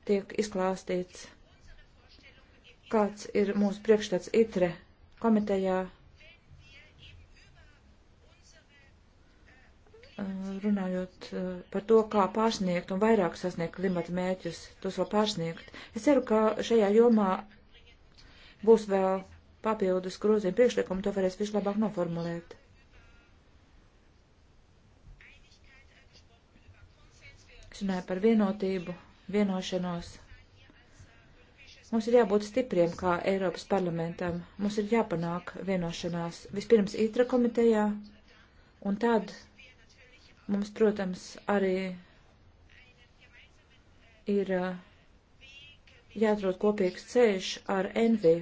tiek izklāstīts kāds ir mūsu priekšstats ITRE komitejā. Eh, runājot eh, par to, kā pārsniegt un vairāk sasniegt klimata mērķus, tos vēl pārsniegt. Es ceru, ka šajā jomā būs vēl papildus grozījumi priekšlikumi, to varēs vislabāk noformulēt. Es runāju par vienotību, vienošanos Mums ir jābūt stipriem kā Eiropas parlamentam. Mums ir jāpanāk vienošanās vispirms ITRA komitejā, un tad mums, protams, arī ir uh, jāatrod kopīgs ceļš ar NV.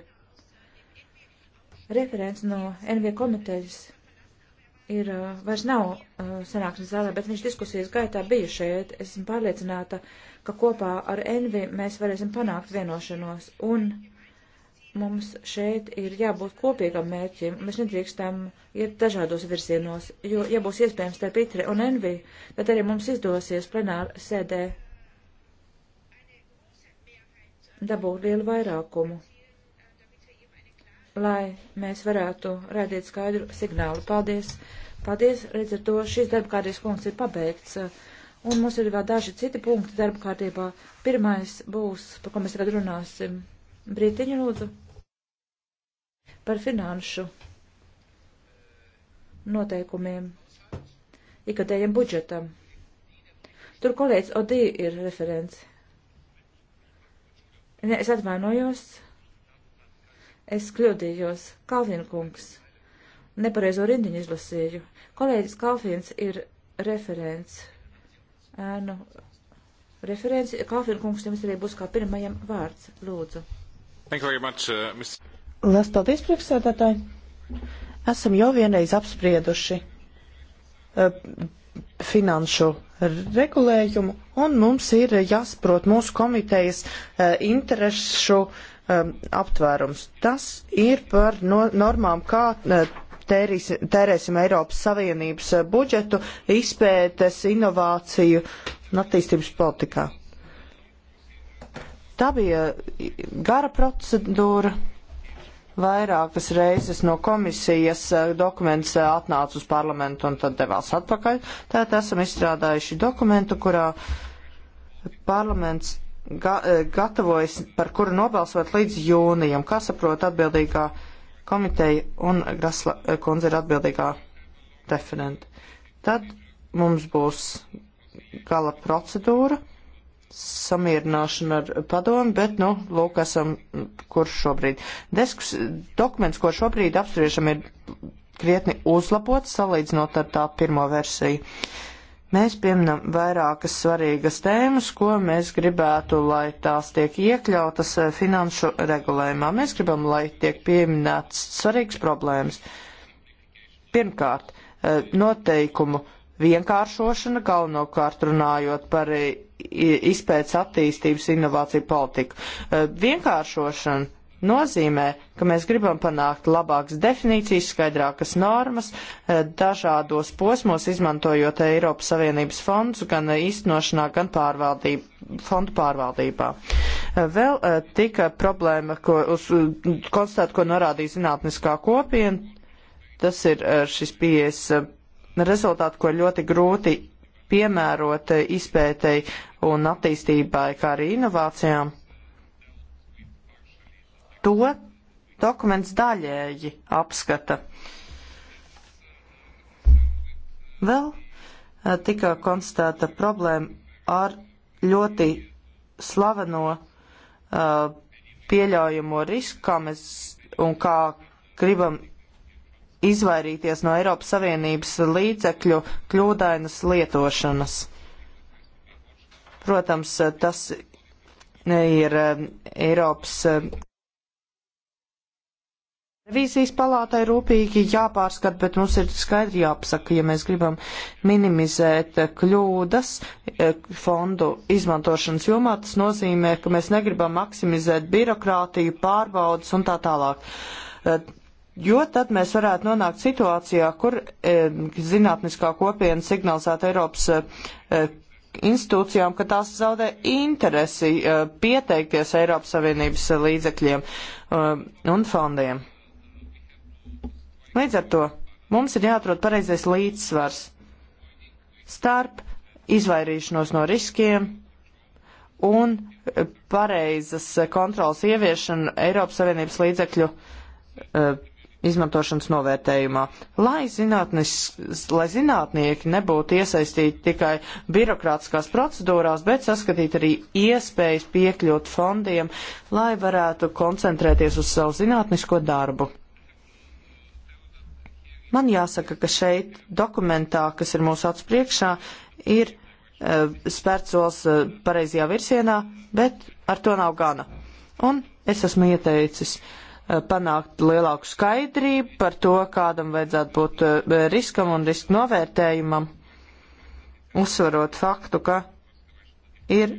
Referents no NV komitejas ir, vairs nav sanāksmes zālē, bet viņš diskusijas gaitā bija šeit. Esmu pārliecināta, ka kopā ar Envi mēs varēsim panākt vienošanos. Un mums šeit ir jābūt kopīgam mērķim. Mēs nedrīkstam iet dažādos virzienos, jo, ja būs iespējams starp Itri un Envi, tad arī mums izdosies plenāra sēdē dabūt lielu vairākumu lai mēs varētu redzēt skaidru signālu. Paldies! Paldies! Līdz ar to šis darba kārtības punkts ir pabeigts. Un mums ir vēl daži citi punkti darba kārtībā. Pirmais būs, par ko mēs tagad runāsim. Brītiņu lūdzu. Par finanšu noteikumiem. Ikadējiem budžetam. Tur kolēģis Odī ir referents. Ne, es atvainojos. Es kļūdījos. Kalvinkungs. Nepareizo rindiņu izlasīju. Kolēģis Kalvins ir referents. Nu, referents. Kalvinkungs jums arī būs kā pirmajam vārds. Lūdzu. Much, uh, Mr... Lās paldies, priekšsēdētāji. Esam jau vienreiz apsprieduši uh, finanšu regulējumu, un mums ir jāsaprot mūsu komitejas uh, interešu uh, um, aptvērums. Tas ir par no, normām, kā uh, tēris, tērēsim Eiropas Savienības uh, budžetu izpētes, inovāciju un attīstības politikā. Tā bija gara procedūra. Vairākas reizes no komisijas uh, dokuments atnāca uz parlamentu un tad devās atpakaļ. Tātad esam izstrādājuši dokumentu, kurā parlaments ga e, gatavojas, par kuru nobalsot līdz jūnijam. Kā saprot atbildīgā komiteja un Grasla e, kundze ir atbildīgā referenta. Tad mums būs gala procedūra, samierināšana ar padomu, bet, nu, lūk, esam kur šobrīd. Desks, dokuments, ko šobrīd apspriešam, ir krietni uzlabots, salīdzinot ar tā pirmo versiju. Uh, Mēs pieminam vairākas svarīgas tēmas, ko mēs gribētu, lai tās tiek iekļautas eh, finanšu regulējumā. Mēs gribam, lai tiek pieminēts svarīgas problēmas. Pirmkārt, eh, noteikumu vienkāršošana, galvenokārt runājot par eh, izpētes attīstības inovāciju politiku. Vienkāršošana nozīmē, ka mēs gribam panākt labākas definīcijas, skaidrākas normas, e, dažādos posmos izmantojot Eiropas Savienības fondus gan īstenošanā, gan pārvaldību, fondu pārvaldībā. E, vēl e, tika problēma, ko uz, konstatēt, ko norādīja zinātniskā kopiena, tas ir šis pieejas rezultāti, ko ļoti grūti piemērot izpētei un attīstībai, kā arī inovācijām to dokuments daļēji apskata. Vēl eh, tika konstatēta problēma ar ļoti slaveno uh, pieļaujamo risku, kā mēs un kā gribam izvairīties no Eiropas Savienības līdzekļu kļūdainas lietošanas. Protams, eh, tas ir Eiropas Revīzijas palātai rūpīgi jāpārskat, bet mums ir skaidri jāpasaka, ja mēs gribam minimizēt kļūdas eh, fondu izmantošanas jomā, tas nozīmē, ka mēs negribam maksimizēt birokrātiju, pārbaudas un tā tālāk. Eh, jo tad mēs varētu nonākt situācijā, kur eh, zinātniskā kopiena signalizētu Eiropas institūcijām, ka tās zaudē interesi pieteikties Eiropas Savienības līdzekļiem un fondiem. Līdz ar to mums ir jāatrod pareizais līdzsvars starp izvairīšanos no riskiem un pareizas kontrolas ieviešanu Eiropas Savienības līdzekļu uh, izmantošanas novērtējumā, lai, lai zinātnieki nebūtu iesaistīti tikai birokrātiskās procedūrās, bet saskatīt arī iespējas piekļūt fondiem, lai varētu koncentrēties uz savu zinātnisko darbu. Man jāsaka, ka šeit dokumentā, kas ir mūsu acu priekšā, ir uh, spērts solis uh, pareizajā virsienā, bet ar to nav gana. Un es esmu ieteicis uh, panākt lielāku skaidrību par to, kādam vajadzētu būt uh, riskam un riska novērtējumam, uzsvarot faktu, ka ir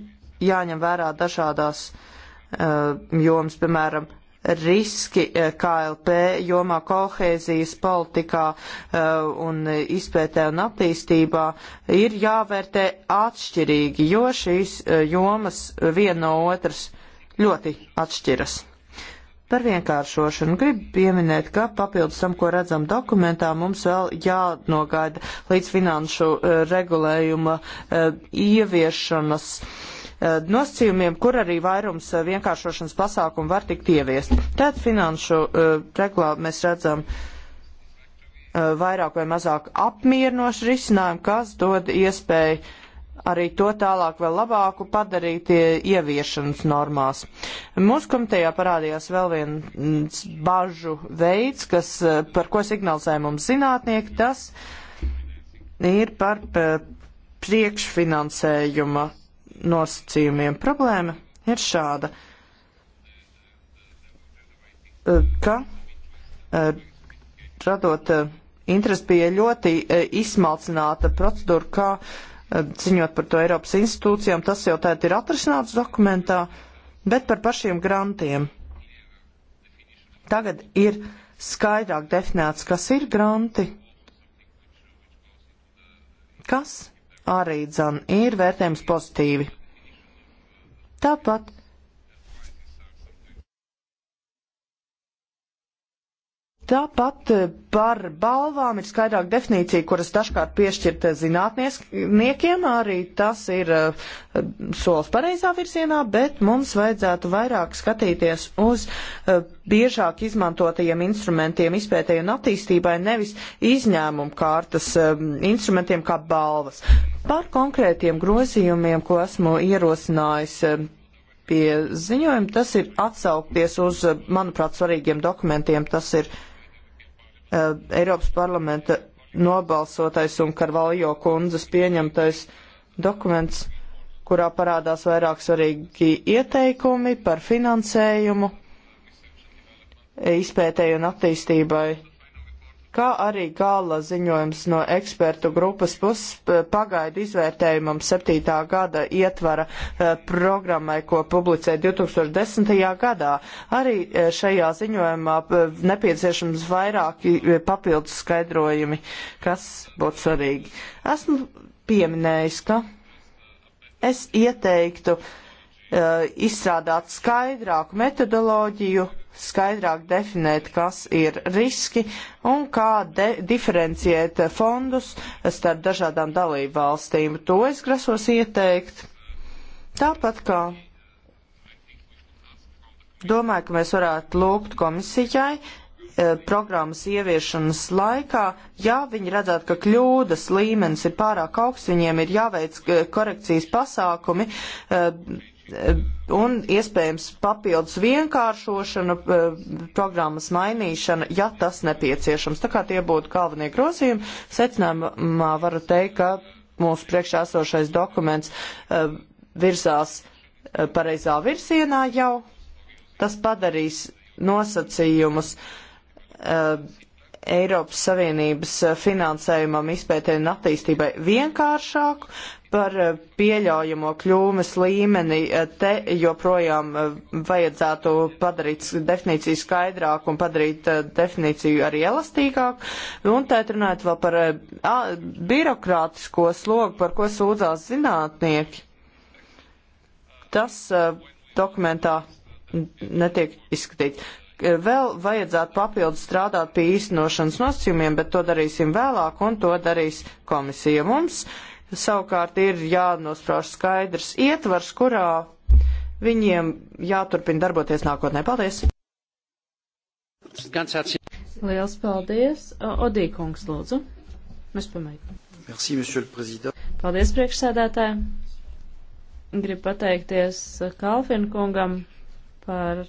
jāņem vērā dažādās uh, jomas, piemēram, riski eh, KLP jomā kohēzijas politikā eh, un izpētē un attīstībā ir jāvērtē atšķirīgi, jo šīs eh, jomas viena no otras ļoti atšķiras. Par vienkāršošanu gribu pieminēt, ka papildus tam, ko redzam dokumentā, mums vēl jānogaida līdz finanšu regulējuma ieviešanas. Uh, Eh, nosacījumiem, kur arī vairums eh, vienkāršošanas pasākumu var tikt ieviest. Tad finanšu eh, reglā mēs redzam vairāk vai mazāk apmierinošu risinājumu, kas dod iespēju arī to tālāk vēl labāku padarīt ieviešanas normās. Mūsu komitejā parādījās vēl viens mm, bažu veids, kas, par ko signalizēja mums zinātnieki, tas ir par priekšfinansējuma nosacījumiem. Problēma ir šāda, e, ka e, radot e, interesi bija ļoti izsmalcināta procedūra, kā ziņot par to Eiropas institūcijām. Tas jau tēt ir atrisināts dokumentā, bet par pašiem grantiem. Tagad ir skaidrāk definēts, kas ir granti, kas arī dzan ir vērtējums pozitīvi. Tāpat Tāpat eh, par balvām ir skaidrāk definīcija, kuras dažkārt piešķirta eh, zinātniekiem, arī tas ir eh, solis pareizā virzienā, bet mums vajadzētu vairāk skatīties uz biežāk izmantotajiem instrumentiem izpētēji un attīstībai, nevis izņēmumu kārtas instrumentiem kā balvas. Par konkrētiem grozījumiem, ko esmu ierosinājis pie ziņojuma, tas ir atsaukties uz, manuprāt, svarīgiem dokumentiem. Tas ir uh, Eh, Eiropas parlamenta nobalsotais un Karvaljo kundzes pieņemtais dokuments, kurā parādās vairāk svarīgi ieteikumi par finansējumu, izpētēju un attīstībai kā arī gala ziņojums no ekspertu grupas puses pagaidu izvērtējumam 7. gada ietvara e, programmai, ko publicēja 2010. gadā. Arī e, šajā ziņojumā e, nepieciešams vairāki papildus skaidrojumi, kas būtu svarīgi. Esmu pieminējis, ka es ieteiktu uh, izstrādāt skaidrāku metodoloģiju skaidrāk definēt, kas ir riski un kā diferenciēt fondus starp dažādām dalību valstīm. To es grasos ieteikt. Tāpat kā domāju, ka mēs varētu lūgt komisijai e, programmas ieviešanas laikā, ja viņi redzētu, ka kļūdas līmenis ir pārāk augsts, viņiem ir jāveic e, korekcijas pasākumi, e, un iespējams papildus vienkāršošana, eh, programmas mainīšana, ja tas nepieciešams. Tā kā tie būtu galvenie grozījumi, secinājumā varu teikt, ka mūsu priekšā esošais dokuments eh, virzās eh, pareizā virsienā jau. Tas padarīs nosacījumus Eiropas Savienības finansējumam, izpētēji un attīstībai vienkāršāku, Par eh, pieļaujamo kļūmes līmeni eh, te joprojām eh, vajadzētu padarīt definīciju skaidrāku un padarīt definīciju arī elastīgāku. Nu, un tēt runājot vēl par a, birokrātisko slogu, par ko sūdzās zinātnieki. Tas a, dokumentā netiek izskatīts. Vēl vajadzētu papildus strādāt pie īstenošanas nosacījumiem, bet to darīsim vēlāk un to darīs komisija mums. Uh, savukārt ir jānosprāž skaidrs ietvars, kurā viņiem jāturpina darboties nākotnē. Paldies! Liels paldies! Odīkungs, lūdzu. Mēs pamēģinām. Merci, monsieur le président. Paldies, priekšsēdētāji. Gribu pateikties Kalfin kungam par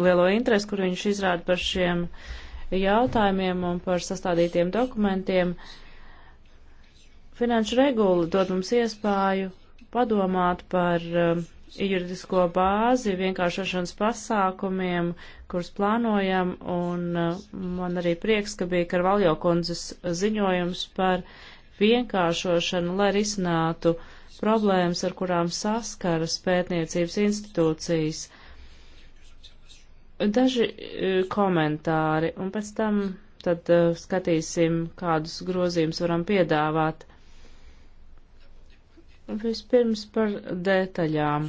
lielo interesi, kur viņš izrāda par šiem jautājumiem un par sastādītiem dokumentiem. Uh, Finanšu regula dod mums iespēju padomāt par uh, juridisko bāzi, vienkāršošanas pasākumiem, kurus plānojam, un uh, man arī prieks, ka bija Karvaljo kundzes ziņojums par vienkāršošanu, lai risinātu problēmas, ar kurām saskaras pētniecības institūcijas. Daži uh, komentāri, un pēc tam tad uh, skatīsim, kādus grozījumus varam piedāvāt. Vispirms par detaļām.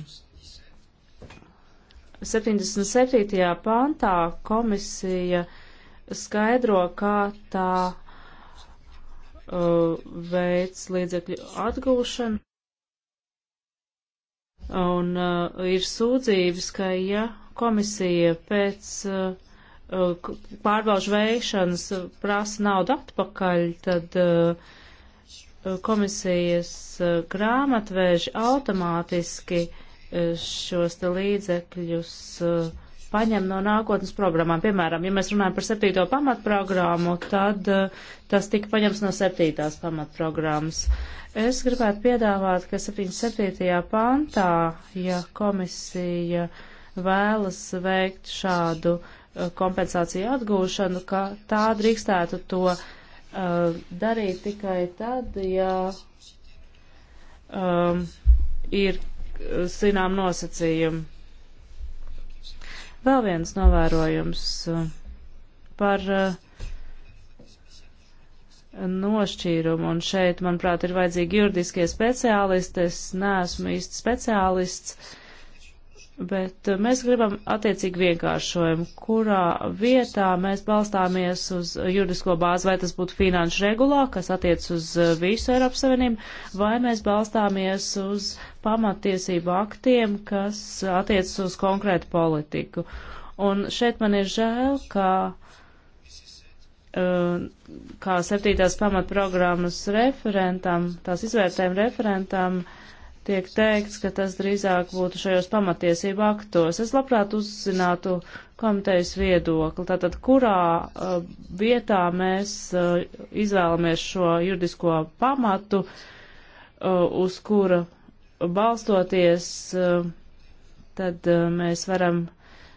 77. pāntā komisija skaidro, kā tā uh, veids līdzekļu atgūšanu. Un uh, ir sūdzības, ka ja komisija pēc uh, pārbaužu veikšanas prasa naudu atpakaļ, tad uh, komisijas eh, grāmatvēži automātiski eh, šos te līdzekļus eh, paņem no nākotnes programmām. Piemēram, ja mēs runājam par septīto pamatprogrammu, tad tas tika paņems no septītās pamatprogrammas. Es gribētu piedāvāt, ka 77. pantā, ja komisija vēlas veikt šādu kompensāciju atgūšanu, ka tā drīkstētu to uh, uh, darīt tikai tad, ja um, ir uh, zinām nosacījumi. Vēl viens novērojums uh, par uh, nošķīrumu, un šeit, manuprāt, ir vajadzīgi juridiskie speciālisti. Es neesmu īsti speciālists, bet eh, mēs gribam attiecīgi vienkāršojumu, kurā vietā mēs balstāmies uz juridisko bāzi, vai tas būtu finanšu regulā, kas attiec uz eh, visu Eiropas Savienību, vai mēs balstāmies uz pamatiesību aktiem, kas attiec uz konkrētu politiku. Un šeit man ir žēl, ka eh, kā septītās pamatprogrammas referentam, tās izvērtējuma referentam, uh, tiek teikts, ka tas drīzāk būtu šajos pamatiesību aktos. Es labprāt uzzinātu komitejas viedokli. Tātad, kurā uh, vietā mēs uh, izvēlamies šo juridisko pamatu, uh, uz kura balstoties, uh, tad uh, mēs varam uh,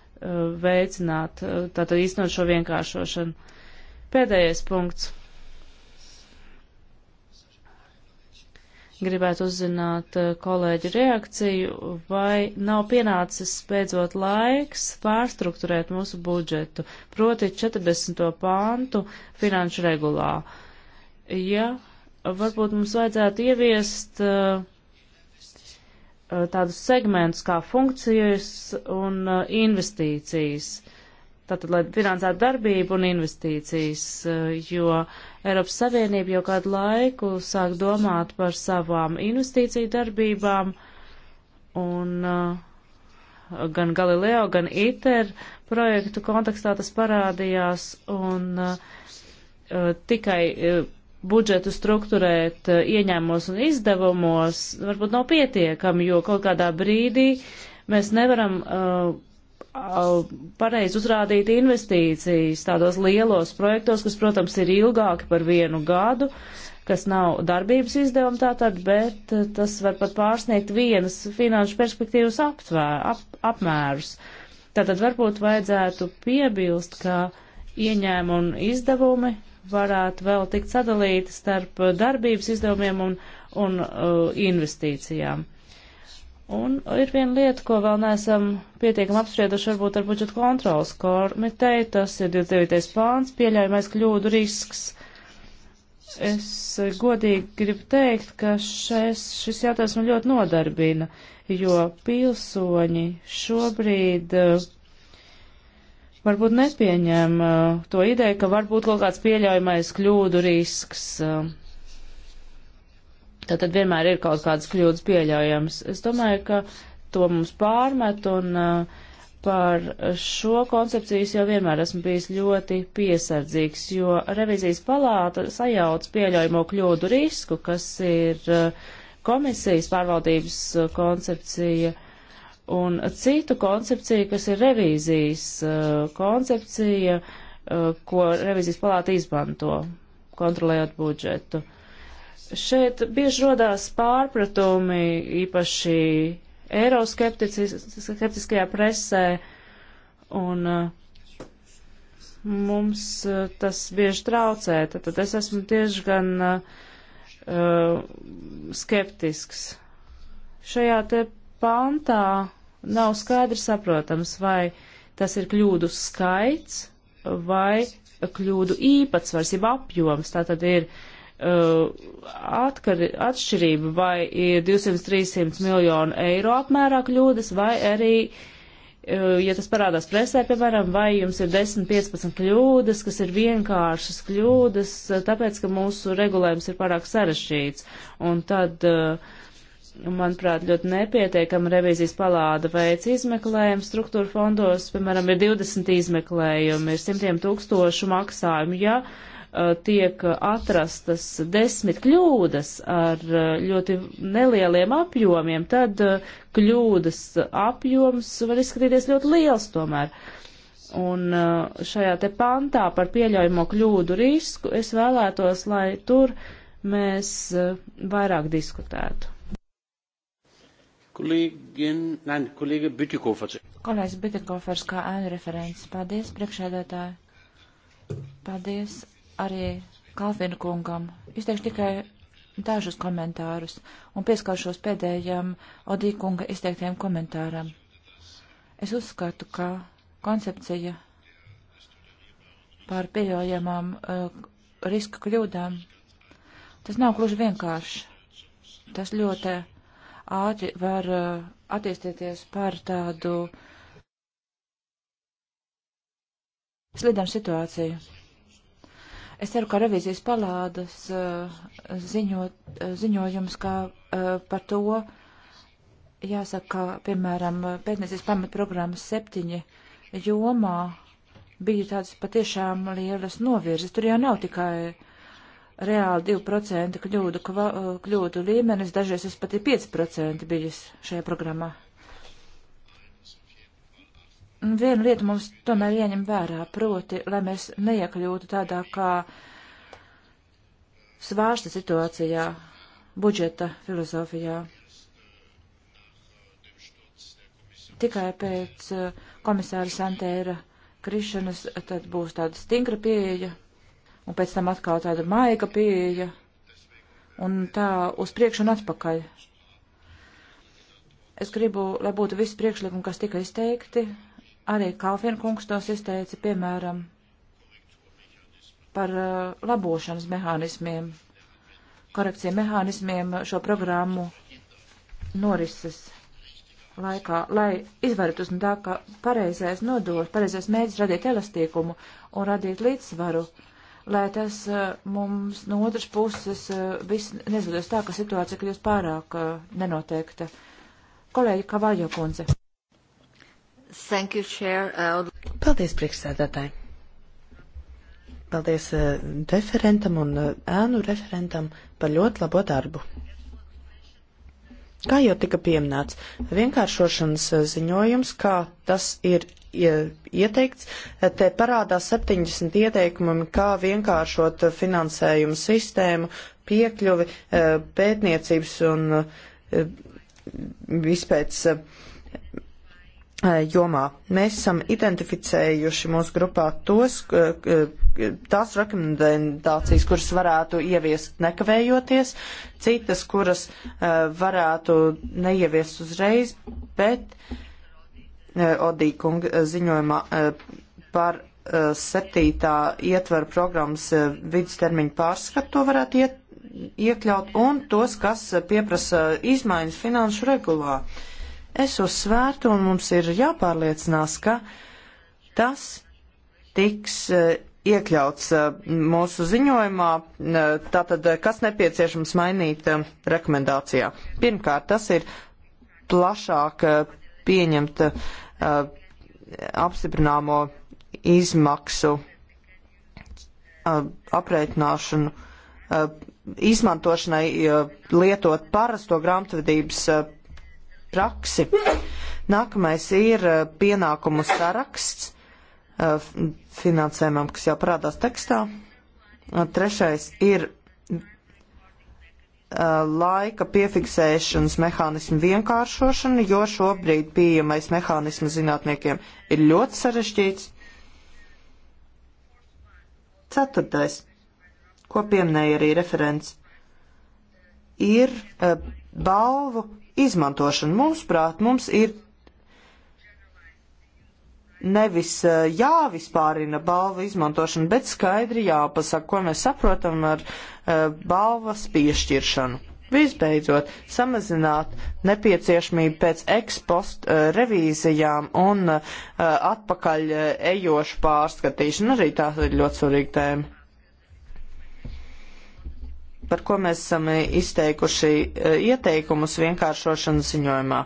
veicināt, uh, tātad īstenot šo vienkāršošanu. Pēdējais punkts. Gribētu uzzināt eh, kolēģi reakciju, vai nav pienācis beidzot laiks pārstruktūrēt mūsu budžetu, proti 40. pāntu finanšu regulā. Ja varbūt mums vajadzētu ieviest uh, tādus segmentus kā funkcijas un investīcijas tātad, lai finansētu darbību un investīcijas, eh, jo Eiropas Savienība jau kādu laiku sāk domāt par savām investīciju darbībām un eh, gan Galileo, gan ITER projektu kontekstā tas parādījās un eh, tikai budžetu strukturēt ieņēmumos un izdevumos varbūt nav pietiekami, jo kaut kādā brīdī mēs nevaram uh, pareizi uzrādīt investīcijas tādos lielos projektos, kas, protams, ir ilgāki par vienu gadu, kas nav darbības izdevumi tātad, bet eh, tas var pat pārsniegt vienas finanšu perspektīvas aptvēr, ap, apmērus. Tātad varbūt vajadzētu piebilst, ka ieņēmumi un izdevumi varētu vēl tikt sadalīti starp darbības izdevumiem un, un uh, investīcijām. Un ir viena lieta, ko vēl neesam pietiekami apsprieduši varbūt ar budžetu kontrolas komiteju, tas ir 29. pāns, pieļaujamais kļūdu risks. Es godīgi gribu teikt, ka šes, šis jautājums man ļoti nodarbina, jo pilsoņi šobrīd eh, varbūt nepieņem eh, to ideju, ka varbūt kaut kāds pieļaujamais kļūdu risks. Uh, Tātad vienmēr ir kaut kādas kļūdas pieļaujamas. Es domāju, ka to mums pārmet un uh, par šo koncepciju jau vienmēr esmu bijis ļoti piesardzīgs, jo revizijas palāta sajauc pieļaujamo kļūdu risku, kas ir uh, komisijas pārvaldības uh, koncepcija un citu koncepciju, kas ir revīzijas uh, koncepcija, ko revizijas palāta izmanto, kontrolējot budžetu. Šeit bieži rodās pārpratumi, īpaši eiroskeptiskajā presē, un uh, mums uh, tas bieži traucē. Tad es esmu tieši gan uh, uh, skeptisks. Šajā te pantā nav skaidri saprotams, vai tas ir kļūdu skaits vai kļūdu īpatsvars, jeb apjoms. Tā tad ir uh, Uh, atkar, atšķirība, vai ir 200-300 miljonu eiro apmērā kļūdas, vai arī, uh, ja tas parādās presē, piemēram, vai jums ir 10-15 kļūdas, kas ir vienkāršas kļūdas, uh, tāpēc, ka mūsu regulējums ir pārāk sarešķīts. Un tad, manuprāt, ļoti nepietiekama revīzijas palāda veic izmeklējumu struktūra fondos, piemēram, ir 20 izmeklējumi, ir simtiem tūkstošu maksājumu. Ja Uh, tiek atrastas desmit kļūdas ar uh, ļoti nelieliem apjomiem, tad uh, kļūdas apjoms var izskatīties ļoti liels tomēr. Un šajā te pantā par pieļaujamo kļūdu risku es vēlētos, lai tur mēs vairāk diskutētu. Kolēģis Bitikofers kā ēnu referents. Paldies, priekšēdētāji. Paldies arī Kalvina kungam. Izteikšu tikai dažus komentārus un pieskaršos pēdējiem Odīkunga izteiktiem komentāram. Es uzskatu, ka koncepcija par pieļaujamām uh, riska kļūdām, tas nav gluži vienkārši. Tas ļoti ātri var uh, attīstīties par tādu slidam situāciju. Es ceru, ka revīzijas palādas eh, ziņo, eh, ziņojums, kā eh, par to jāsaka, ka, piemēram, pētniecības pamatprogrammas septiņi jomā bija tādas patiešām lielas novirzes. Tur jau nav tikai reāli 2% kļūdu, kva, kļūdu līmenis, dažreiz es pat ir 5% bijis šajā programmā vienu lietu mums tomēr jāņem vērā, proti, lai mēs neiekļūtu tādā kā svārsta situācijā, budžeta filozofijā. Tikai pēc uh, komisāra Santēra krišanas uh, tad būs tāda stingra pieeja, un pēc tam atkal tāda maiga pieeja, un tā uz priekšu un atpakaļ. Es gribu, lai būtu visi priekšlikumi, kas tika izteikti, Arī Kalfina kungs tos izteica, piemēram, par uh, labošanas mehānismiem, korekcija mehānismiem šo programmu norises laikā, lai izvairītos no tā, ka pareizais nodos, pareizais mēģis radīt elastīkumu un radīt līdzsvaru, lai tas uh, mums no otras puses uh, viss nezvedos tā, ka situācija kļūst pārāk nenoteikta. Kolēģi Kavaļo kundze. Thank you, Chair. Uh, Paldies, priekšsēdētāji. Paldies uh, referentam un uh, ēnu referentam par ļoti labo darbu. Kā jau tika pieminēts, vienkāršošanas uh, ziņojums, kā tas ir ieteikts, uh, te parādās 70 ieteikumumi, kā vienkāršot finansējumu sistēmu, piekļuvi pētniecības un izpētes jomā. Mēs esam identificējuši mūsu grupā tos, tās rekomendācijas, kuras varētu ieviest nekavējoties, citas, kuras varētu neieviest uzreiz, bet Odīkunga ziņojumā par septītā ietvaru programmas vidustermiņu pārskatu to varētu iet, iekļaut un tos, kas pieprasa izmaiņas finanšu regulā. Uh, Es uzsvērtu, un mums ir jāpārliecinās, ka tas tiks eh, iekļauts eh, mūsu ziņojumā, eh, tātad kas nepieciešams mainīt rekomendācijā. Pirmkārt, tas ir plašāk pieņemt apstiprināmo izmaksu aprēķināšanu, izmantošanai lietot parasto grāmatvedības praksi. Nākamais ir eh, pienākumu saraksts eh, finansējumam, kas jau parādās tekstā. Trešais ir eh, laika piefiksēšanas mehānismu vienkāršošana, jo šobrīd pieejamais mehānisms zinātniekiem ir ļoti sarežģīts. Ceturtais, ko pieminēja arī referents, ir balvu izmantošanu. Mums prāt, mums ir nevis eh, jāvispārina balvu izmantošana, bet skaidri jāpasaka, ko mēs saprotam ar eh, balvas piešķiršanu. Visbeidzot, samazināt nepieciešamību pēc ekspost uh, eh, revīzijām un uh, atpakaļ uh, ejošu pārskatīšanu. Arī tā ir ļoti svarīga tēma par ko mēs esam eh, izteikuši eh, ieteikumus vienkāršošanas ziņojumā.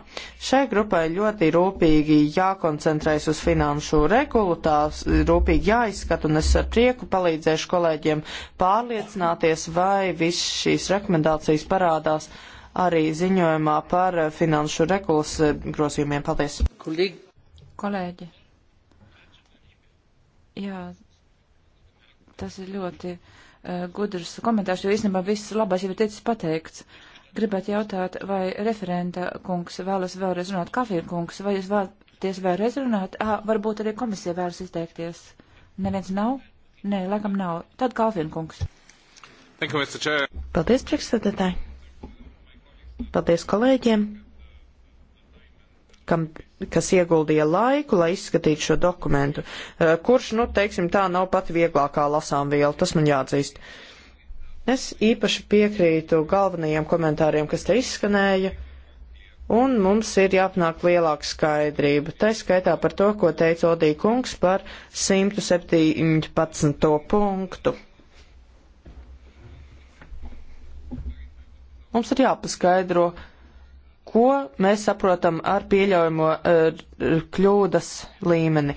Šai grupai ļoti rūpīgi jākoncentrējas uz finanšu regulu, tās rūpīgi jāizskat, un es ar prieku palīdzēšu kolēģiem pārliecināties, vai viss šīs rekomendācijas parādās arī ziņojumā par eh, finanšu regulas grozījumiem. Paldies! Kolīgi. Kolēģi! Jā, tas ir ļoti Eh, gudrs komentārs, jo īstenībā viss labais jau ir ticis pateikts. Gribētu jautāt, vai referenta kungs vēlas vēlreiz runāt, kafija kungs, vai jūs vēlaties vēlreiz runāt? À, varbūt arī komisija vēlas izteikties. Neviens nav? Nē, laikam nav. Tad Kalfina kungs. Paldies, priekšsēdētāji. Paldies kolēģiem kam, kas ieguldīja laiku, lai izskatītu šo dokumentu, eh, kurš, nu, teiksim, tā nav pat vieglākā lasām viela, tas man jāatzīst. Es īpaši piekrītu galvenajiem komentāriem, kas te izskanēja, un mums ir jāpanāk lielāka skaidrība. Tā skaitā par to, ko teica Odī kungs par 117. punktu. Mums ir jāpaskaidro, uh, ko mēs saprotam ar pieļaujamo eh, kļūdas līmeni.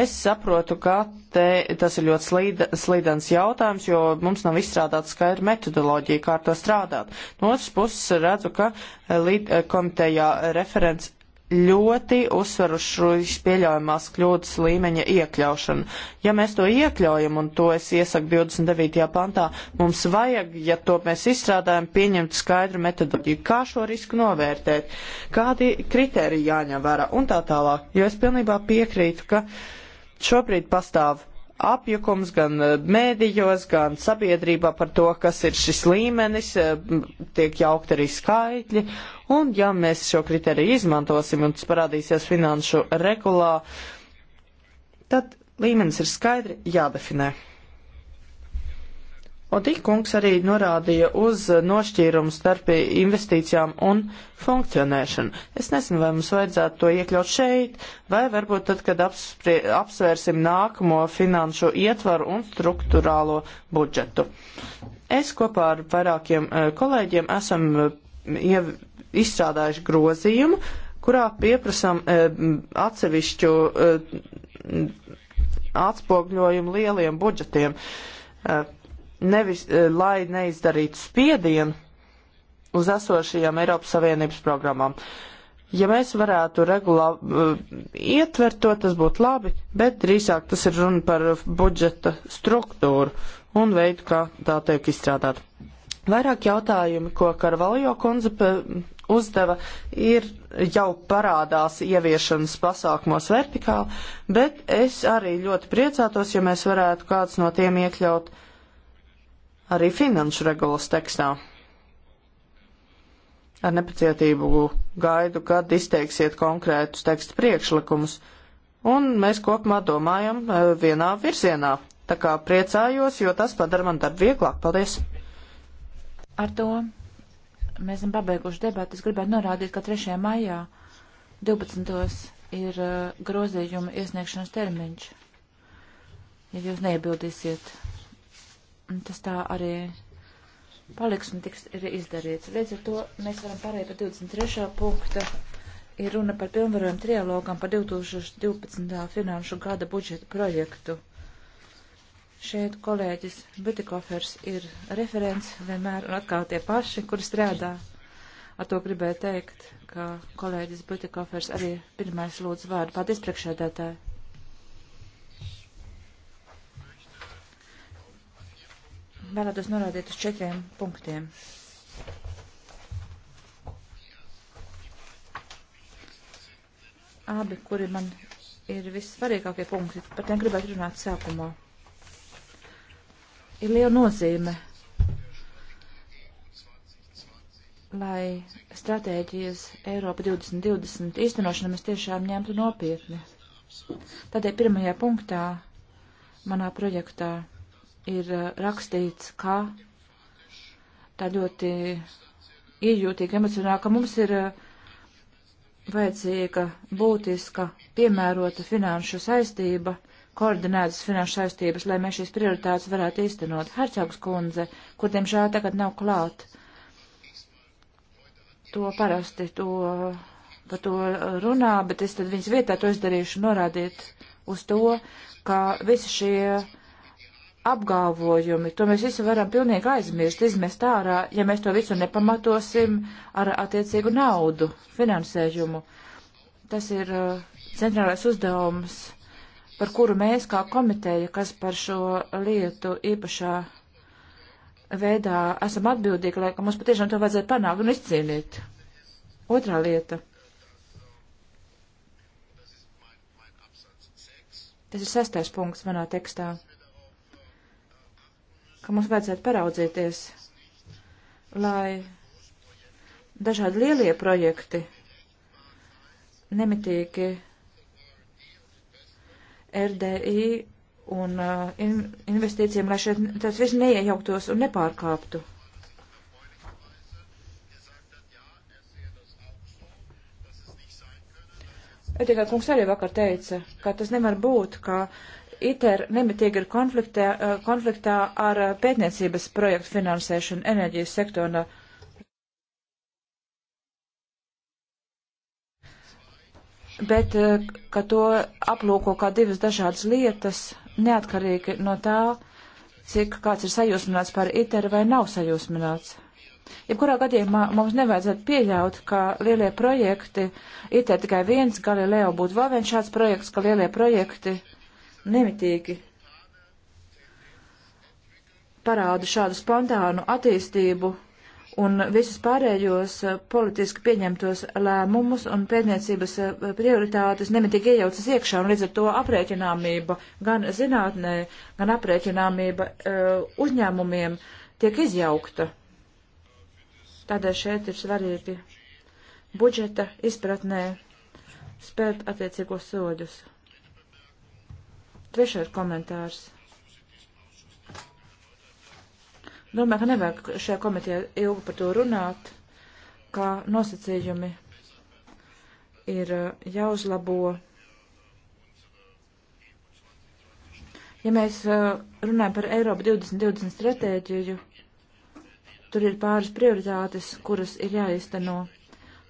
Es saprotu, ka te, tas ir ļoti slīd, slīdens jautājums, jo mums nav izstrādāta skaidra metodoloģija, kā ar to strādāt. No otras puses redzu, ka eh, līd, eh, komitejā referents ļoti uzsver uz šīs pieļaujamās kļūdas līmeņa iekļaušanu. Ja mēs to iekļaujam, un to es iesaku 29. pantā, mums vajag, ja to mēs izstrādājam, pieņemt skaidru metodoloģiju, kā šo risku novērtēt, kādi kriteriji jāņem vērā un tā tālāk. Jo es pilnībā piekrītu, ka šobrīd pastāv apjukums gan eh, mēdījos, gan sabiedrībā par to, kas ir šis līmenis, eh, tiek jaukt arī skaitļi, un ja mēs šo kriteriju izmantosim un tas parādīsies finanšu regulā, tad līmenis ir skaidri jādefinē. Odīkungs arī norādīja uz nošķīrumu starp investīcijām un funkcionēšanu. Es nezinu, vai mums vajadzētu to iekļaut šeit, vai varbūt tad, kad apsprie, apsvērsim nākamo finanšu ietvaru un struktūrālo budžetu. Es kopā ar vairākiem eh, kolēģiem esam eh, izstrādājuši grozījumu, kurā pieprasam eh, atsevišķu atspogļojumu lieliem budžetiem nevis, eh, lai neizdarītu spiedienu uz esošajām Eiropas Savienības programmām. Ja mēs varētu regulā uh, ietvert to, tas būtu labi, bet drīzāk tas ir runa par budžeta struktūru un veidu, kā tā tiek izstrādāta. Vairāk jautājumi, ko Karvaljo kundze uzdeva, ir jau parādās ieviešanas pasākumos vertikāli, bet es arī ļoti priecātos, ja mēs varētu kāds no tiem iekļaut uh, arī finanšu regulas tekstā. Ar nepacietību gaidu, kad izteiksiet konkrētus tekstu priekšlikumus, un mēs kopumā domājam e, vienā virzienā. Tā kā priecājos, jo tas padara man darbu vieglāk. Paldies! Ar to mēs esam pabeiguši debatu. Es gribētu norādīt, ka 3. maijā 12. ir e, grozījuma iesniegšanas termiņš. Ja jūs neiebildīsiet. Un tas tā arī paliks un tiks ir izdarīts. Līdz ar to mēs varam pārēt par 23. punktu. Ir runa par pilnvarojumu trialogam par 2012. finanšu gada budžeta projektu. Šeit kolēģis Butikofers ir referents vienmēr un atkal tie paši, kuri strādā. Ar to gribēju teikt, ka kolēģis Butikofers arī pirmais lūdz vārdu. Paldies priekšēdētāji! vēlētos norādīt uz četriem punktiem. Abi, kuri man ir vissvarīgākie punkti, par tiem gribētu runāt sākumā. Ir liela nozīme, lai stratēģijas Eiropa 2020 īstenošana mēs tiešām ņemtu nopietni. Tādēļ pirmajā punktā manā projektā ir eh, rakstīts, ka tā ļoti iejūtīga emocionāla, ka mums ir eh, vajadzīga būtiska piemērota finanšu saistība, koordinētas finanšu saistības, lai mēs šīs prioritātes varētu īstenot. Hercogs kundze, kur diemžēl tagad nav klāt, to parasti to, par to runā, bet es tad viņas vietā to izdarīšu norādīt uz to, ka visi šie apgalvojumi, to mēs visu varam pilnīgi aizmirst, izmest ārā, ja mēs to visu nepamatosim ar attiecīgu naudu, finansējumu. Tas ir uh, centrālais uzdevums, par kuru mēs kā komiteja, kas par šo lietu īpašā veidā esam atbildīgi, lai mums patiešām to vajadzētu panākt un izcīnīt. Otrā lieta. Tas ir sastais punkts manā tekstā ka mums vajadzētu paraudzīties, lai dažādi lielie projekti nemitīgi RDI un uh, in, investīcijiem, lai šeit tas viss neiejauktos un nepārkāptu. Etikai kungs arī vakar teica, ka tas nevar būt, ka uh, ITER nemitīgi ir konfliktē, eh, konfliktā ar eh, pētniecības projektu finansēšanu enerģijas sektorā. Bet, eh, ka to aplūko kā divas dažādas lietas, neatkarīgi no tā, cik kāds ir sajūsmināts par ITER vai nav sajūsmināts. Jebkurā gadījumā mums nevajadzētu pieļaut, ka lielie projekti, ITER tikai viens, Galileo būtu vēl viens šāds projekts, ka lielie projekti uh, nemitīgi parāda šādu spontānu attīstību un visus pārējos eh, politiski pieņemtos lēmumus un pētniecības eh, prioritātes nemitīgi iejaucas iekšā un līdz ar to aprēķināmība gan zinātnē, gan aprēķināmība uh, uzņēmumiem tiek izjaukta. Tādēļ šeit ir svarīgi budžeta izpratnē spērt attiecīgos soļus. Trešais komentārs. Domāju, ka nevajag šajā komitejā ilgi par to runāt, kā nosacījumi ir eh, jāuzlabo. Ja mēs eh, runājam par Eiropu 2020 stratēģiju, tur ir pāris prioritātes, kuras ir jāizteno.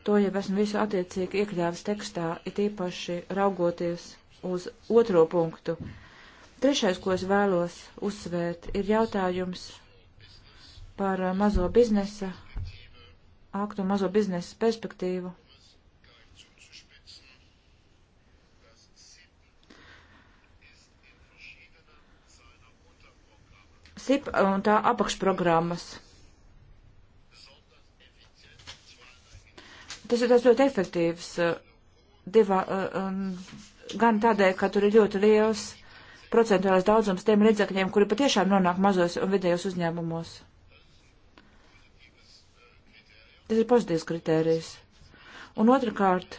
To jau esmu visu attiecīgi iekļāvis tekstā, it īpaši raugoties uz otro punktu. Trešais, ko es vēlos uzsvērt, ir jautājums par mazo biznesa aktu un mazo biznesa perspektīvu. SIP un tā apakšprogrammas. Tas ir tas ļoti efektīvs uh, divā, uh, um, gan tādēļ, ka tur ir ļoti liels procentuāls daudzums tiem redzekļiem, kuri patiešām nonāk mazos un vidējos uzņēmumos. Tas ir pozitīvs kritērijs. Un otrkārt,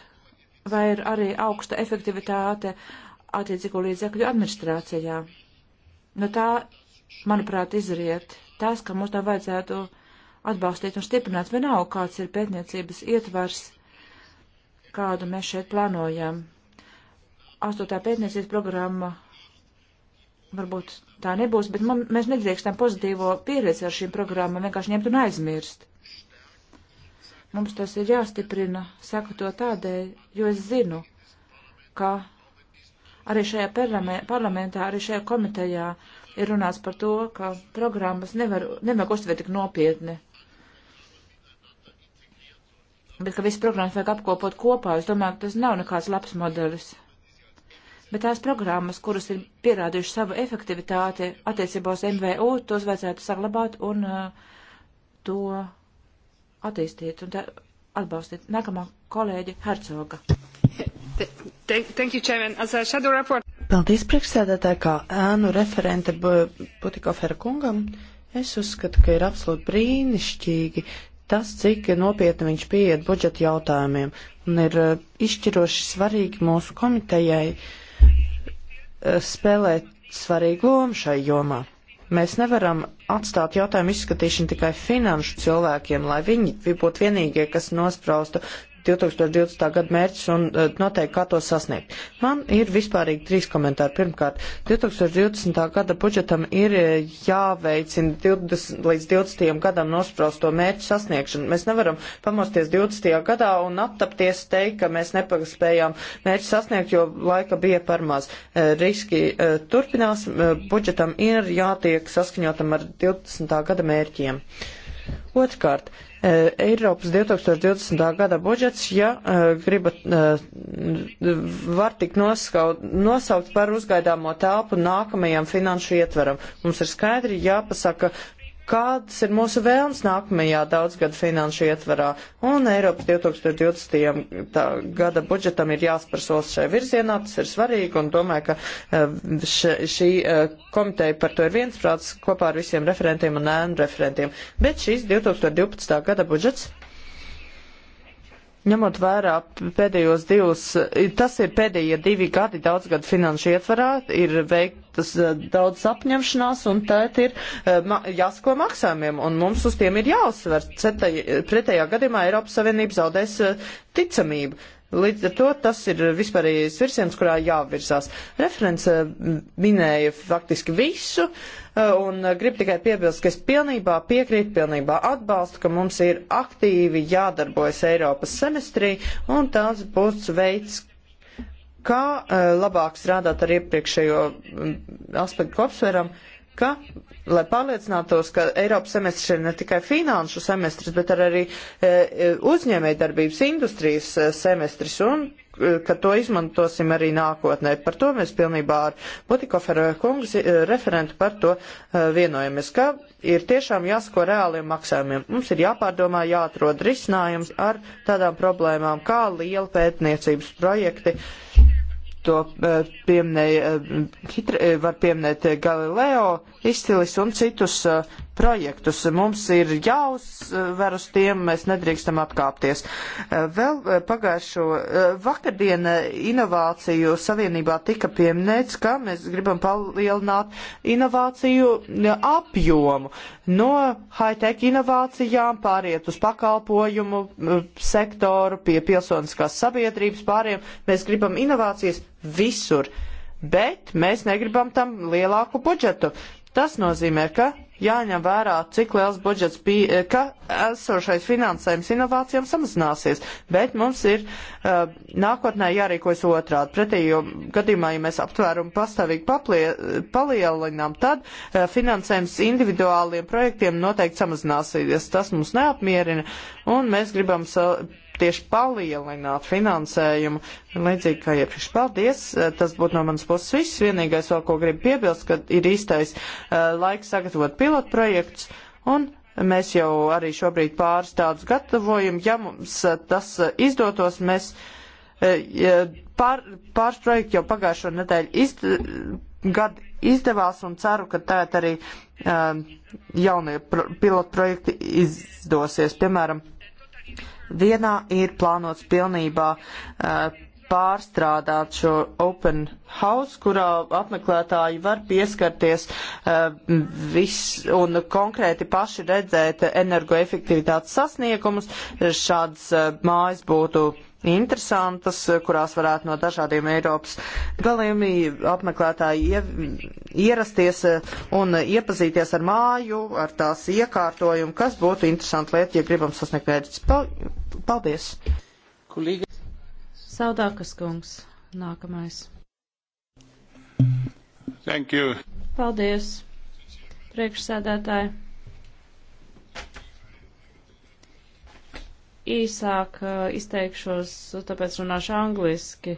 vai ir arī augsta efektivitāte attiecīgo līdzekļu administrācijā? No nu, tā, manuprāt, izriet tas, ka mums tā vajadzētu atbalstīt un stiprināt vienalga, kāds ir pētniecības ietvars, kādu mēs šeit plānojam astotā pētniecības programma varbūt tā nebūs, bet man, mēs nedrīkstam pozitīvo pieredzi ar šīm programmām vienkārši ņemt un aizmirst. Mums tas ir jāstiprina, saku to tādēļ, jo es zinu, ka arī šajā parlamentā, arī šajā komitejā ir runāts par to, ka programmas nevar, nevajag uztvert tik nopietni. Bet ka visas programmas vajag apkopot kopā, es domāju, ka tas nav nekāds labs modelis bet tās programmas, kuras ir pierādījušas savu efektivitāti attiecībā uz MVU, tos vajadzētu saglabāt un uh, to attīstīt un atbalstīt. Nākamā kolēģi Hercoga. Thank you, Chairman. As a shadow report. Paldies, priekšsēdētāji, kā ēnu referente Putikofera kungam. Es uzskatu, ka ir absolūti brīnišķīgi, tas, cik nopietni viņš pieiet budžeta jautājumiem, un ir uh, izšķiroši svarīgi mūsu komitejai Eh, spēlēt svarīgu lomu šai jomā. Mēs nevaram atstāt jautājumu izskatīšanu tikai finanšu cilvēkiem, lai viņi būtu vienīgie, kas nospraustu 2020. gada mērķus un eh, noteikti, kā to sasniegt. Man ir vispārīgi trīs komentāri. Pirmkārt, 2020. gada budžetam ir eh, jāveicina 20, līdz 20. gadam nospraustu mērķu sasniegšanu. Mēs nevaram pamosties 20. gadā un aptapties teikt, ka mēs nepaspējām mērķu sasniegt, jo laika bija par maz. Eh, riski turpinās, budžetam ir jātiek saskaņotam ar 20. gada mērķiem. Otrkārt, e, Eiropas 2020. gada budžets, ja e, gribat, e, var tik noskaut, nosaukt par uzgaidāmo telpu nākamajam finanšu ietveram. Mums ir skaidri jāpasaka, kādas ir mūsu vēlmes nākamajā daudzgada finanšu ietvarā. Un Eiropas 2020. Tā, gada budžetam ir jāspēr solis šai virzienā, tas ir svarīgi, un domāju, ka eh, še, šī eh, komiteja par to ir viensprāts kopā ar visiem referentiem un ēnu referentiem. Bet šis 2012. gada budžets Ņemot vērā pēdējos divus, tas ir pēdējie divi gadi daudzgadu finanšu ietvarā, ir veiktas eh, daudz apņemšanās un tēt ir eh, jāsako maksājumiem un mums uz tiem ir jāuzsver. Pretējā gadījumā Eiropas Savienība zaudēs eh, ticamību. Līdz ar to tas ir vispārējais virsiens, kurā jāvirzās. Referents minēja faktiski visu. Uh, un gribu tikai piebilst, ka es pilnībā piekrītu, pilnībā atbalstu, ka mums ir aktīvi jādarbojas Eiropas semestrī, un tas būs veids, kā eh, labāk strādāt ar iepriekšējo mm, aspektu kopsveram, ka lai pārliecinātos, ka Eiropas semestris ir ne tikai finanšu semestris, bet ar arī e, e uzņēmējdarbības industrijas e, semestris un e, ka to izmantosim arī nākotnē. Par to mēs pilnībā ar Butikoferu kungas e, referentu par to e, vienojamies, ka ir tiešām jāsako reāliem maksājumiem. Mums ir jāpārdomā, jāatrod risinājums ar tādām problēmām kā liela pētniecības projekti to eh, pieminēja, eh, eh, var pieminēt Galileo izcilis un citus projektus. Mums ir jāuzver uz tiem, mēs nedrīkstam atkāpties. Vēl pagājušo vakardien inovāciju savienībā tika pieminēts, ka mēs gribam palielināt inovāciju apjomu. No high-tech inovācijām pāriet uz pakalpojumu sektoru pie pilsoniskās sabiedrības pāriem. Mēs gribam inovācijas visur, bet mēs negribam tam lielāku budžetu. Tas nozīmē, ka jāņem vērā, cik liels budžets bija, eh, ka esošais finansējums inovācijām samazināsies, bet mums ir uh, nākotnē jārīkojas otrādi. Pretējo gadījumā, ja mēs aptvērumu pastāvīgi paplie, palielinām, tad uh, finansējums individuāliem projektiem noteikti samazināsies. Tas mums neapmierina, un mēs gribam sa tieši palielināt finansējumu, līdzīgi kā iepriekš. Paldies, eh, tas būtu no manas puses viss. Vienīgais vēl, ko gribu piebilst, ka ir īstais uh, laiks sagatavot pilotu projektus, un mēs jau arī šobrīd pāris tādus gatavojam. Ja mums uh, tas uh, izdotos, mēs pār, pāris projektu jau pagājušo nedēļu izd gadu izdevās, un ceru, ka tēt arī jaunie pro pilotu projekti izdosies, piemēram, Vienā ir plānots pilnībā uh, pārstrādāt šo open house, kurā apmeklētāji var pieskarties uh, vis, un konkrēti paši redzēt energoefektivitātes sasniegumus. Šāds uh, mājas būtu interesantas, kurās varētu no dažādiem Eiropas galiem apmeklētāji ierasties un iepazīties ar māju, ar tās iekārtojumu, kas būtu interesanti lieta, ja gribam sasniegt mērķis. Paldies! Kulīga. Saudākas kungs, nākamais. Thank you. Paldies, priekšsēdētāji. īsāk izteikšos, tāpēc runāšu angliski.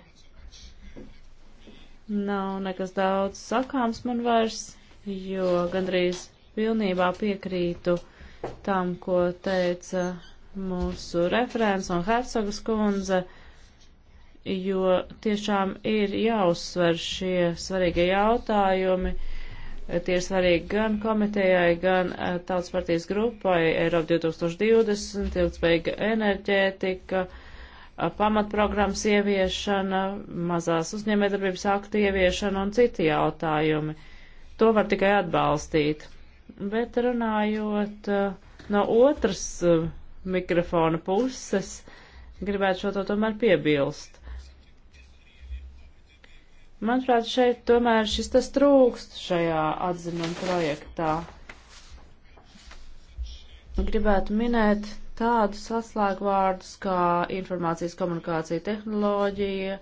Nav nekas daudz sakāms man vairs, jo gandrīz pilnībā piekrītu tam, ko teica mūsu referents un Hercogas kundze, jo tiešām ir jāuzsver šie svarīgie jautājumi Tie ir svarīgi gan komitejai, gan tautas partijas grupai, Eiropa 2020, ilgspējīga enerģētika, pamatprogrammas ieviešana, mazās uzņēmējdarbības aktu ieviešana un citi jautājumi. To var tikai atbalstīt. Bet runājot no otras mikrofona puses, gribētu šo to tomēr piebilst. Manuprāt, šeit tomēr šis tas trūkst šajā atzinuma projektā. Gribētu minēt tādus atslēgvārdus kā informācijas komunikācija tehnoloģija,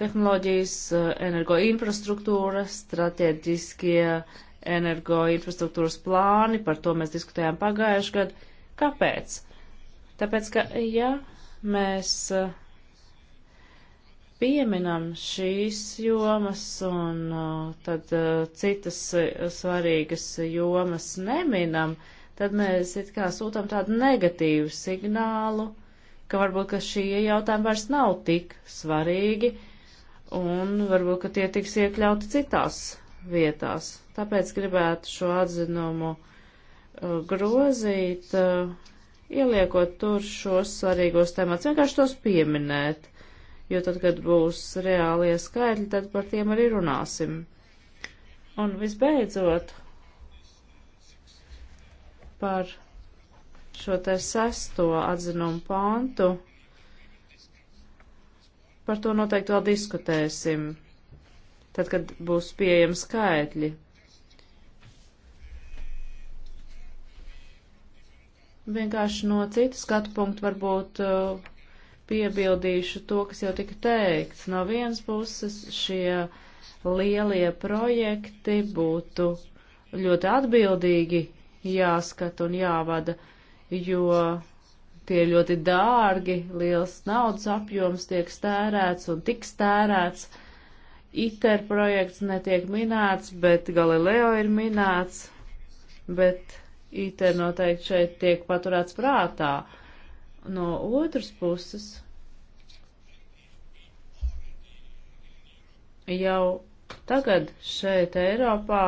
tehnoloģijas, eh, energoinfrastruktūra, strateģiskie energoinfrastruktūras plāni, par to mēs diskutējām pagājuši gadu. Kāpēc? Tāpēc, ka, ja mēs uh, pieminam šīs jomas un uh, tad uh, citas uh, svarīgas jomas neminam, tad mēs it kā sūtam tādu negatīvu signālu, ka varbūt, ka šie jautājumi vairs nav tik svarīgi un varbūt, ka tie tiks iekļauti citās vietās. Tāpēc gribētu šo atzinumu grozīt, ieliekot tur šos svarīgos temats, vienkārši tos pieminēt jo tad, kad būs reālie skaitļi, tad par tiem arī runāsim. Un visbeidzot, par šo te sesto atzinumu pantu, par to noteikti vēl diskutēsim, tad, kad būs pieejami skaitļi. Vienkārši no citas skatu punktu varbūt uh, piebildīšu to, kas jau tika teikts. No vienas puses šie lielie projekti būtu ļoti atbildīgi jāskata un jāvada, jo tie ir ļoti dārgi, liels naudas apjoms tiek stērēts un tiks stērēts. ITER projekts netiek minēts, bet Galileo ir minēts, bet ITER noteikti šeit tiek paturēts prātā. Uh, No otras puses, jau tagad šeit Eiropā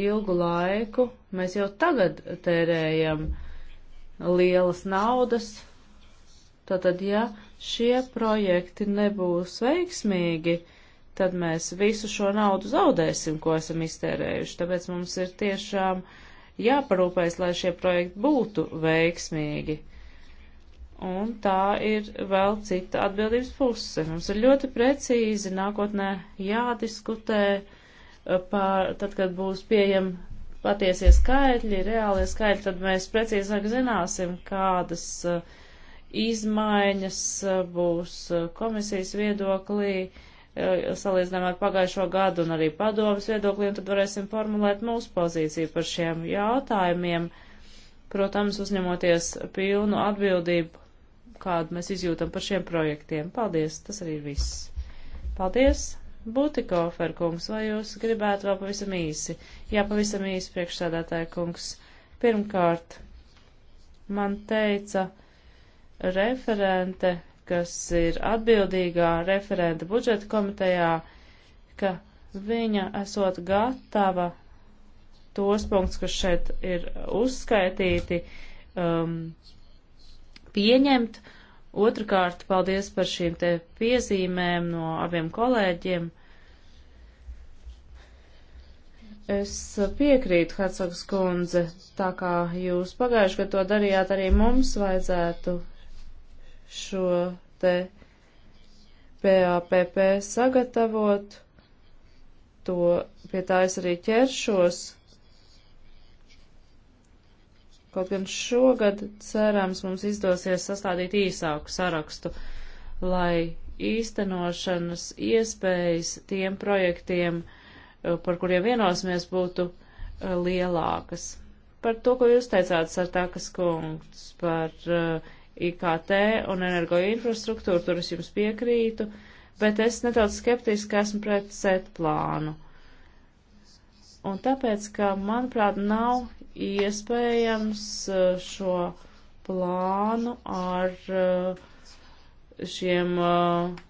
ilgu laiku mēs jau tagad tērējam lielas naudas. Tātad, ja šie projekti nebūs veiksmīgi, tad mēs visu šo naudu zaudēsim, ko esam iztērējuši. Tāpēc mums ir tiešām jāparūpēs, lai šie projekti būtu veiksmīgi. Un tā ir vēl cita atbildības puse. Mums ir ļoti precīzi nākotnē jādiskutē eh, par, tad, kad būs pieejami patiesie skaitļi, reālie skaitļi, tad mēs precīzāk zināsim, kādas eh, izmaiņas eh, būs komisijas viedoklī salīdzinām ar pagājušo gadu un arī padomas viedoklī, un tad varēsim formulēt mūsu pozīciju par šiem jautājumiem, protams, uzņemoties pilnu atbildību kādu mēs izjūtam par šiem projektiem. Paldies, tas arī ir viss. Paldies, Būtikofer kungs, vai jūs gribētu vēl pavisam īsi? Jā, pavisam īsi priekšsādātāja kungs. Pirmkārt, man teica referente, kas ir atbildīgā referente budžeta komitejā, ka viņa esot gatava tos punktus, kas šeit ir uzskaitīti, um, pieņemt. Otrakārt, paldies par šīm te piezīmēm no abiem kolēģiem. Es piekrītu, Hercogs kundze, tā kā jūs pagājuši, ka to darījāt, arī mums vajadzētu šo te PAPP sagatavot. To pie tā es arī ķeršos. Kaut gan šogad, cerams, mums izdosies sastādīt īsāku sarakstu, lai īstenošanas iespējas tiem projektiem, eh, par kuriem vienosimies, būtu eh, lielākas. Par to, ko jūs teicāt, Sartakas kungs, par eh, IKT un energoinfrastruktūru, tur es jums piekrītu, bet es nedaudz skeptiski esmu pret set plānu. Un tāpēc, ka, manuprāt, nav iespējams eh, šo plānu ar eh, šiem eh,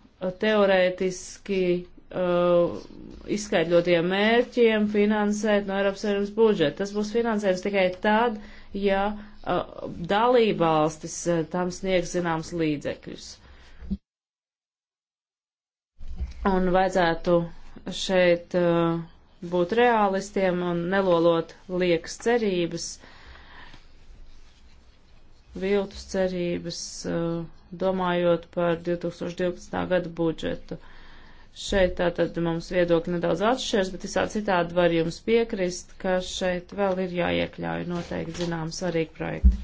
teorētiski izskaidrotiem mērķiem finansēt no Eiropas Savienības budžeta. Tas būs finansējums tikai tad, ja dalībvalstis tam sniegs zināms līdzekļus. Un vajadzētu šeit uh, būt realistiem un nelolot liekas cerības, viltus cerības, uh, domājot par 2012. gada budžetu. Šeit tātad mums viedokļi nedaudz atšķiras, bet visā citādi var jums piekrist, ka šeit vēl ir jāiekļauj noteikti zinām svarīgi projekti.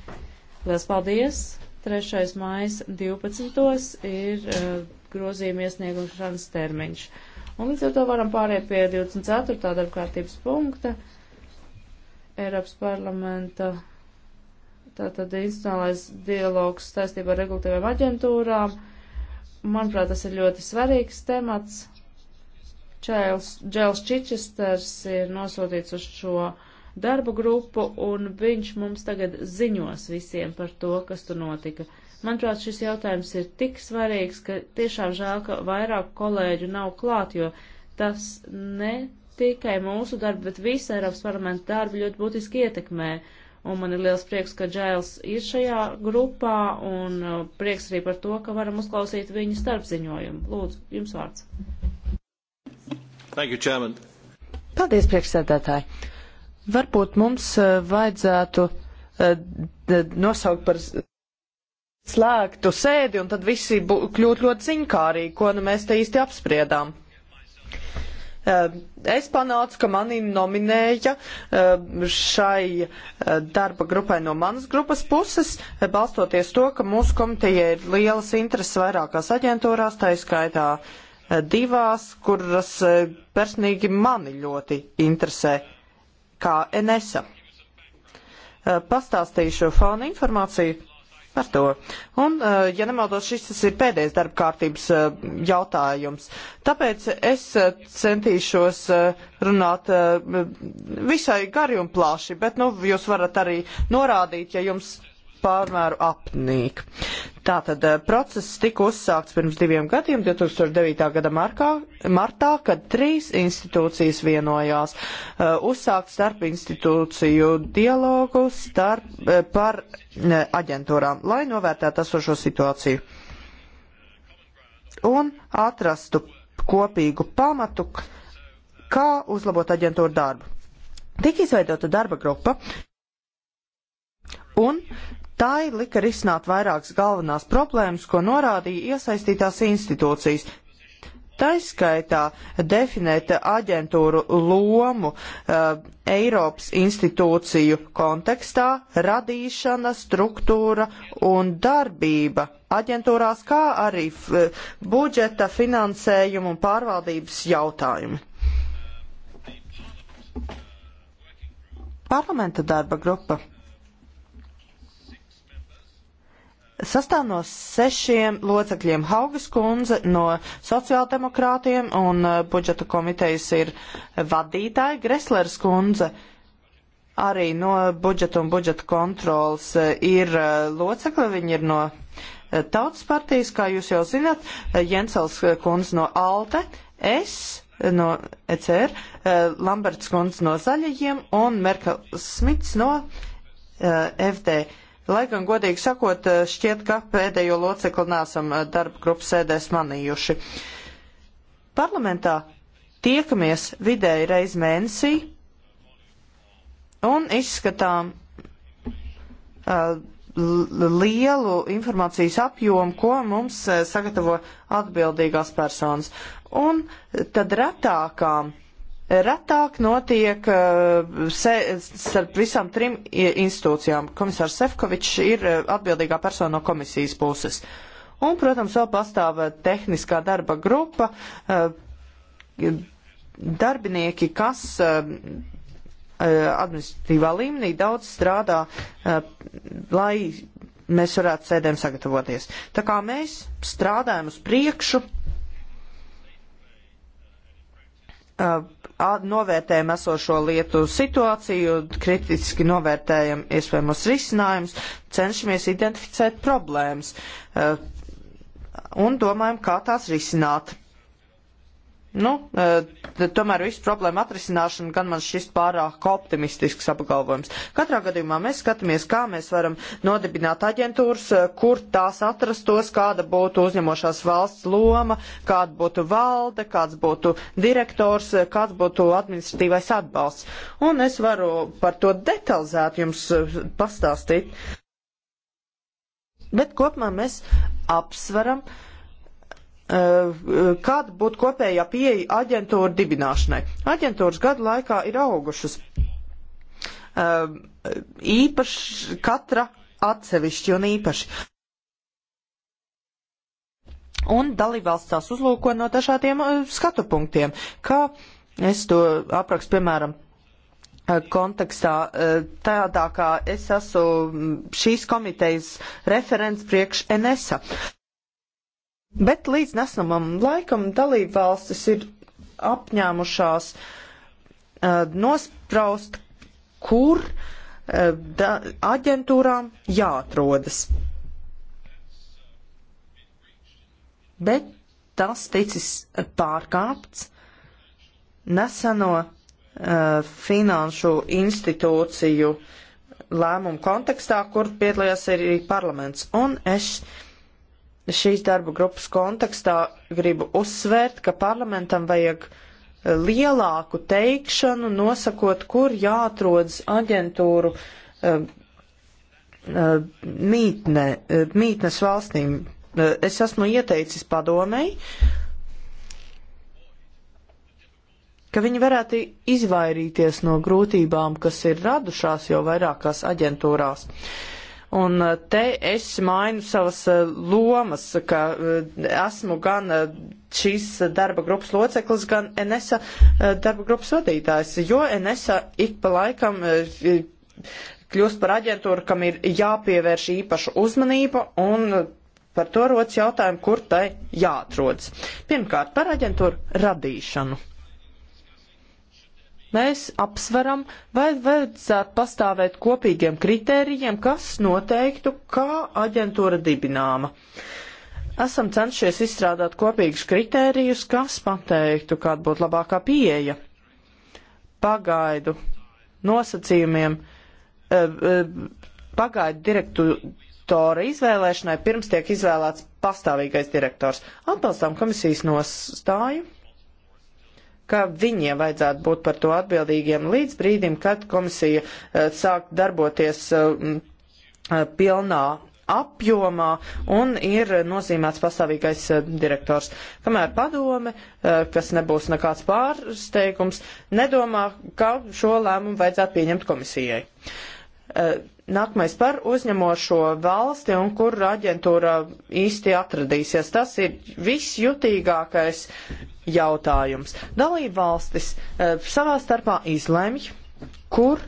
Lielas paldies! 3. mājas 12. ir uh, grozījuma iesniegšanas termiņš. Un līdz ar to varam pāriet pie 24. darbkārtības punkta Eiropas parlamenta. Tātad institucionālais dialogs saistībā ar regulatīvām aģentūrām. Manuprāt, tas ir ļoti svarīgs temats. Čēls, Džēls Čičesters ir nosūtīts uz šo darbu grupu, un viņš mums tagad ziņos visiem par to, kas tur notika. Manuprāt, šis jautājums ir tik svarīgs, ka tiešām žēl, ka vairāk kolēģu nav klāt, jo tas ne tikai mūsu darbu, bet visu Eiropas parlamentu darbu ļoti būtiski ietekmē. Un man ir liels prieks, ka Džēls ir šajā grupā, un uh, prieks arī par to, ka varam uzklausīt viņu starpziņojumu. Lūdzu, jums vārds. Thank you, Chairman. Paldies, priekšsēdētāji. Varbūt mums uh, vajadzētu uh, nosaukt par slēgtu sēdi, un tad visi kļūtu ļoti ziņkārīgi, ko nu mēs te īsti apspriedām. Eh, es panācu, ka mani nominēja eh, šai eh, darba grupai no manas grupas puses, balstoties to, ka mūsu komiteja ir lielas intereses vairākās aģentūrās, tā izskaitā divās, kuras personīgi mani ļoti interesē, kā Enesa. Pastāstīšu fona informāciju par to. Un, eh, ja nemaldos, šis ir pēdējais darba kārtības eh, jautājums. Tāpēc es eh, centīšos runāt visai gari un plaši, bet nu, jūs varat arī norādīt, ja jums pārmēru apnīk. Tātad eh, process tika uzsākts pirms diviem gadiem, 2009. gada markā, martā, kad trīs institūcijas vienojās uh, uzsākt starp institūciju dialogu starp, uh, par uh, aģentūrām, lai novērtētu esošo situāciju un atrastu kopīgu pamatu, kā uzlabot aģentūru darbu. Tika izveidota darba grupa, un Tai lika risināt vairākas galvenās problēmas, ko norādīja iesaistītās institūcijas. Taiskaitā definēt aģentūru lomu uh, Eiropas institūciju kontekstā, radīšana, struktūra un darbība aģentūrās, kā arī f, budžeta, finansējuma un pārvaldības jautājumi. Parlamenta darba grupa sastāv no sešiem locekļiem. Haugas kundze no sociāldemokrātiem un uh, budžeta komitejas ir vadītāja. Greslers kundze arī no budžeta un budžeta kontrolas uh, ir uh, locekle. Viņa ir no Tautas partijas, kā jūs jau zināt, Jensels kundze no Alte. Es no ECR, Lamberts kundze no Zaļajiem un Merkel Smits no FD. Uh, Lai gan, godīgi sakot, eh, šķiet, ka pēdējo locekli nesam eh, darba grupas sēdēs manījuši. Parlamentā tiekamies vidēji reiz mēnesī un izskatām uh, lielu informācijas apjomu, ko mums sagatavo atbildīgās personas. Un tad retākām retāk notiek eh, se, starp visām trim institūcijām. Komisārs Sefkovičs ir eh, atbildīgā persona no komisijas puses. Un, protams, vēl pastāv eh, tehniskā darba grupa, darbinieki, kas administratīvā līmenī daudz strādā, lai mēs varētu sēdēm sagatavoties. Tā kā mēs strādājam uz priekšu, novērtējam esošo lietu situāciju, kritiski novērtējam iespējamos risinājumus, cenšamies identificēt problēmas eh, un domājam, kā tās risināt. Nu, eh, tomēr visu problēmu atrisināšanu gan man šis pārāk optimistisks apgalvojums. Katrā gadījumā mēs skatāmies, kā mēs varam nodibināt aģentūras, eh, kur tās atrastos, kāda būtu uzņemošās valsts loma, kāda būtu valde, kāds būtu direktors, eh, kāds būtu administratīvais atbalsts. Un es varu par to detalizēt jums pastāstīt. Bet kopumā mēs apsveram uh, Uh, kad būtu kopējā pieeja aģentūra dibināšanai. Aģentūras gadu laikā ir augušas um, īpaši katra atsevišķi un īpaši. Un dalībvalsts tās uzlūko no dažādiem uh, skatu punktiem, kā es to aprakstu, piemēram, uh, kontekstā tādā, kā es esmu mm, šīs komitejas referents priekš NSA. Bet līdz nesamam laikam dalību valstis ir apņēmušās uh, nospraust, kur uh, da, aģentūrām jāatrodas. Bet tas ticis pārkāpts neseno uh, finanšu institūciju lēmumu kontekstā, kur piedalījās arī parlaments. Un es uh, šīs darba grupas kontekstā gribu uzsvērt, ka parlamentam vajag eh, lielāku teikšanu, nosakot, kur jāatrodas aģentūru uh, uh, mītne, uh, mītnes valstīm. Es esmu ieteicis padomēji, ka viņi varētu izvairīties no grūtībām, kas ir radušās jau vairākās aģentūrās. Uh, Un eh, te es mainu savas eh, lomas, ka eh, esmu gan šīs darba grupas loceklis, gan NSA darba grupas vadītājs, jo NSA ik pa laikam kļūst par aģentūru, kam ir jāpievērš īpaša uzmanība un par to rodas jautājumu, kur tai jāatrodas. Pirmkārt, par aģentūru radīšanu mēs apsveram, vai vajadzētu pastāvēt kopīgiem kritērijiem, kas noteiktu, kā aģentūra dibināma. Esam cenšies izstrādāt kopīgus kritērijus, kas pateiktu, kāda būtu labākā pieeja pagaidu nosacījumiem, e, e, pagaidu direktora izvēlēšanai, pirms tiek izvēlēts pastāvīgais direktors. Atbalstām komisijas nostāju ka viņiem vajadzētu būt par to atbildīgiem līdz brīdim, kad komisija eh, sāk darboties eh, eh, pilnā apjomā un ir nozīmēts pastāvīgais direktors. Kamēr padome, kas nebūs nekāds pārsteigums, nedomā, ka šo lēmumu vajadzētu pieņemt komisijai. Uh, Eh, nākamais par uzņemošo valsti un kur aģentūra īsti atradīsies. Tas ir visjutīgākais jautājums. Dalība valstis eh, savā starpā izlemj, kur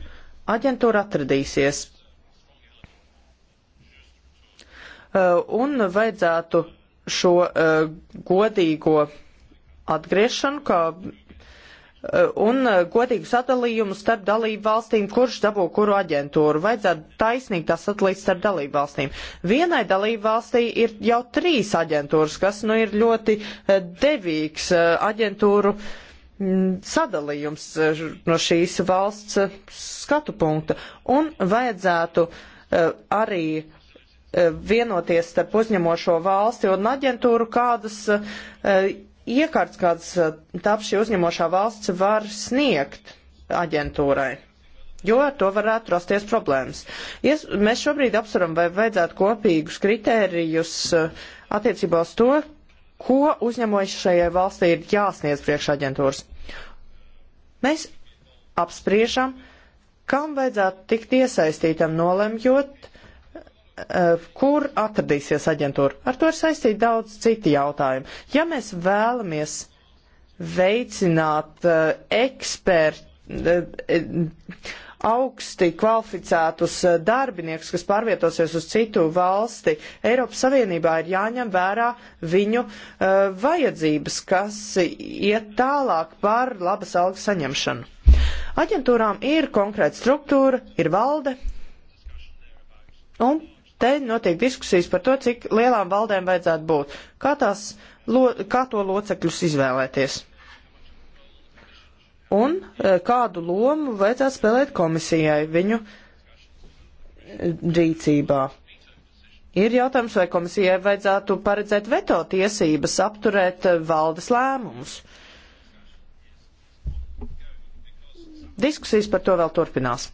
aģentūra atradīsies. Eh, un vajadzētu šo godīgo atgriešanu, kā un eh, godīgu sadalījumu starp dalību valstīm, kurš dabū kuru aģentūru. Vajadzētu taisnīgi tas atlīdz starp dalību valstīm. Vienai dalību valstī ir jau trīs aģentūras, kas nu ir ļoti eh, devīgs eh, aģentūru mm, sadalījums no šīs valsts skatu punkta. Un vajadzētu arī vienoties starp uzņemošo valsti un aģentūru, kādas iekārts, kādas eh, tap šī uzņemošā valsts var sniegt aģentūrai, jo ar to varētu rasties problēmas. Ies, mēs šobrīd apsveram, vai vajadzētu kopīgus kritērijus eh, attiecībā uz to, ko uzņemošajai valstī ir jāsniedz priekš aģentūras. Mēs apspriežam, kam vajadzētu tikt iesaistītam nolemjot, Eh, kur atradīsies aģentūra. Ar to ir saistīti daudz citi jautājumi. Ja mēs vēlamies veicināt eh, ekspertu eh, augsti kvalificētus darbiniekus, kas pārvietosies uz citu valsti, Eiropas Savienībā ir jāņem vērā viņu uh, vajadzības, kas iet tālāk par labas algas saņemšanu. Aģentūrām ir konkrēta struktūra, ir valde, un te notiek diskusijas par to, cik lielām valdēm vajadzētu būt. Kā, tās, lo, kā to locekļus izvēlēties? Un e, kādu lomu vajadzētu spēlēt komisijai viņu e, rīcībā? Ir jautājums, vai komisijai vajadzētu paredzēt veto tiesības apturēt e, valdes lēmumus. Diskusijas par to vēl turpinās.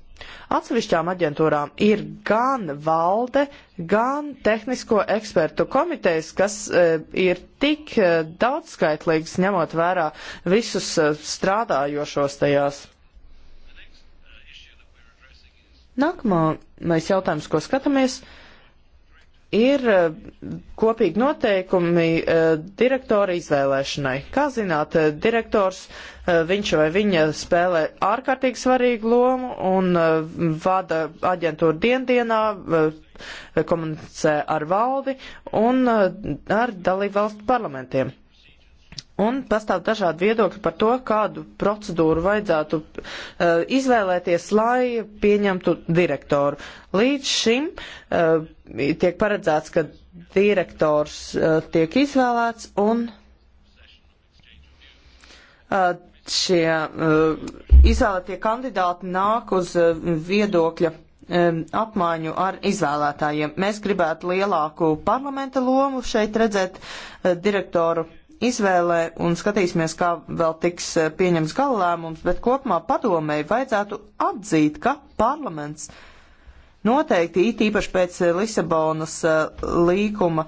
Atsevišķām aģentūrām ir gan valde, gan tehnisko ekspertu komitejas, kas e, ir tik e, daudzskaitlīgs, ņemot vērā visus e, strādājošos tajās. Nākamais jautājums, ko skatāmies, ir ir eh, kopīgi noteikumi eh, direktora izvēlēšanai. Kā zināt, eh, direktors viņš vai viņa spēlē ārkārtīgi svarīgu lomu un vada aģentūru diendienā, komunicē ar valdi un ar dalību valstu parlamentiem un pastāv dažādi viedokļi par to, kādu procedūru vajadzētu uh, izvēlēties, lai pieņemtu direktoru. Līdz šim uh, tiek paredzēts, ka direktors uh, tiek izvēlēts un uh, šie uh, izvēlētie kandidāti nāk uz uh, viedokļa apmaiņu ar izvēlētājiem. Mēs gribētu lielāku parlamenta lomu šeit redzēt direktoru izvēlē un skatīsimies, kā vēl tiks eh, pieņems galvlēmums, bet kopumā padomēji vajadzētu atzīt, ka parlaments noteikti it īpaši pēc eh, Lisabonas eh, līkuma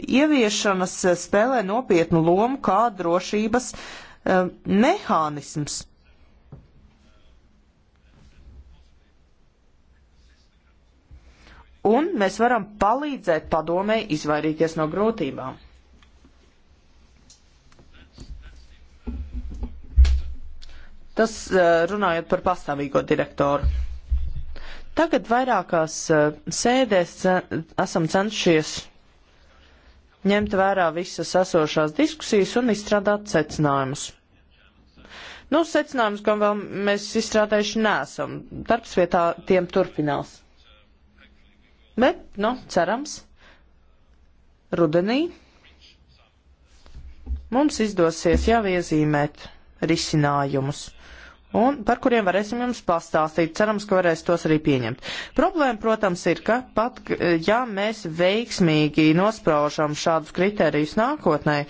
ieviešanas spēlē nopietnu lomu kā drošības mehānisms. Un mēs varam palīdzēt padomē izvairīties no grūtībām. Tas eh, runājot par pastāvīgo direktoru. Tagad vairākās eh, sēdēs esam cenšies ņemt vērā visas esošās diskusijas un izstrādāt secinājumus. Nu, secinājumus, kam vēl mēs izstrādājuši nesam. Darbs pie tā tiem turpinās. Bet, nu, cerams, rudenī mums izdosies jau iezīmēt risinājumus un par kuriem varēsim jums pastāstīt. Cerams, ka varēs tos arī pieņemt. Problēma, protams, ir, ka pat eh, ja mēs veiksmīgi nospraužam šādus kriterijus nākotnē,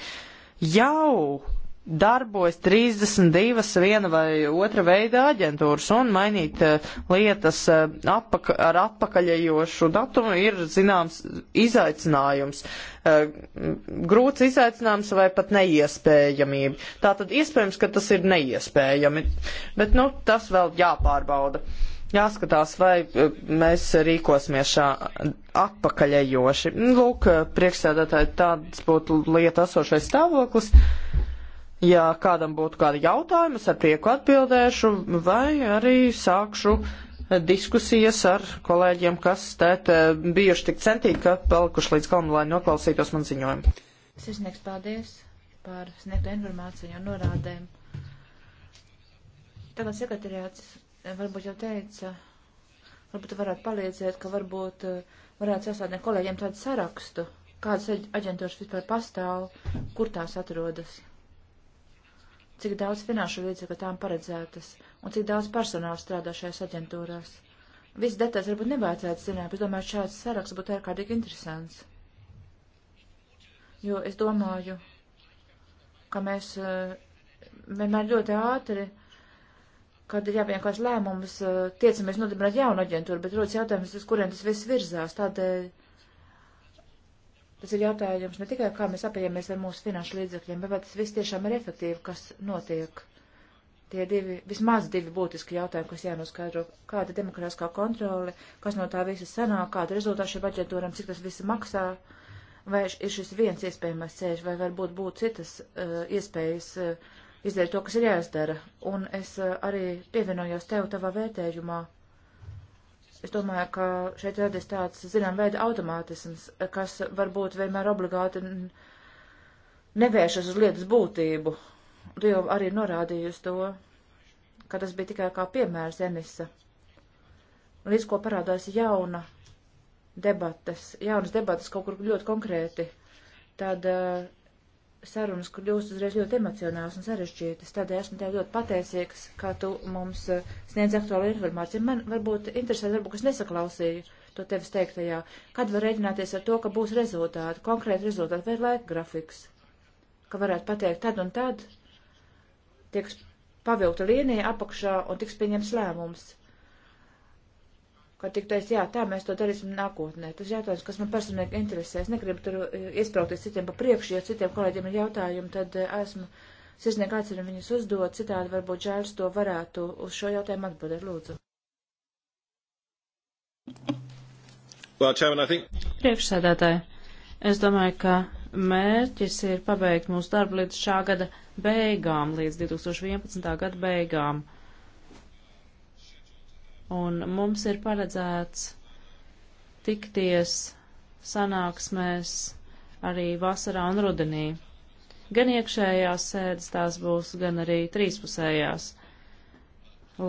jau darbojas 32 viena vai otra veida aģentūras un mainīt eh, lietas eh, apaka, ar atpakaļejošu datumu ir zināms izaicinājums. Eh, grūts izaicinājums vai pat neiespējamība. Tā tad iespējams, ka tas ir neiespējami, bet nu, tas vēl jāpārbauda. Jāskatās, vai mēs rīkosimies šā atpakaļejoši. Lūk, priekšsēdētāji, tāds būtu lieta esošais stāvoklis. Ja kādam būtu kādi jautājumi, es ar prieku atbildēšu, vai arī sākšu diskusijas ar kolēģiem, kas tēt bijuši tik centīgi, ka palikuši līdz kalnu, lai noklausītos man ziņojumu. Sirsnieks, paldies par sniegto informāciju un norādēm. Tagad sekretariāts eh, varbūt jau teica, varbūt varētu palīdzēt, ka varbūt eh, varētu sastādīt kolēģiem tādu sarakstu, kādas aģentūras vispār pastāv, kur tās atrodas cik daudz finanšu līdzekļu tām paredzētas un cik daudz personāla strādā šajās aģentūrās. Viss detaļas varbūt nevajadzētu zināt, bet domāju, šāds saraksts būtu ārkārtīgi interesants. Jo es domāju, ka mēs eh, vienmēr ļoti ātri, kad ir jāpieņem kāds lēmums, eh, tiecamies nodibināt jaunu aģentūru, bet rodas jautājums, uz kuriem tas viss virzās. Tādēļ Tas ir jautājums ne tikai, kā mēs apējamies ar mūsu finanšu līdzekļiem, bet vai tas viss tiešām ir efektīvi, kas notiek. Tie divi, vismaz divi būtiski jautājumi, kas jānoskaidro, kāda demokrātiskā kontrole, kas no tā visa sanāk, kāda rezultāta šim aģentūram, cik tas viss maksā, vai ir šis viens iespējamais ceļš, vai varbūt būtu citas uh, iespējas uh, izdarīt to, kas ir jāizdara. Un es uh, arī pievienojos tev tavā vērtējumā Es domāju, ka šeit radies tāds, zinām, veida automātisms, kas varbūt vienmēr obligāti nevēršas uz lietas būtību. Tu jau arī norādījusi to, ka tas bija tikai kā piemērs Enisa. Līdz ko parādās jauna debates, jaunas debates kaut kur ļoti konkrēti, tad uh, sarunas, kur jūs uzreiz ļoti emocionāls un sarežģītas. Tādēļ esmu tev ļoti pateicīgs, kā tu mums eh, sniedz aktuālu informāciju. Man varbūt interesē, varbūt es nesaklausīju to tevis teiktajā. Kad var rēķināties ar to, ka būs rezultāti, konkrēti rezultāti vai laika grafiks? Ka varētu pateikt, tad un tad tieks pavilta līnija apakšā un tiks pieņems lēmums ka tik teiks, jā, tā mēs to darīsim nākotnē. Tas jautājums, kas man personīgi interesē, es negribu tur uh, iesprāties citiem pa priekšu, ja citiem kolēģiem ir jautājumi, tad uh, esmu sirsnīgi aicinu viņus uzdot, citādi varbūt Žēls to varētu uz šo jautājumu atbildēt, lūdzu. Well, Chairman, I think... Priekšsēdētāji, es domāju, ka mērķis ir pabeigt mūsu darbu līdz šā gada beigām, līdz 2011. gada beigām un mums ir paredzēts tikties sanāksmēs arī vasarā un rudenī. Gan iekšējās sēdes tās būs, gan arī trīspusējās,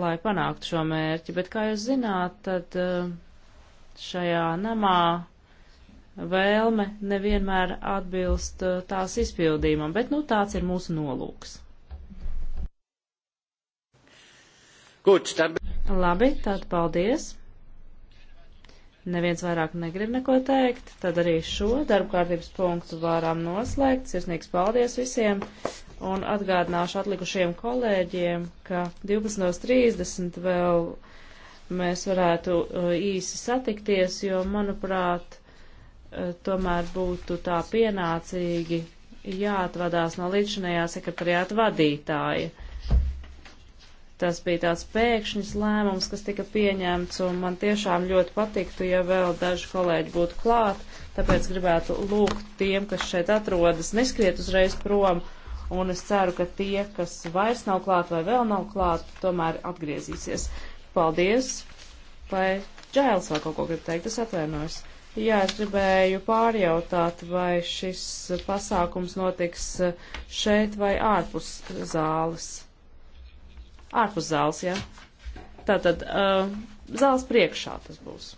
lai panāktu šo mērķi. Bet, kā jūs zināt, tad eh, šajā namā vēlme nevienmēr atbilst eh, tās izpildījumam, bet, nu, tāds ir mūsu nolūks. Gut, tad... Labi, tad paldies. Neviens vairāk negrib neko teikt, tad arī šo darba kārtības punktu varam noslēgt. Sirsnīgs paldies visiem un atgādināšu atlikušiem kolēģiem, ka 12.30 vēl mēs varētu uh, īsi satikties, jo, manuprāt, uh, tomēr būtu tā pienācīgi jāatvadās no līdzinējā sekretariāta vadītāja. Tas bija tāds pēkšņs lēmums, kas tika pieņemts, un man tiešām ļoti patiktu, ja vēl daži kolēģi būtu klāt, tāpēc gribētu lūgt tiem, kas šeit atrodas, neskriet uzreiz prom, un es ceru, ka tie, kas vairs nav klāt vai vēl nav klāt, tomēr atgriezīsies. Paldies! Vai Džēls vēl kaut ko grib teikt? Es atvainojos. Jā, es gribēju pārjautāt, vai šis pasākums notiks šeit vai ārpus zāles. Ārpus zāles, jā. Tātad uh, zāles priekšā tas būs.